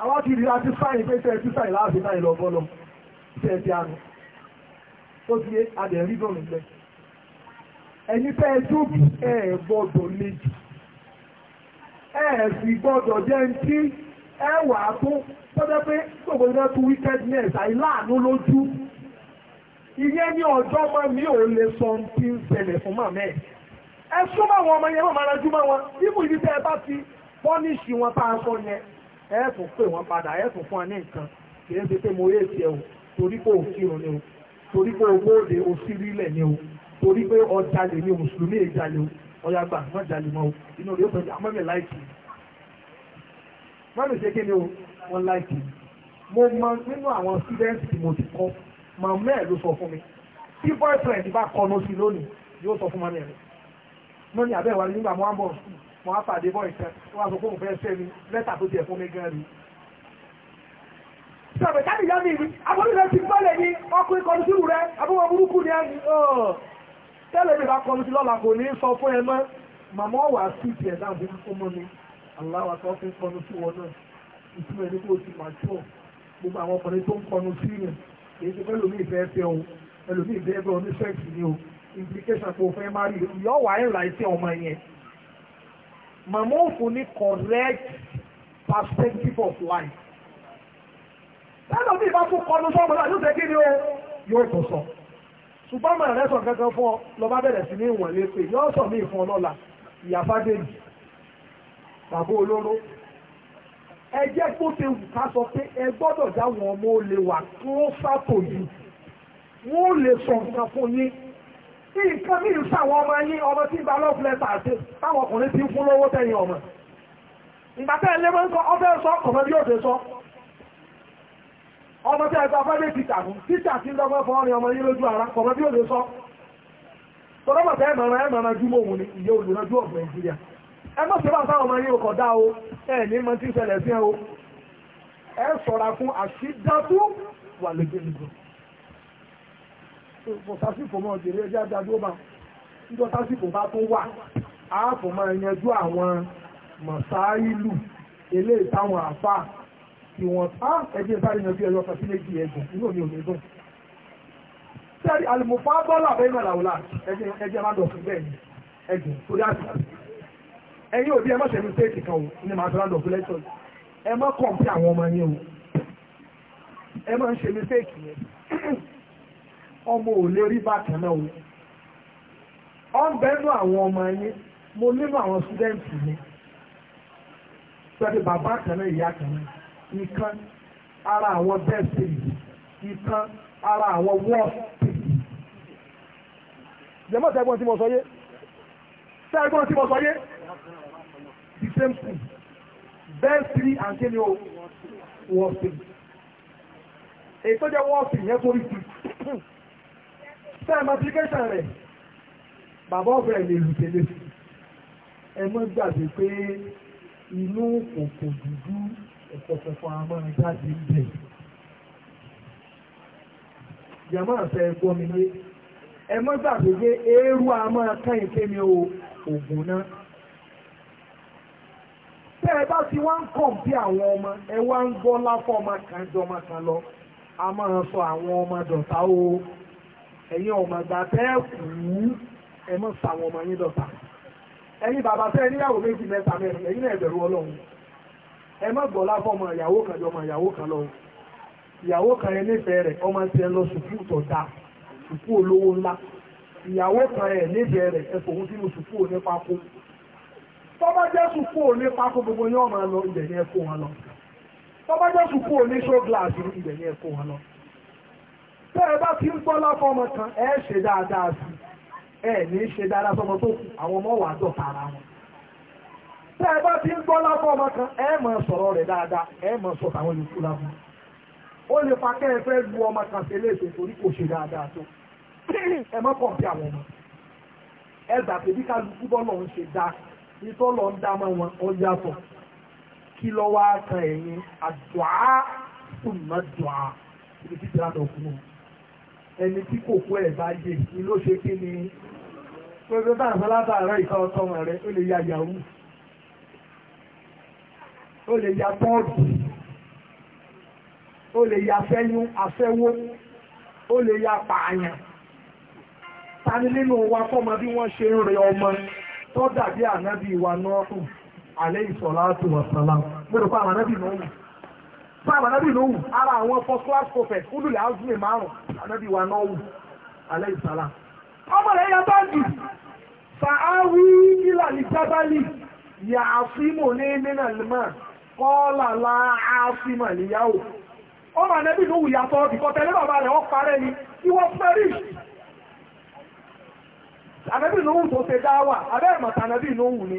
Speaker 1: àwọn ti rí àti sáyìn pé tẹ́ ti sáyìn láàbí náà lọ bọ́lọ tẹ́ ti àánú tó ti yé adẹ̀ rí dọ̀nù lẹ ẹni tẹ́ ẹ tó bí ẹ gbọ́dọ̀ méjì ẹ sì gbọ́dọ̀ jẹ́ ń tí ẹ wà á tó tọ́jọ́ pé gbogbo iná tu wickedness àìláàánú lójú ìyẹn ní ọjọ́ mọ́ mi ò lè sọ ti ń ṣẹlẹ̀ fún màmá ẹ̀ ẹ súnmọ́ àwọn ọmọ yẹn mọ̀ máa rajú mọ́ wọn ibùdó tẹ́ ẹ bá ti pọ́níṣì wọn tá a sọ yẹn ẹ tún pè wọ́n padà ẹ tún fún ọ ní nǹkan kìí ṣe pé mo yé tiẹ̀ o torí pé òkìrùn ni o torí pé owó òde òsírílẹ̀ ni o torí pé ọjàlè ni mùsùlùmí ìjàlè o ọ̀yà gbà má jàlè mọ́ o inú rẹ̀ ó fẹ́ amọ́mẹ́ láìkì mọ́mí ṣe kí ni o wọ́n láìkì mo mọ nínú àwọn students tí mo ti kọ́ màmá ẹ̀ ló sọ fún mi tí boyfriend bá kọnu sí lónìí yóò sọ fún mọ́mí ẹ̀ mọ́mí àbẹ́wà nígbà mo á sùn mo wá pàdé bọ́ ìkan wọ́n wá sọ pé òun fẹ́ ṣẹ́ mi lẹ́tà tó tiẹ̀ fún mi gan ni. sọ̀rọ̀ káàdì yá mi ìwí abúlé rẹ ti gbọ́lẹ̀ ni ọkùnrin kọlu sí rẹ abúlé burúkú ni ẹni tẹ́lẹ̀ mi bá kọlu sí lọ́la kò ní sọ fún ẹ mọ́ màmá ọ̀wà sí tiẹ̀ dáàbò fún mọ́ mi aláwa tó fi kọlu sí wọn náà ìtumọ̀ ẹni kó o ti máa tó gbogbo àwọn ọkùnrin tó ń kọlu sí rẹ̀ èyí ti fẹ́ lómi ìfẹ́ fẹ́ o implication kò fẹ́ má rí ìyọ́wà ẹ̀ ra màmá ò fún ní correct perspective of life lẹ́nu bí ìbá tún kọlu sọ́ọ̀mù náà yóò tẹ́kí ni ó yóò tó sọ ṣùgbọ́n màá rẹ̀ sọ kankan fún ọ lọ́ba bẹ̀rẹ̀ sí ní ìwọ̀n lépè yóò sọ mí ìfún ọlọ́la ìyàfá dèjì bàbá olóró ẹ jẹ́ kó ṣe wù ká sọ pé ẹ gbọ́dọ̀ dáwọn ọmọ olè wà tó sátò yìí wọ́n lè sọ nǹkan fún yín nǹkan bí ìṣà ọmọ yín ọmọ tí ń gba love letter àti táwọn ọkùnrin ti ń fún lówó tẹ̀yìn ọmọ ìgbà tẹ́ ẹ ń sọ ọfẹ́ sọ ọmọ bí òde sọ ọmọ tí ẹgbà fẹ́lẹ̀ títà fún títà tí ń dọ́gbọ́n ọmọ yín lójú ara ọmọ bí òde sọ tọ́lọ́pọ̀ ẹ̀mọ̀ràn ẹ̀mọ̀ràn jú mọ́ sásìkò mọ́ òjèrè ẹjẹ́ àjàdúró bá níjọ́ sásìkò bá tó wà ààfọ̀ máa yanjú àwọn mọ̀sáìlù eléyìí táwọn àfà tí wọ́n á ẹjẹ́ sáré yanjú ẹ̀rọ kan sí méjì ẹ̀gùn inú mi ò ní dùn. sẹ́ẹ̀rì àlùmọ̀fá bọ́lá bẹ́ẹ̀ náà làwòlá ẹjẹ́ má dọ̀kú bẹ́ẹ̀ ni ẹ̀gùn torí àtìkà ẹ̀yin òbí ẹ má ṣe mistake kan o ní màá tó ládọ̀ fúlẹ́tọ̀ ẹ má kọ̀ọ̀pì àwọn ọmọ yẹn o ẹ má ń ṣe mistake yẹn ọmọ ò lè rí bákan náà o ọ ń bẹnu àwọn ọmọ yín mo nínú àwọn sídẹ́ǹtì mi pẹ̀lú bàbá kan náà ìyá kan náà ìkan ara àwọn bẹ́ẹ̀sì ìkan ara àwọn wọ́ọ̀sì. jẹ́mọ́ sẹ́gbọ́n tí mo sọ yé sẹ́gbọ́n tí mo sọ yé the same thing bẹ́ẹ̀sì àǹkẹ́ni o wọ́ọ̀sì èyí tó jẹ́ wọ́ọ̀sì yẹn tó rí tuntun time application rẹ̀ bàbá ọ̀fẹ́ lè lù tẹ́lẹ̀ ẹ mọ́ gbàgbé pé inú kòkò dúdú ẹ̀fọ̀fẹ̀fọ̀ àmọ́ jáde ń bẹ̀. jàmọ́ àfẹ́ gbọ́ mi ní ẹ mọ́ gbàgbé pé eérú àmọ́ káyìn kémi o ògùn náà tẹ́ ẹ bá ti wá ń kàn bí àwọn ọmọ ẹ wá ń gbọ́ láfọ́ ọmọ kan jọ ọmọ kan lọ a máa sọ àwọn ọmọ dọ̀tá o ẹ̀yin ọmọ ìgbà tẹ́ kù ú ẹ mọ̀ sàwọn ọmọ yín dọ̀tà ẹ̀yin bàbá tẹ́ níyàwó méjì mẹ́ta mẹ́rin ẹ̀yin náà ẹ̀bẹ̀rù ọlọ́run ẹ mọ̀ gbọ́ láfọ́ ọmọ ìyàwó kan jọ ọmọ ìyàwó kan lọ ìyàwó kan ẹ nífẹ̀ẹ́ rẹ̀ ọmọ ti ẹ lọ sùkúù tó dá sùkúù olówó ńlá ìyàwó kan ẹ nífẹ̀ẹ́ rẹ̀ ẹ fòun sínú sùkúù onípákó tọ́bá jẹ́ sùkúù onípákó gbogbo yín ọmọ lọ ibẹ̀ ni ẹ wọn lọ tọ́bá jẹ́ sùkúù oníṣó gíláàsì ibẹ̀ ni ẹ wọn lọ tẹ́ ẹ bá ti ń gbọ́lá fọmọ kan ẹ ṣe dáadáa sí ẹ ní ṣe dáadáa fọmọ tó kù àwọn ọmọ wà dọ̀tá ara wọn tẹ́ ẹ bá ti ń gbọ́lá fọmọ kan ẹ mọ̀ sọ̀rọ̀ rẹ̀ dáadáa ẹ mọ̀ sọ tàwọn yòókù lábú ó lè fa kẹ́ ẹ fẹ́ lu ọmọ kan sí iléeṣẹ́ torí kò ṣe dáadáa tó ẹ mọ́ kọ̀ bí àwọn ọmọ ẹ gbà pé bí kálukú bọ́lọ̀ ń ṣe dáa ìtọ́lọ̀ ń dá mọ́ wọn ó yàtọ̀ kí lọ wá kan ẹ̀yìn àdùá sùnmọ́ dùá ibi títí láti ọkùnrin ẹni tí kò fún ẹ̀ bá jẹ ló ṣe kí ni pẹ̀lú bá àwọn alábàárọ̀ ìka ọkọ rẹ̀ ó lè ya yahoo ó lè ya bọ́ọ̀dù ó lè ya fẹ́yún afẹ́wó ó lè ya pààyàn tani nínú wa kọ́mọ bí wọ́n ṣe ń rẹ ọmọ tó dàbí ànábì wa náà kù àlẹ́ ìsọ̀lá àti wàsálà mo rò pé àwọn ànábì náà wù sáàbà nábì ló wù ara àwọn first class prophet olùlẹ̀ azmi márùn ànábì wa náà wù alẹ́ ìsàlá ọmọ rẹ̀ yẹ báńkì sàáwí nílà ní jábálì yà àfímò ní mínà lèmọ́ kọ́là lá àfímà níyàwó ọmọ ànábì ló wù yàtọ̀ ìkọ̀tẹ̀lẹ́ bàbá rẹ̀ wọ́n parẹ́ ni ìwọ perish ànábì ló wù tó ṣe dáwà abẹ́ ìmọ̀ta ànábì ló wù ni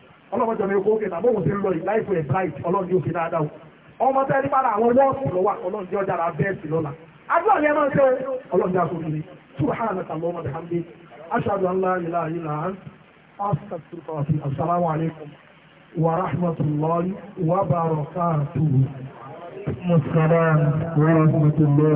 Speaker 1: ọlọ́mọjọ mi kó kéta bóun ti ń lọ yìí láìpẹ́ ẹ̀ bright ọlọ́run yóò fi dáadáa ọmọ tẹ́lẹ̀ nípa àwọn wọ́ọ̀sì lọ́wọ́ ọlọ́run yóò dára bẹ́ẹ̀sì lọ́la adúlọ̀ ni ẹ máa ń ṣe ọlọ́run yóò sọ̀rọ̀ mi subhanaka Allahumma bihamdi ashhadu an la ilaha illa anta astaghfiruka wa atubu assalamu alaikum wa rahmatullahi wa barakatuhu. Mùsùlùmí
Speaker 2: wa rahmatullahi.